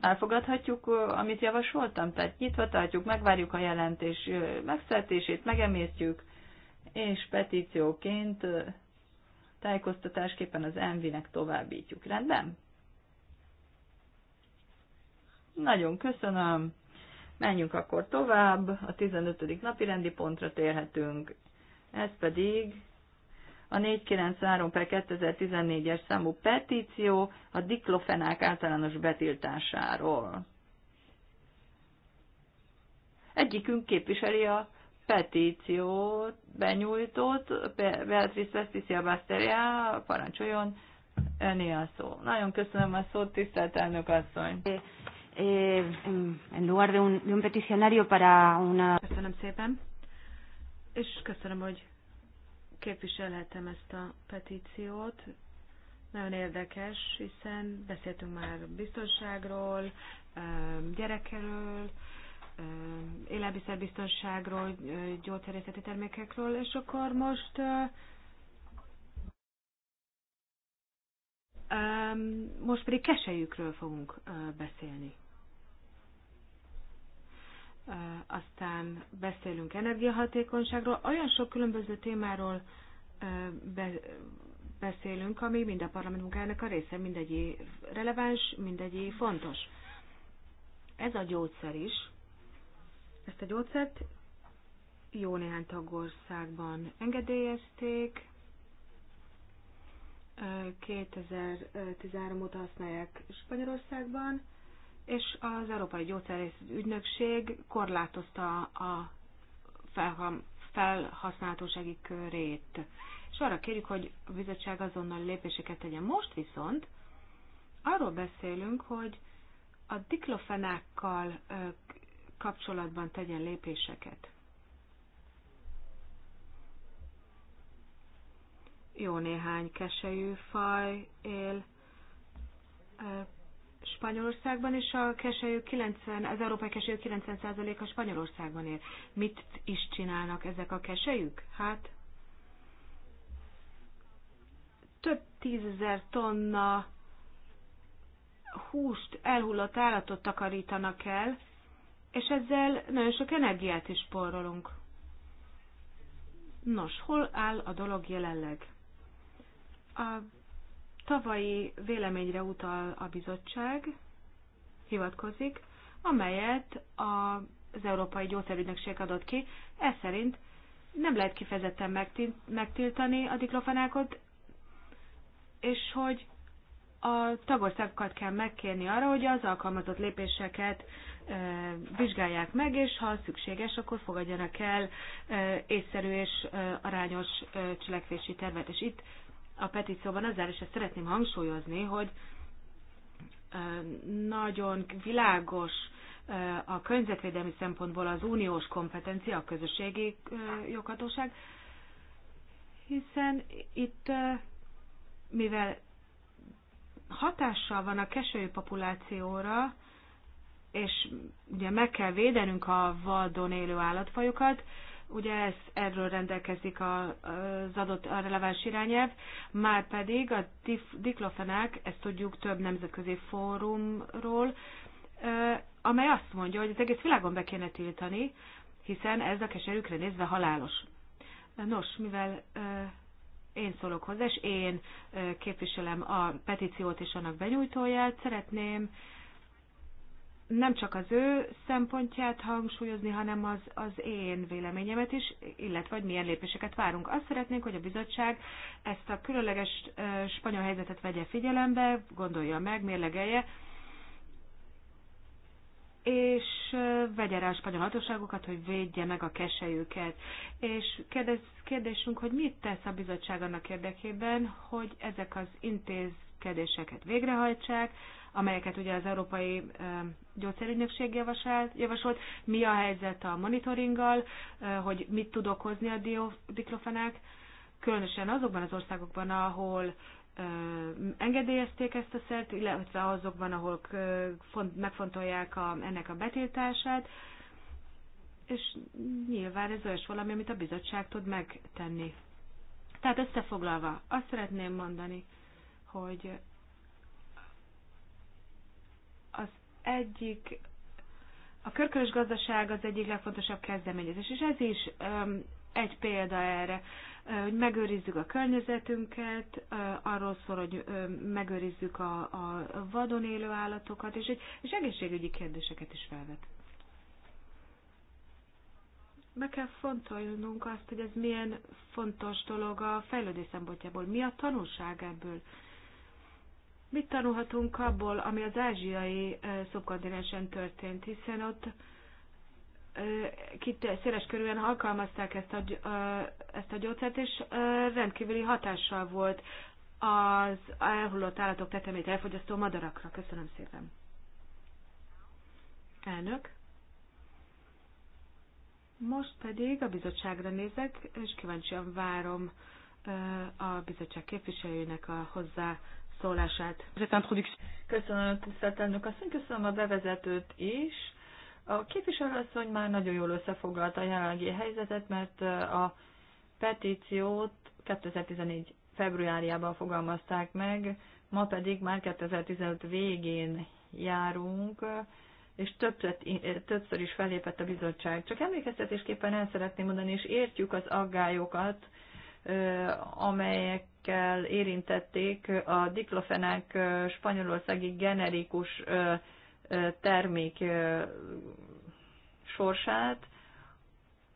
elfogadhatjuk, amit javasoltam, tehát nyitva tartjuk, megvárjuk a jelentés megszertését, megemésztjük, és petícióként tájékoztatásképpen az MV-nek továbbítjuk. Rendben? Nagyon köszönöm. Menjünk akkor tovább. A 15. napi rendi pontra térhetünk. Ez pedig a 493 per 2014-es számú petíció a diklofenák általános betiltásáról. Egyikünk képviseli a petíciót benyújtott, Beatrice Veszticia Basteria, parancsoljon, öné a szó. Nagyon köszönöm a
szót, tisztelt elnök asszony. Eh, eh, en lugar de un, de un peticionario para una... Köszönöm szépen, és köszönöm, hogy képviselhetem ezt a petíciót. Nagyon érdekes, hiszen beszéltünk már biztonságról, eh, gyerekről, élelmiszerbiztonságról, gyógyszerészeti termékekről, és akkor most most pedig keselyükről fogunk beszélni. Aztán beszélünk energiahatékonyságról, olyan sok különböző témáról beszélünk, ami mind a parlament munkájának a része, mindegyé releváns, mindegyé fontos. Ez a gyógyszer is, ezt a gyógyszert. Jó néhány tagországban engedélyezték. 2013 óta használják Spanyolországban, és az Európai Gyógyszerész Ügynökség korlátozta a felhasználhatósági körét. És arra kérjük, hogy a bizottság azonnal lépéseket tegyen. Most viszont arról beszélünk, hogy a diklofenákkal kapcsolatban tegyen lépéseket. Jó néhány keselyű faj él Spanyolországban, és a keselyű 90, az európai keselyű 90%-a Spanyolországban él. Mit is csinálnak ezek a keselyük? Hát több tízezer tonna húst, elhullott állatot takarítanak el, és ezzel nagyon sok energiát is spórolunk. Nos, hol áll a dolog jelenleg? A tavalyi véleményre utal a bizottság, hivatkozik, amelyet az Európai Gyógyszerügynökség adott ki, ez szerint nem lehet kifejezetten megtiltani a diklofenákot, és hogy a tagországokat kell megkérni arra, hogy az alkalmazott lépéseket vizsgálják meg, és ha szükséges, akkor fogadjanak el észszerű és arányos cselekvési tervet. És itt a petícióban azzal is ezt szeretném hangsúlyozni, hogy nagyon világos a környezetvédelmi szempontból az uniós kompetencia, a közösségi joghatóság, hiszen itt, mivel hatással van a kesői populációra, és ugye meg kell védenünk a vadon élő állatfajokat, ugye ez, erről rendelkezik a, az adott a releváns irányelv, már pedig a diklofenák, ezt tudjuk több nemzetközi fórumról, amely azt mondja, hogy az egész világon be kéne tiltani, hiszen ez a keserükre nézve halálos. Nos, mivel én szólok hozzá, és én képviselem a petíciót és annak benyújtóját. Szeretném nem csak az ő szempontját hangsúlyozni, hanem az, az én véleményemet is, illetve hogy milyen lépéseket várunk. Azt szeretnénk, hogy a bizottság ezt a különleges spanyol helyzetet vegye figyelembe, gondolja meg, mérlegelje, és vegye rá a spanyol hatóságokat, hogy védje meg a keselyüket. És kérdez, kérdésünk, hogy mit tesz a bizottság annak érdekében, hogy ezek az intézkedéseket végrehajtsák, amelyeket ugye az Európai Gyógyszerügynökség javasolt. Mi a helyzet a monitoringgal, hogy mit tud okozni a diklofenák, különösen azokban az országokban, ahol engedélyezték ezt a szert, illetve azokban, ahol megfontolják a, ennek a betiltását, és nyilván ez olyas valami, amit a bizottság tud megtenni. Tehát összefoglalva, azt szeretném mondani, hogy az egyik, a körkörös gazdaság az egyik legfontosabb kezdeményezés, és ez is um, egy példa erre hogy megőrizzük a környezetünket, arról szól, hogy megőrizzük a, a vadon élő állatokat, és, egy, és egészségügyi kérdéseket is felvet. Meg kell fontolnunk azt, hogy ez milyen fontos dolog a fejlődés szempontjából. Mi a tanulság ebből? Mit tanulhatunk abból, ami az ázsiai szubkontinensen történt, hiszen ott széles körülön alkalmazták ezt a, ezt a gyógyszert, és rendkívüli hatással volt az elhullott állatok tetemét elfogyasztó madarakra. Köszönöm szépen. Elnök. Most pedig a bizottságra nézek, és kíváncsian várom a bizottság képviselőjének a szólását. Köszönöm, tisztelt elnök asszony, köszönöm a bevezetőt is a képviselőasszony már nagyon
jól összefoglalta a jelenlegi helyzetet, mert a petíciót 2014 februárjában fogalmazták meg, ma pedig már 2015 végén járunk, és többször, többször is fellépett a bizottság. Csak emlékeztetésképpen el szeretném mondani, és értjük az aggályokat, amelyekkel érintették a diklofenák spanyolországi generikus termék sorsát.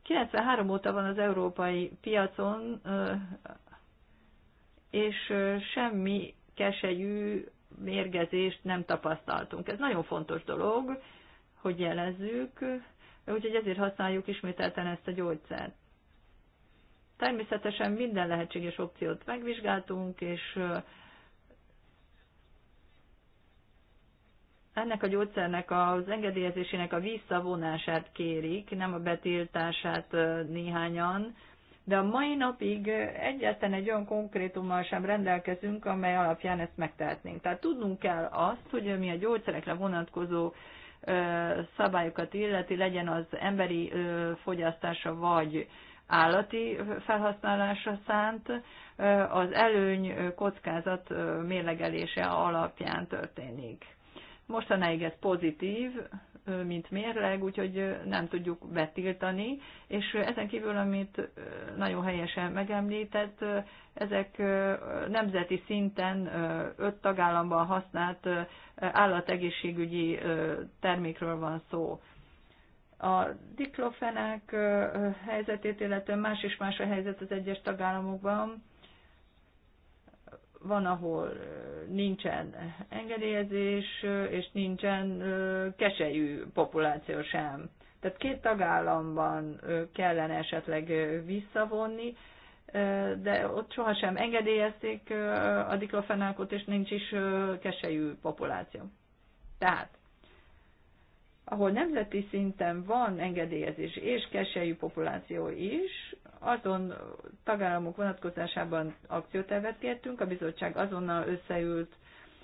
93 óta van az európai piacon, és semmi keselyű mérgezést nem tapasztaltunk. Ez nagyon fontos dolog, hogy jelezzük, úgyhogy ezért használjuk ismételten ezt a gyógyszert. Természetesen minden lehetséges opciót megvizsgáltunk, és ennek a gyógyszernek az engedélyezésének a visszavonását kérik, nem a betiltását néhányan, de a mai napig egyetlen egy olyan konkrétummal sem rendelkezünk, amely alapján ezt megtehetnénk. Tehát tudnunk kell azt, hogy mi a gyógyszerekre vonatkozó szabályokat illeti, legyen az emberi fogyasztása vagy állati felhasználásra szánt, az előny kockázat mérlegelése alapján történik. Mostanáig ez pozitív, mint mérleg, úgyhogy nem tudjuk betiltani, és ezen kívül, amit nagyon helyesen megemlített, ezek nemzeti szinten öt tagállamban használt állategészségügyi termékről van szó. A diklofenák helyzetét, illetően más és más a helyzet az egyes tagállamokban. Van, ahol nincsen engedélyezés, és nincsen keselyű populáció sem. Tehát két tagállamban kellene esetleg visszavonni, de ott sohasem engedélyezték a diklofenákot, és nincs is keselyű populáció. Tehát, ahol nemzeti szinten van engedélyezés és keselyű populáció is, azon tagállamok vonatkozásában akciótervet kértünk, a bizottság azonnal összeült,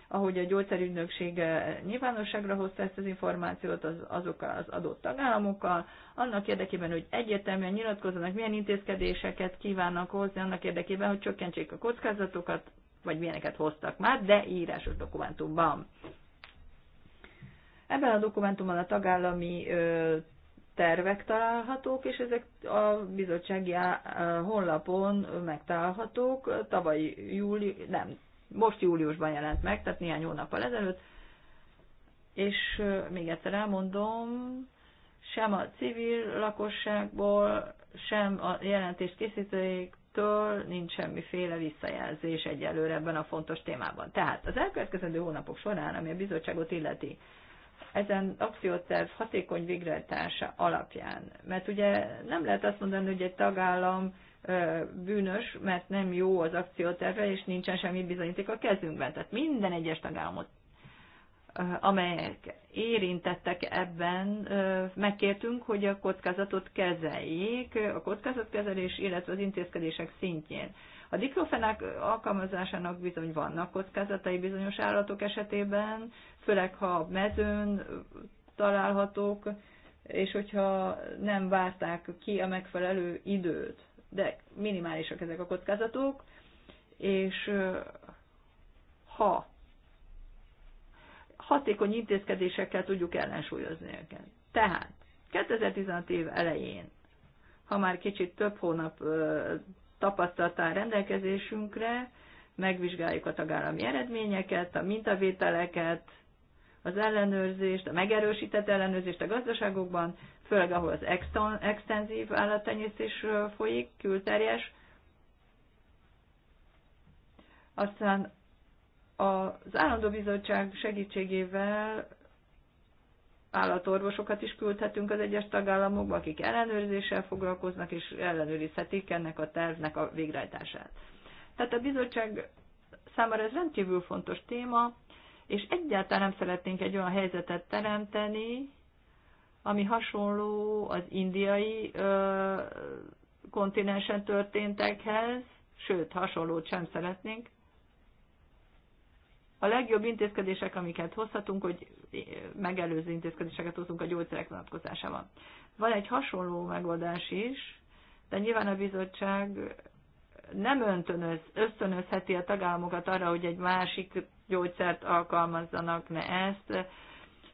ahogy a gyógyszerügynökség nyilvánosságra hozta ezt az információt az, azokkal az adott tagállamokkal, annak érdekében, hogy egyértelműen nyilatkozzanak, milyen intézkedéseket kívánnak hozni, annak érdekében, hogy csökkentsék a kockázatokat, vagy milyeneket hoztak már, de írásos dokumentumban. Ebben a dokumentumban a tagállami ö, tervek találhatók, és ezek a bizottsági honlapon megtalálhatók. Tavaly júli, nem, most júliusban jelent meg, tehát néhány hónappal ezelőtt. És még egyszer elmondom, sem a civil lakosságból, sem a jelentést készítőiktől nincs semmiféle visszajelzés egyelőre ebben a fontos témában. Tehát az elkövetkezendő hónapok során, ami a bizottságot illeti, ezen akcióterv hatékony végrehajtása alapján. Mert ugye nem lehet azt mondani, hogy egy tagállam bűnös, mert nem jó az akcióterve, és nincsen semmi bizonyíték a kezünkben. Tehát minden egyes tagállamot, amelyek érintettek ebben, megkértünk, hogy a kockázatot kezeljék, a kockázatkezelés, illetve az intézkedések szintjén. A diklofenák alkalmazásának bizony vannak kockázatai bizonyos állatok esetében, főleg ha mezőn találhatók, és hogyha nem várták ki a megfelelő időt. De minimálisak ezek a kockázatok, és ha hatékony intézkedésekkel tudjuk ellensúlyozni őket. Tehát 2016 év elején, ha már kicsit több hónap tapasztalatán rendelkezésünkre, megvizsgáljuk a tagállami eredményeket, a mintavételeket, az ellenőrzést, a megerősített ellenőrzést a gazdaságokban, főleg ahol az extenzív állattenyésztés folyik, külterjes. Aztán az állandó bizottság segítségével állatorvosokat is küldhetünk az egyes tagállamokba, akik ellenőrzéssel foglalkoznak, és ellenőrizhetik ennek a tervnek a végrehajtását. Tehát a bizottság számára ez rendkívül fontos téma, és egyáltalán nem szeretnénk egy olyan helyzetet teremteni, ami hasonló az indiai ö, kontinensen történtekhez, sőt, hasonlót sem szeretnénk, a legjobb intézkedések, amiket hozhatunk, hogy eh, megelőző intézkedéseket hozunk a gyógyszerek vonatkozásában. Van egy hasonló megoldás is, de nyilván a bizottság nem öntönöz, ösztönözheti a tagállamokat arra, hogy egy másik gyógyszert alkalmazzanak, ne ezt,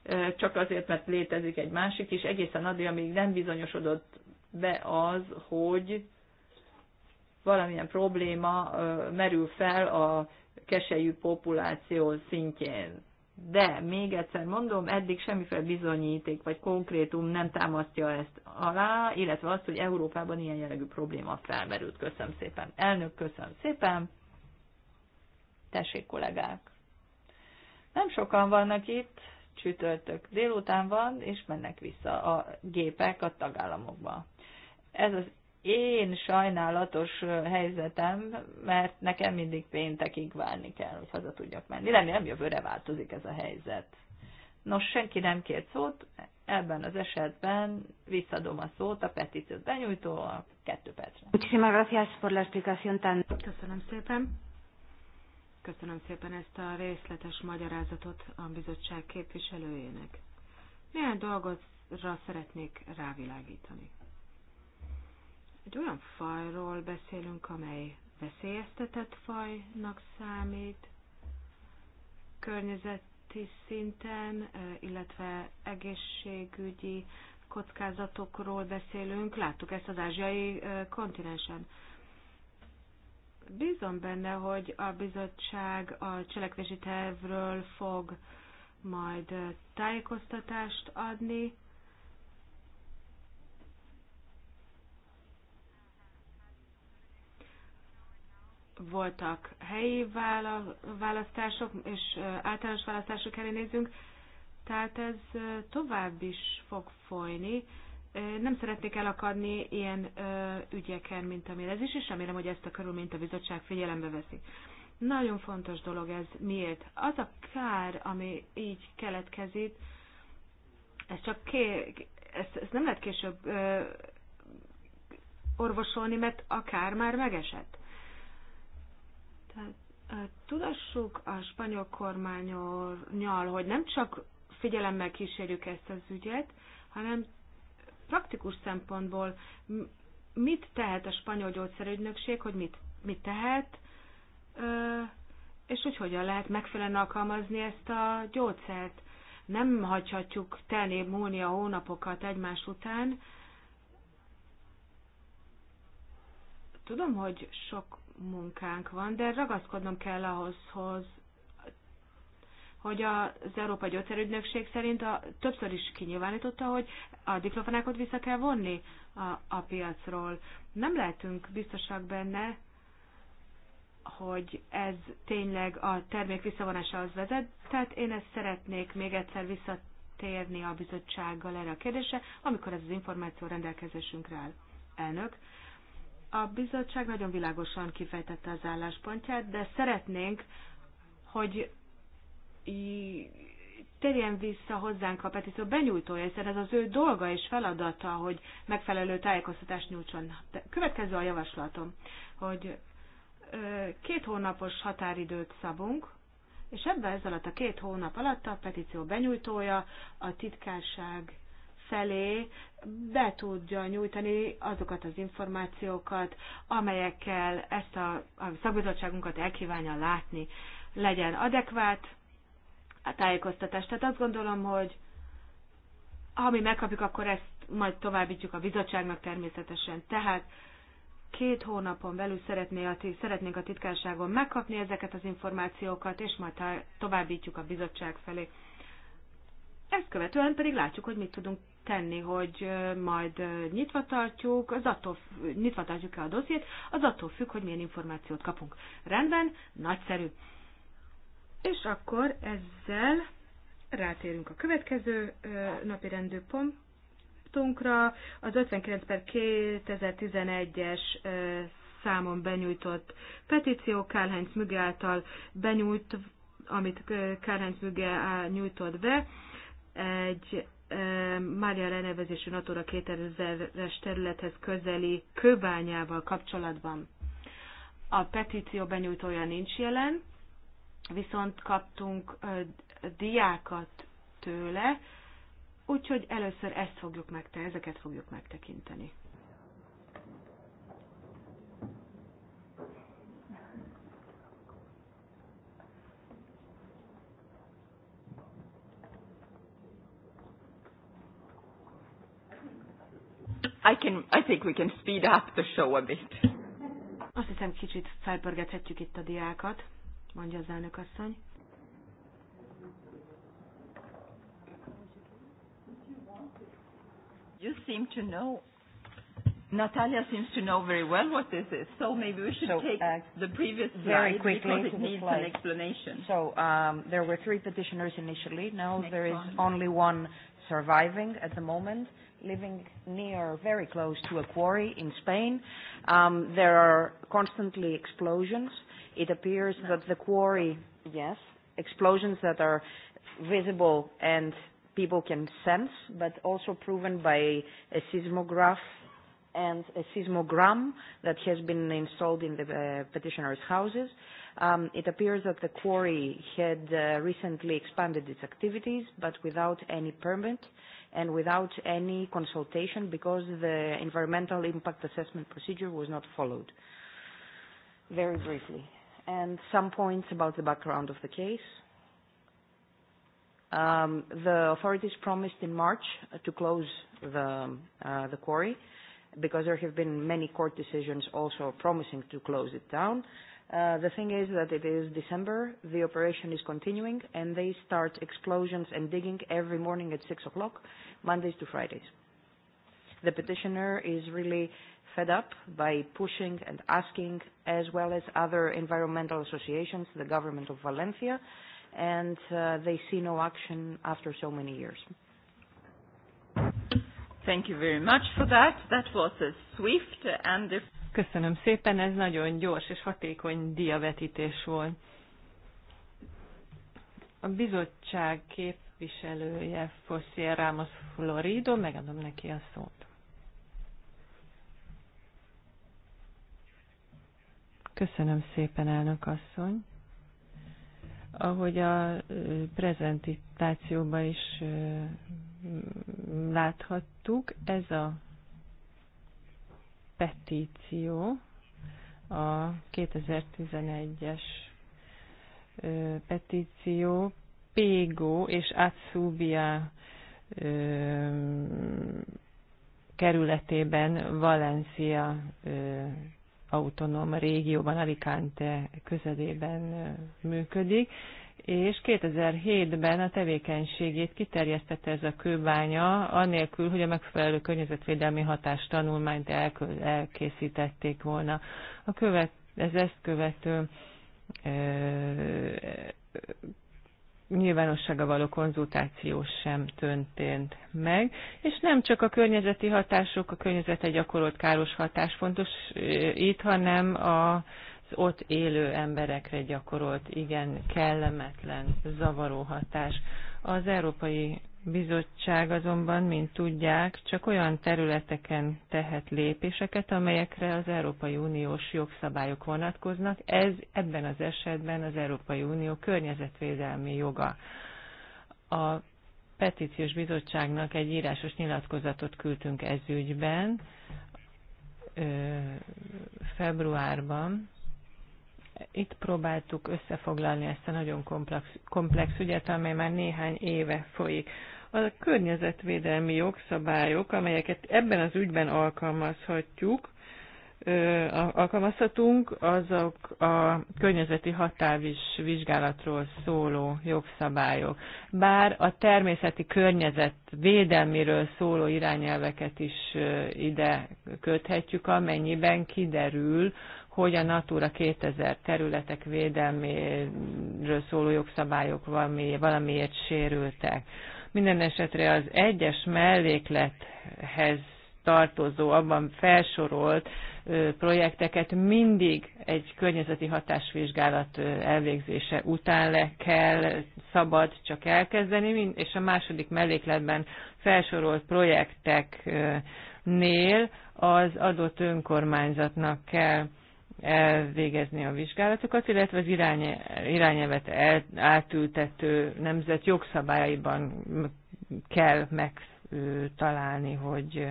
eh, csak azért, mert létezik egy másik is, egészen addig, amíg nem bizonyosodott be az, hogy valamilyen probléma eh, merül fel a keselyű populáció szintjén. De még egyszer mondom, eddig semmiféle bizonyíték vagy konkrétum nem támasztja ezt alá, illetve azt, hogy Európában ilyen jellegű probléma felmerült. Köszönöm szépen. Elnök, köszönöm szépen. Tessék, kollégák. Nem sokan vannak itt, csütörtök délután van, és mennek vissza a gépek a tagállamokba. Ez az én sajnálatos helyzetem, mert nekem mindig péntekig várni kell, hogy haza tudjak menni. Remélem jövőre változik ez a helyzet. Nos, senki nem kért szót, ebben az esetben visszadom a
szót a petíciót benyújtó a kettő percre. Köszönöm szépen. Köszönöm szépen ezt a részletes magyarázatot a bizottság képviselőjének. Néhány dolgozra szeretnék rávilágítani egy olyan fajról beszélünk, amely veszélyeztetett fajnak számít, környezeti szinten, illetve egészségügyi kockázatokról beszélünk. Láttuk ezt az ázsiai kontinensen. Bízom benne, hogy a bizottság a cselekvési tervről fog majd tájékoztatást adni, voltak helyi választások, és általános választások elé nézünk, tehát ez tovább is fog folyni. Nem szeretnék elakadni ilyen ügyeken, mint amire ez is, és remélem, hogy ezt a körülményt a bizottság figyelembe veszi. Nagyon fontos dolog ez. Miért? Az a kár, ami így keletkezik, ez csak ké... ezt, ezt nem lehet később ö, orvosolni, mert a kár már megesett. Tehát tudassuk a spanyol kormánynyal, hogy nem csak figyelemmel kísérjük ezt az ügyet, hanem praktikus szempontból mit tehet a spanyol gyógyszerügynökség, hogy mit, mit tehet, és hogy hogyan lehet megfelelően alkalmazni ezt a gyógyszert. Nem hagyhatjuk telni múlni a hónapokat egymás után. Tudom, hogy sok munkánk van, de ragaszkodnom kell ahhoz, hoz, hogy az Európai Gyógyszerügynökség szerint a, többször is kinyilvánította, hogy a diklofenákot vissza kell vonni a, a piacról. Nem lehetünk biztosak benne, hogy ez tényleg a termék visszavonásához vezet, tehát én ezt szeretnék még egyszer visszatérni a bizottsággal erre a kérdésre, amikor ez az információ rendelkezésünkre áll. Elnök, a bizottság nagyon világosan kifejtette az álláspontját, de szeretnénk, hogy térjen vissza hozzánk a petíció benyújtója, hiszen ez az ő dolga és feladata, hogy megfelelő tájékoztatást nyújtson. De következő a javaslatom, hogy két hónapos határidőt szabunk, és ebben ez alatt a két hónap alatt a petíció benyújtója, a titkárság felé be tudja nyújtani azokat az információkat, amelyekkel ezt a, a szakbizottságunkat elkívánja látni. Legyen adekvát a tájékoztatás. Tehát azt gondolom, hogy ha mi megkapjuk, akkor ezt majd továbbítjuk a bizottságnak természetesen. Tehát két hónapon belül szeretné a, szeretnénk a titkárságon megkapni ezeket az információkat, és majd továbbítjuk a bizottság felé. Ezt követően pedig látjuk, hogy mit tudunk tenni, hogy majd nyitva tartjuk, az attól, nyitva tartjuk-e a dossziét, az attól függ, hogy milyen információt kapunk. Rendben, nagyszerű. És akkor ezzel rátérünk a következő napi rendű pontunkra, az 59 per 2011-es számon benyújtott petíció Kárhányc Müge által benyújt, amit Kárhányc Müge nyújtott be, egy Mária elnevezésű Natura 2000-es területhez közeli kőbányával kapcsolatban. A petíció benyújtója nincs jelen, viszont kaptunk diákat tőle, úgyhogy először ezt fogjuk megte, ezeket fogjuk megtekinteni. I, can, I think we can speed up the show a bit. Azt hiszem, kicsit felpörgethetjük itt a diákat, mondja az elnök asszony. You seem to know.
Natalia seems to know very well what this is, so maybe we should so, take uh, the previous slide very quickly because it needs slide. an explanation. So um, there were three petitioners initially. Now Next there is one. only one surviving at the moment living near, very close to a quarry in Spain. Um, there are constantly explosions. It appears that the quarry, yes, explosions that are visible and people can sense, but also proven by a seismograph and a seismogram that has been installed in the uh, petitioners' houses. Um, it appears that the quarry had uh, recently expanded its activities, but without any permit and without any consultation because the environmental impact assessment procedure was not followed. Very briefly. And some points about the background of the case. Um, the authorities promised in March to close the, uh, the quarry because there have been many court decisions also promising to close it down. Uh, the thing is that it is December, the operation is continuing, and they start explosions and digging every morning at 6 o'clock, Mondays to Fridays. The petitioner is really fed up by pushing and asking, as well as other environmental associations, the government of Valencia, and uh, they see no action after so many years. Thank you very much
for that.
That was a swift and Köszönöm szépen, ez nagyon gyors és hatékony diavetítés volt. A bizottság képviselője Fossier Ramos Florido, megadom neki a szót. Köszönöm szépen, elnök asszony. Ahogy a prezentációban is láthattuk, ez a petíció a 2011-es petíció Pégó és Atsubia kerületében Valencia autonóm régióban, Alicante közelében működik és 2007-ben a tevékenységét kiterjesztette ez a kőbánya, anélkül, hogy a megfelelő környezetvédelmi tanulmányt elkészítették volna. A követ, ez ezt követő ö, nyilvánossága való konzultáció sem történt meg, és nem csak a környezeti hatások, a környezete gyakorolt káros hatás fontos itt, hanem a az ott élő emberekre gyakorolt igen kellemetlen, zavaró hatás. Az Európai Bizottság azonban, mint tudják, csak olyan területeken tehet lépéseket, amelyekre az Európai Uniós jogszabályok vonatkoznak. Ez ebben az esetben az Európai Unió környezetvédelmi joga. A petíciós bizottságnak egy írásos nyilatkozatot küldtünk ez ügyben februárban, itt próbáltuk összefoglalni ezt a nagyon komplex, komplex ügyet, amely már néhány éve folyik. A környezetvédelmi jogszabályok, amelyeket ebben az ügyben alkalmazhatjuk, alkalmazhatunk, azok a környezeti hatávis vizsgálatról szóló jogszabályok. Bár a természeti környezet védelméről szóló irányelveket is ide köthetjük, amennyiben kiderül hogy a Natura 2000 területek védelméről szóló jogszabályok valami, valamiért sérültek. Minden esetre az egyes melléklethez tartozó, abban felsorolt projekteket mindig egy környezeti hatásvizsgálat elvégzése után le kell, szabad csak elkezdeni, és a második mellékletben felsorolt projekteknél az adott önkormányzatnak kell elvégezni a vizsgálatokat, illetve az irányelvet el, átültető nemzet jogszabályaiban kell megtalálni, hogy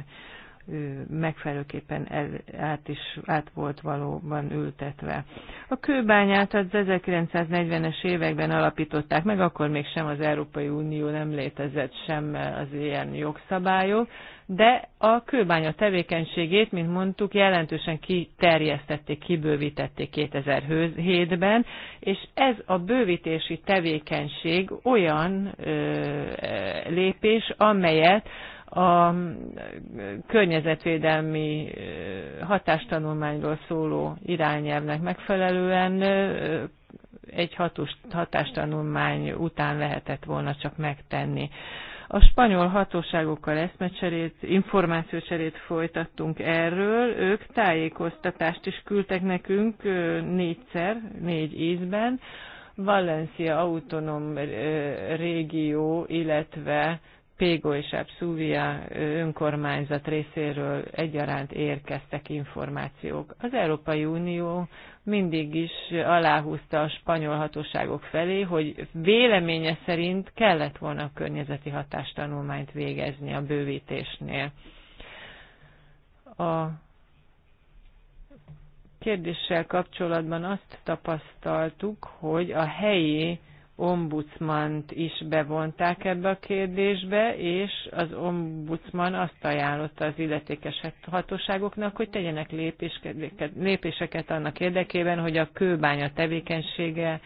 megfelelőképpen el, át is át volt valóban ültetve. A kőbányát az 1940-es években alapították meg, akkor még sem az Európai Unió nem létezett sem az ilyen jogszabályok, de a kőbánya tevékenységét, mint mondtuk, jelentősen kiterjesztették, kibővítették 2007-ben, és ez a bővítési tevékenység olyan ö, lépés, amelyet a környezetvédelmi hatástanulmányról szóló irányelvnek megfelelően egy hatós, hatástanulmány után lehetett volna csak megtenni. A spanyol hatóságokkal eszmecserét, információcserét folytattunk erről. Ők tájékoztatást is küldtek nekünk négyszer, négy ízben. Valencia autonóm régió, illetve Pégo és Abszúvia önkormányzat részéről egyaránt érkeztek információk. Az Európai Unió mindig is aláhúzta a spanyol hatóságok felé, hogy véleménye szerint kellett volna a környezeti hatástanulmányt végezni a bővítésnél. A kérdéssel kapcsolatban azt tapasztaltuk, hogy a helyi ombudsmant is bevonták ebbe a kérdésbe, és az ombudsman azt ajánlotta az illetékes hatóságoknak, hogy tegyenek lépéseket annak érdekében, hogy a kőbánya tevékenysége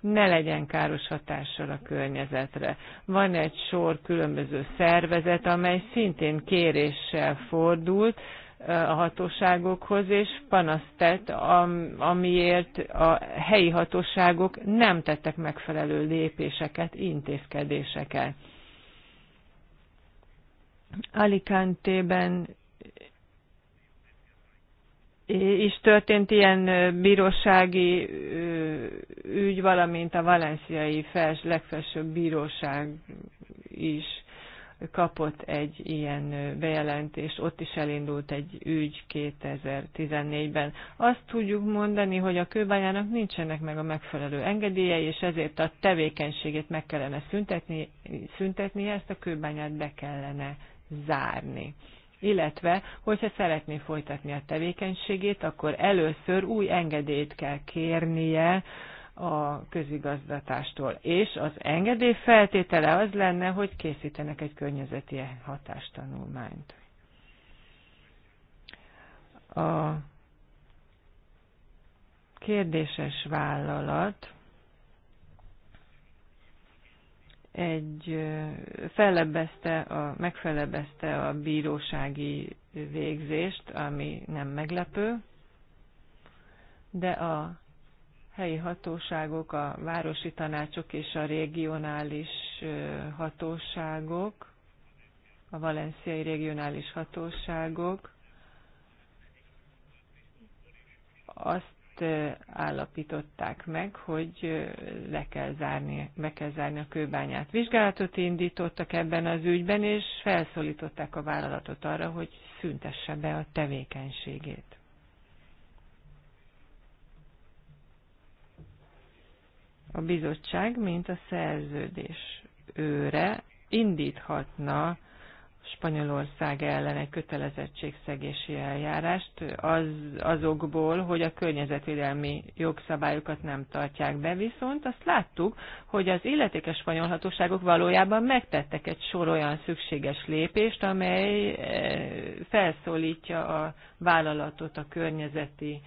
ne legyen káros hatással a környezetre. Van egy sor különböző szervezet, amely szintén kéréssel fordult, a hatóságokhoz, és panaszt tett, amiért a helyi hatóságok nem tettek megfelelő lépéseket, intézkedéseket. Alicante-ben is történt ilyen bírósági ügy, valamint a valenciai fels, legfelsőbb bíróság is kapott egy ilyen bejelentést, ott is elindult egy ügy 2014-ben. Azt tudjuk mondani, hogy a kőbányának nincsenek meg a megfelelő engedélyei, és ezért a tevékenységét meg kellene szüntetni, szüntetni ezt a kőbányát be kellene zárni illetve hogyha szeretné folytatni a tevékenységét, akkor először új engedélyt kell kérnie a közigazgatástól. És az engedély feltétele az lenne, hogy készítenek egy környezeti hatástanulmányt. A kérdéses vállalat egy fellebbezte, a, megfelebbezte a bírósági végzést, ami nem meglepő, de a helyi hatóságok, a városi tanácsok és a regionális hatóságok, a valenciai regionális hatóságok azt állapították meg, hogy le kell zárni, be kell zárni a kőbányát. Vizsgálatot indítottak ebben az ügyben, és felszólították a vállalatot arra, hogy szüntesse be a tevékenységét. a bizottság, mint a szerződés őre indíthatna Spanyolország ellen egy kötelezettségszegési eljárást az, azokból, hogy a környezetvédelmi jogszabályokat nem tartják be, viszont azt láttuk, hogy az illetékes spanyol hatóságok valójában megtettek egy sor olyan szükséges lépést, amely eh, felszólítja a vállalatot a környezeti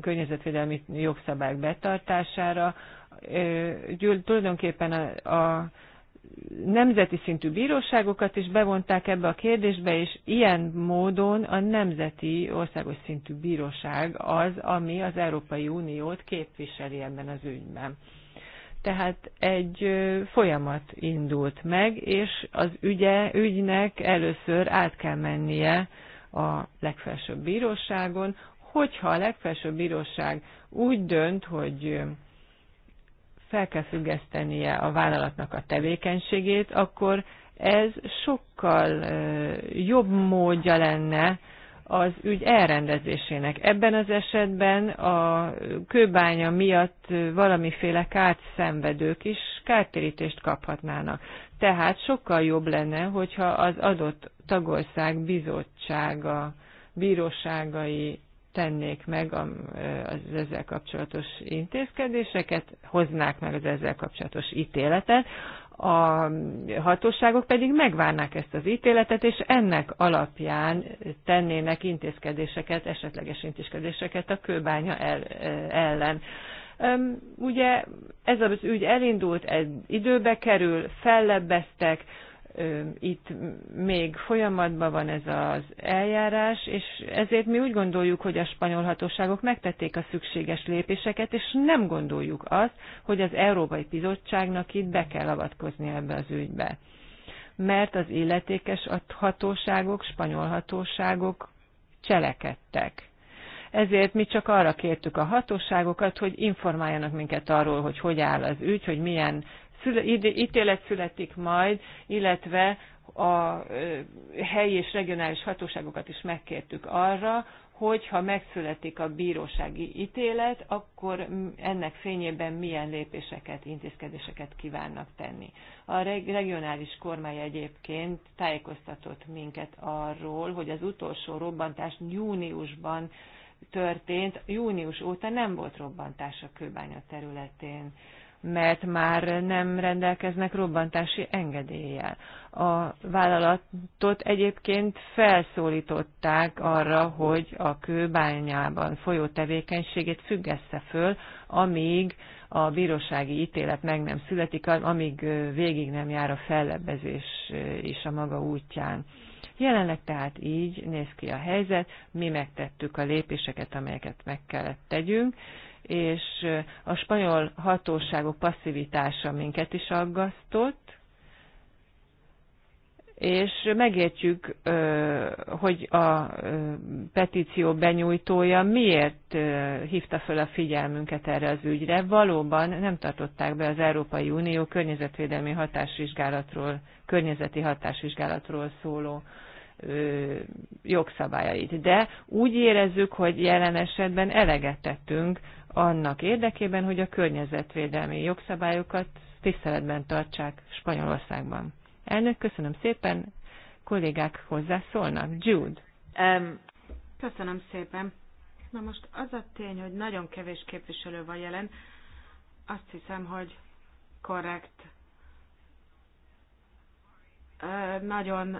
környezetvédelmi jogszabályok betartására. Tulajdonképpen a, a nemzeti szintű bíróságokat is bevonták ebbe a kérdésbe, és ilyen módon a nemzeti országos szintű bíróság az, ami az Európai Uniót képviseli ebben az ügyben. Tehát egy folyamat indult meg, és az ügye, ügynek először át kell mennie a legfelsőbb bíróságon, hogyha a legfelsőbb bíróság úgy dönt, hogy fel kell függesztenie a vállalatnak a tevékenységét, akkor ez sokkal jobb módja lenne az ügy elrendezésének. Ebben az esetben a kőbánya miatt valamiféle kárt szenvedők is kártérítést kaphatnának. Tehát sokkal jobb lenne, hogyha az adott tagország bizottsága, bíróságai tennék meg az ezzel kapcsolatos intézkedéseket, hoznák meg az ezzel kapcsolatos ítéletet, a hatóságok pedig megvárnák ezt az ítéletet, és ennek alapján tennének intézkedéseket, esetleges intézkedéseket a kőbánya ellen. Ugye ez az ügy elindult, időbe kerül, fellebbeztek, itt még folyamatban van ez az eljárás, és ezért mi úgy gondoljuk, hogy a spanyol hatóságok megtették a szükséges lépéseket, és nem gondoljuk azt, hogy az Európai Bizottságnak itt be kell avatkozni ebbe az ügybe. Mert az illetékes hatóságok, spanyol hatóságok cselekedtek. Ezért mi csak arra kértük a hatóságokat, hogy informáljanak minket arról, hogy hogy áll az ügy, hogy milyen ítélet születik majd, illetve a helyi és regionális hatóságokat is megkértük arra, hogyha megszületik a bírósági ítélet, akkor ennek fényében milyen lépéseket, intézkedéseket kívánnak tenni. A regionális kormány egyébként tájékoztatott minket arról, hogy az utolsó robbantás júniusban történt, június óta nem volt robbantás a kőbánya területén mert már nem rendelkeznek robbantási engedéllyel. A vállalatot egyébként felszólították arra, hogy a kőbányában folyó tevékenységét függessze föl, amíg a bírósági ítélet meg nem születik, amíg végig nem jár a fellebbezés is a maga útján. Jelenleg tehát így néz ki a helyzet, mi megtettük a lépéseket, amelyeket meg kellett tegyünk, és a spanyol hatóságok passzivitása minket is aggasztott, és megértjük, hogy a petíció benyújtója miért hívta fel a figyelmünket erre az ügyre. Valóban nem tartották be az Európai Unió környezetvédelmi hatásvizsgálatról, környezeti hatásvizsgálatról szóló jogszabályait. De úgy érezzük, hogy jelen esetben eleget tettünk annak érdekében, hogy a környezetvédelmi jogszabályokat tiszteletben tartsák Spanyolországban. Elnök, köszönöm szépen, kollégák hozzászólnak. Jude.
Um, köszönöm szépen. Na most az a tény, hogy nagyon kevés képviselő van jelen, azt hiszem, hogy korrekt. Nagyon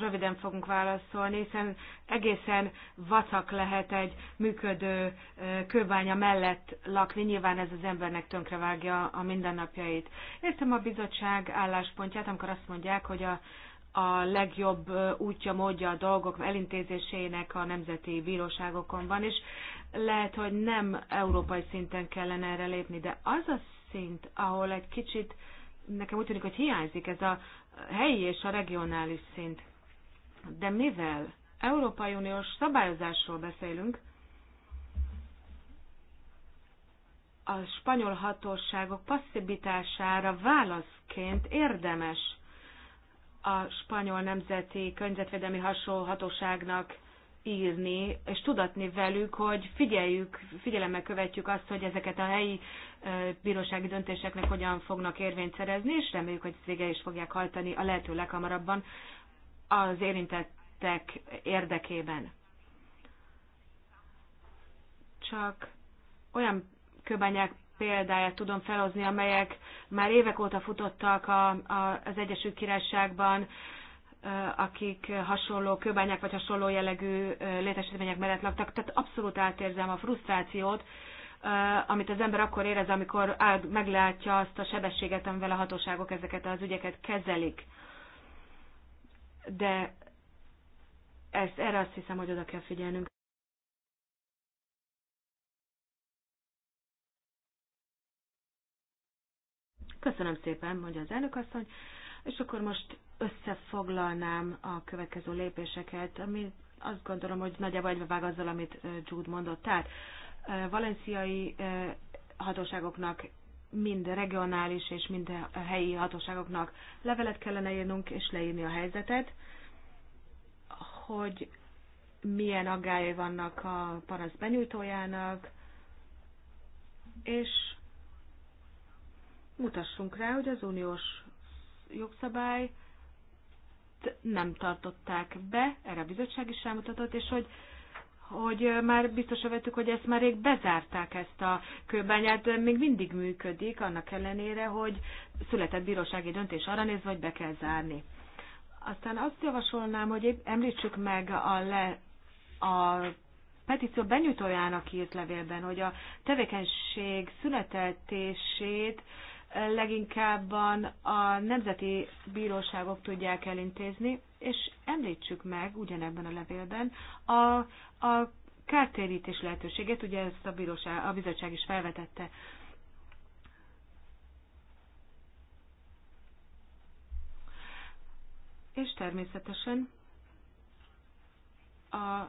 röviden fogunk válaszolni, hiszen egészen vacak lehet egy működő kőbánya mellett lakni, nyilván ez az embernek tönkrevágja a mindennapjait. Értem a bizottság álláspontját, amikor azt mondják, hogy a, a legjobb útja, módja a dolgok elintézésének a nemzeti bíróságokon van, és lehet, hogy nem európai szinten kellene erre lépni, de az a szint, ahol egy kicsit nekem úgy tűnik, hogy hiányzik ez a helyi és a regionális szint. De mivel Európai Uniós szabályozásról beszélünk, a spanyol hatóságok passzibitására válaszként érdemes a spanyol nemzeti környezetvédelmi hatóságnak írni, és tudatni velük, hogy figyeljük, figyelemmel követjük azt, hogy ezeket a helyi bírósági döntéseknek hogyan fognak érvényt szerezni, és reméljük, hogy vége is fogják hajtani a lehető leghamarabban, az érintettek érdekében. Csak olyan köbányák példáját tudom felhozni, amelyek már évek óta futottak a, a, az Egyesült Királyságban, akik hasonló kőbányák vagy hasonló jellegű létesítmények mellett laktak. Tehát abszolút átérzem a frusztrációt, amit az ember akkor érez, amikor meglátja azt a sebességet, amivel a hatóságok ezeket az ügyeket kezelik de ezt, erre azt hiszem, hogy oda kell figyelnünk. Köszönöm szépen, mondja az elnökasszony. És akkor most összefoglalnám a következő lépéseket, ami azt gondolom, hogy nagyjából egybevág azzal, amit Jude mondott. Tehát valenciai hatóságoknak mind regionális és mind helyi hatóságoknak levelet kellene írnunk és leírni a helyzetet, hogy milyen aggályai vannak a panasz benyújtójának, és mutassunk rá, hogy az uniós jogszabály nem tartották be, erre a bizottság is rámutatott, és hogy hogy már biztosra vettük, hogy ezt már rég bezárták ezt a kőbányát, de még mindig működik, annak ellenére, hogy született bírósági döntés arra nézve, hogy be kell zárni. Aztán azt javasolnám, hogy említsük meg a, le, a petíció benyújtójának írt levélben, hogy a tevékenység születetését leginkább a nemzeti bíróságok tudják elintézni, és említsük meg ugyanebben a levélben a, a kártérítés lehetőségét, ugye ezt a, bíróság, a bizottság is felvetette. És természetesen a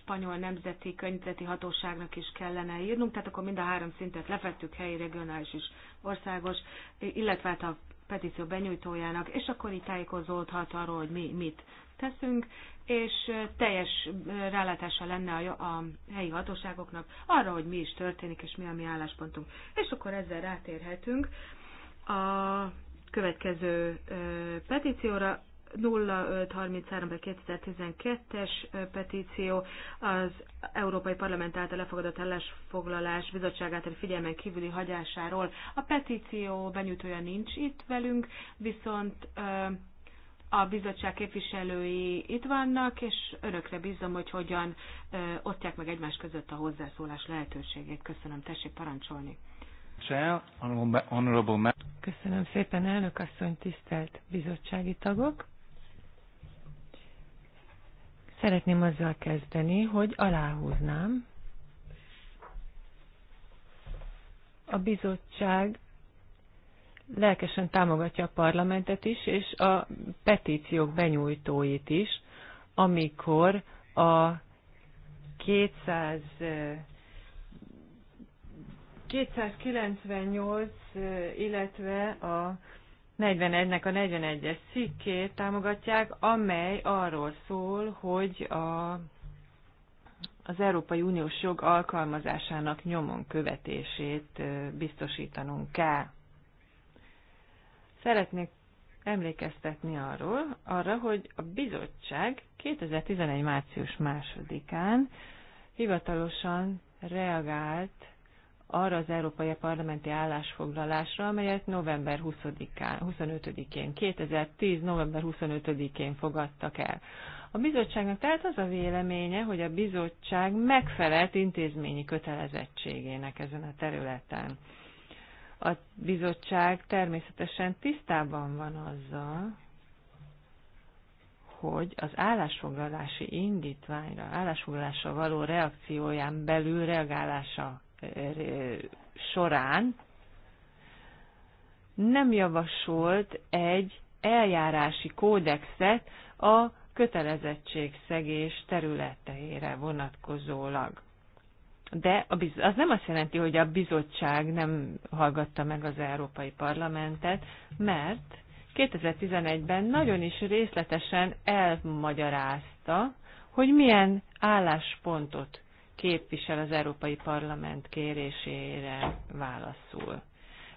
spanyol nemzeti könyvzeti hatóságnak is kellene írnunk, tehát akkor mind a három szintet lefettük, helyi, regionális és országos, illetve hát a petíció benyújtójának, és akkor itt tájékozódhat arról, hogy mi mit teszünk, és teljes rálátása lenne a, a helyi hatóságoknak arra, hogy mi is történik, és mi a mi álláspontunk. És akkor ezzel rátérhetünk a következő petícióra, 0533 2012-es petíció az Európai Parlament által lefogadott állásfoglalás bizottság által figyelmen kívüli hagyásáról. A petíció benyújtója nincs itt velünk, viszont a bizottság képviselői itt vannak, és örökre bízom, hogy hogyan osztják meg egymás között a hozzászólás lehetőségét. Köszönöm, tessék parancsolni.
Köszönöm szépen, elnök asszony, tisztelt bizottsági tagok! Szeretném azzal kezdeni, hogy aláhúznám. A bizottság lelkesen támogatja a parlamentet is, és a petíciók benyújtóit is, amikor a 200 298, illetve a 41-nek a 41-es cikkét támogatják, amely arról szól, hogy a, az Európai Uniós jog alkalmazásának nyomon követését biztosítanunk kell. Szeretnék emlékeztetni arról, arra, hogy a bizottság 2011. március másodikán hivatalosan reagált arra az Európai Parlamenti állásfoglalásra, amelyet november 25-én, 2010. november 25-én fogadtak el. A bizottságnak tehát az a véleménye, hogy a bizottság megfelelt intézményi kötelezettségének ezen a területen. A bizottság természetesen tisztában van azzal, hogy az állásfoglalási indítványra, állásfoglalásra való reakcióján belül reagálása során nem javasolt egy eljárási kódexet a kötelezettségszegés területeire vonatkozólag. De az nem azt jelenti, hogy a bizottság nem hallgatta meg az Európai Parlamentet, mert 2011-ben nagyon is részletesen elmagyarázta, hogy milyen álláspontot képvisel az Európai Parlament kérésére válaszul.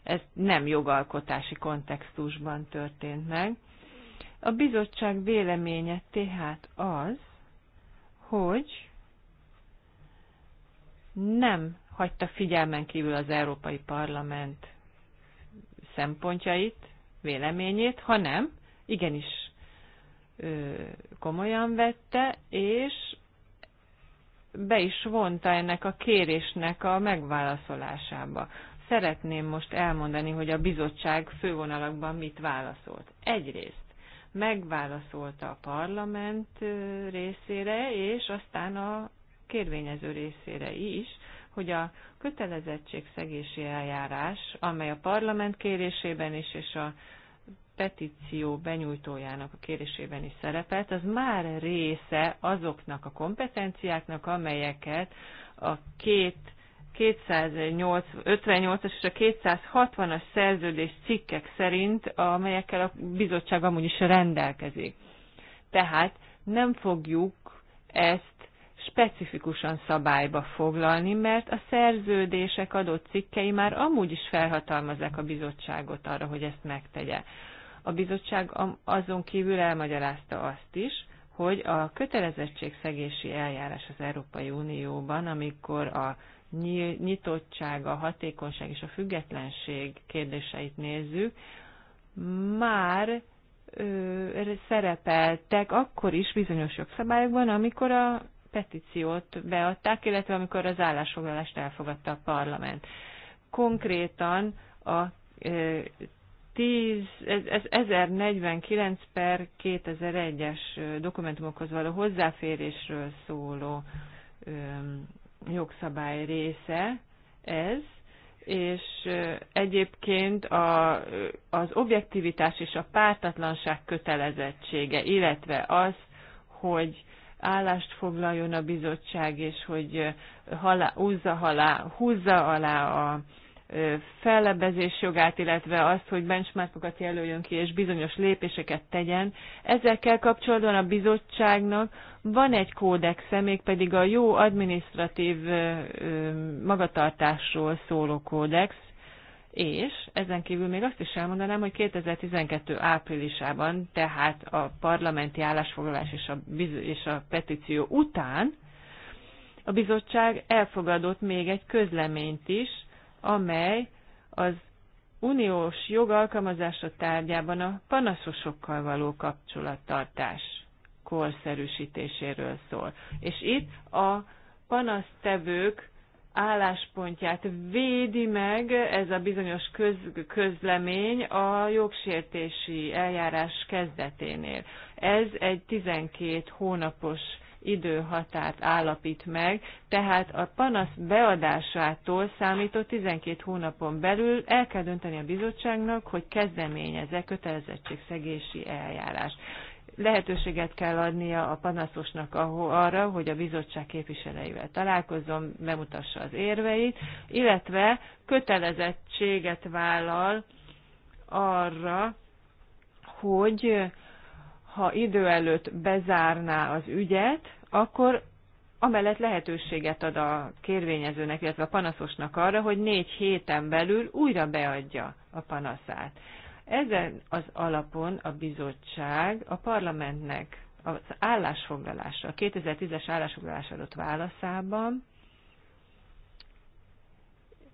Ez nem jogalkotási kontextusban történt meg. A bizottság véleménye tehát az, hogy nem hagyta figyelmen kívül az Európai Parlament szempontjait, véleményét, hanem igenis komolyan vette, és be is vonta ennek a kérésnek a megválaszolásába. Szeretném most elmondani, hogy a bizottság fővonalakban mit válaszolt. Egyrészt megválaszolta a parlament részére, és aztán a kérvényező részére is, hogy a kötelezettségszegési eljárás, amely a parlament kérésében is és a petíció benyújtójának a kérésében is szerepelt, az már része azoknak a kompetenciáknak, amelyeket a két 258-as és a 260-as szerződés cikkek szerint, amelyekkel a bizottság amúgy is rendelkezik. Tehát nem fogjuk ezt specifikusan szabályba foglalni, mert a szerződések adott cikkei már amúgy is felhatalmazzák a bizottságot arra, hogy ezt megtegye. A bizottság azon kívül elmagyarázta azt is, hogy a kötelezettségszegési eljárás az Európai Unióban, amikor a nyitottság, a hatékonyság és a függetlenség kérdéseit nézzük, már ö, szerepeltek akkor is bizonyos jogszabályokban, amikor a petíciót beadták, illetve amikor az állásfoglalást elfogadta a parlament. Konkrétan a 10, ez 1049 per 2001-es dokumentumokhoz való hozzáférésről szóló jogszabály része ez, és egyébként a, az objektivitás és a pártatlanság kötelezettsége, illetve az, hogy állást foglaljon a bizottság, és hogy halá, húzza, halá, húzza alá a, fellebezés jogát, illetve azt, hogy benchmarkokat jelöljön ki és bizonyos lépéseket tegyen. Ezekkel kapcsolatban a bizottságnak van egy kódexe, mégpedig a jó administratív magatartásról szóló kódex, és ezen kívül még azt is elmondanám, hogy 2012 áprilisában, tehát a parlamenti állásfoglalás és a, és a petíció után a bizottság elfogadott még egy közleményt is, amely az uniós jogalkalmazása tárgyában a panaszosokkal való kapcsolattartás korszerűsítéséről szól. És itt a panasztevők álláspontját védi meg ez a bizonyos köz, közlemény a jogsértési eljárás kezdeténél. Ez egy 12 hónapos időhatárt állapít meg, tehát a panasz beadásától számított 12 hónapon belül el kell dönteni a bizottságnak, hogy kezdeményezze kötelezettségszegési eljárás. Lehetőséget kell adnia a panaszosnak arra, hogy a bizottság képviselőivel találkozzon, bemutassa az érveit, illetve kötelezettséget vállal arra, hogy ha idő előtt bezárná az ügyet, akkor amellett lehetőséget ad a kérvényezőnek, illetve a panaszosnak arra, hogy négy héten belül újra beadja a panaszát. Ezen az alapon a bizottság a parlamentnek az állásfoglalásra, a 2010-es állásfoglalás adott válaszában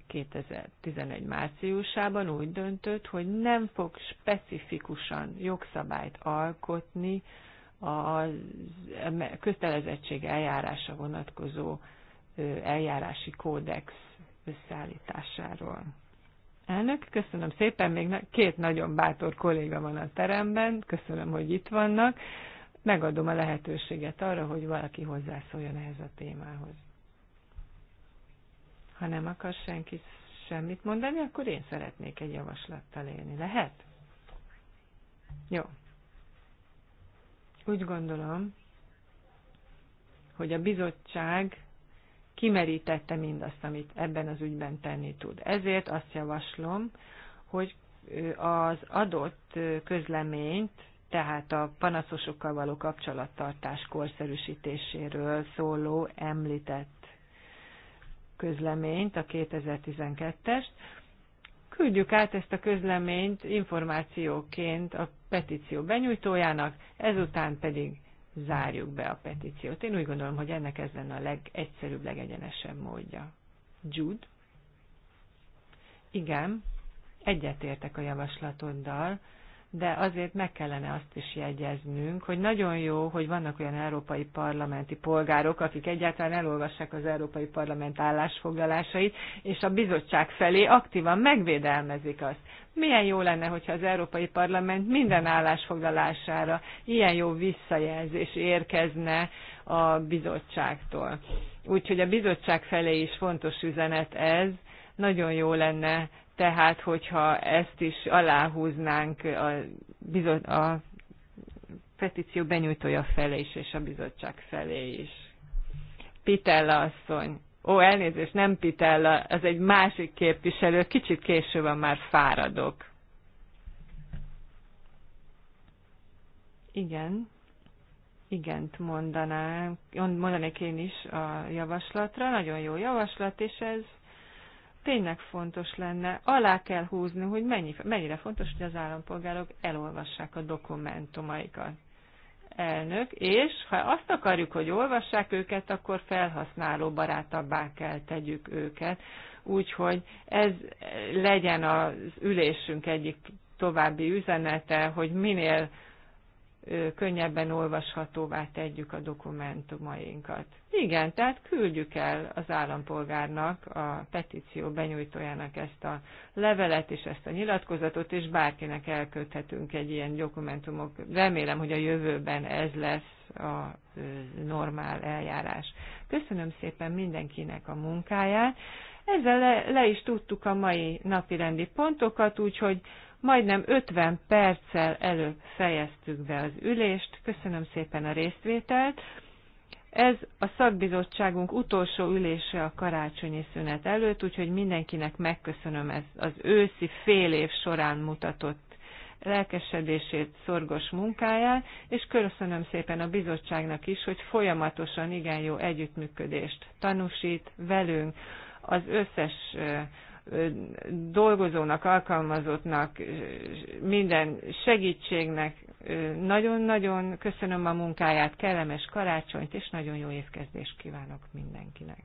2011 márciusában úgy döntött, hogy nem fog specifikusan jogszabályt alkotni a kötelezettség eljárása vonatkozó eljárási kódex összeállításáról. Elnök, köszönöm szépen, még két nagyon bátor kolléga van a teremben, köszönöm, hogy itt vannak. Megadom a lehetőséget arra, hogy valaki hozzászóljon ehhez a témához. Ha nem akar senki semmit mondani, akkor én szeretnék egy javaslattal élni. Lehet? Jó, úgy gondolom, hogy a bizottság kimerítette mindazt, amit ebben az ügyben tenni tud. Ezért azt javaslom, hogy az adott közleményt, tehát a panaszosokkal való kapcsolattartás korszerűsítéséről szóló említett közleményt, a 2012-est, küldjük át ezt a közleményt információként a petíció benyújtójának, ezután pedig zárjuk be a petíciót. Én úgy gondolom, hogy ennek ez lenne a legegyszerűbb, legegyenesebb módja. Jude? Igen, egyetértek a javaslatoddal, de azért meg kellene azt is jegyeznünk, hogy nagyon jó, hogy vannak olyan európai parlamenti polgárok, akik egyáltalán elolvassák az európai parlament állásfoglalásait, és a bizottság felé aktívan megvédelmezik azt. Milyen jó lenne, hogyha az Európai Parlament minden állásfoglalására ilyen jó visszajelzés érkezne a bizottságtól. Úgyhogy a bizottság felé is fontos üzenet ez, nagyon jó lenne, tehát, hogyha ezt is aláhúznánk a, bizot, a petíció benyújtója felé is, és a bizottság felé is. Pitella asszony. Ó, elnézést, nem Pitella, az egy másik képviselő, kicsit van már fáradok. Igen. Igent mondanám, mondanék én is a javaslatra. Nagyon jó javaslat, és ez tényleg fontos lenne, alá kell húzni, hogy mennyi, mennyire fontos, hogy az állampolgárok elolvassák a dokumentumaikat. Elnök, és ha azt akarjuk, hogy olvassák őket, akkor felhasználó barátabbá kell tegyük őket. Úgyhogy ez legyen az ülésünk egyik további üzenete, hogy minél könnyebben olvashatóvá tegyük a dokumentumainkat. Igen, tehát küldjük el az állampolgárnak, a petíció benyújtójának ezt a levelet és ezt a nyilatkozatot, és bárkinek elköthetünk egy ilyen dokumentumok. Remélem, hogy a jövőben ez lesz a normál eljárás. Köszönöm szépen mindenkinek a munkáját. Ezzel le, le is tudtuk a mai napirendi pontokat, úgyhogy Majdnem 50 perccel előbb fejeztük be az ülést. Köszönöm szépen a résztvételt. Ez a szakbizottságunk utolsó ülése a karácsonyi szünet előtt, úgyhogy mindenkinek megköszönöm ez az őszi fél év során mutatott lelkesedését, szorgos munkáját, és köszönöm szépen a bizottságnak is, hogy folyamatosan igen jó együttműködést tanúsít velünk az összes dolgozónak, alkalmazottnak, minden segítségnek nagyon-nagyon köszönöm a munkáját, kellemes karácsonyt, és nagyon jó évkezdést kívánok mindenkinek.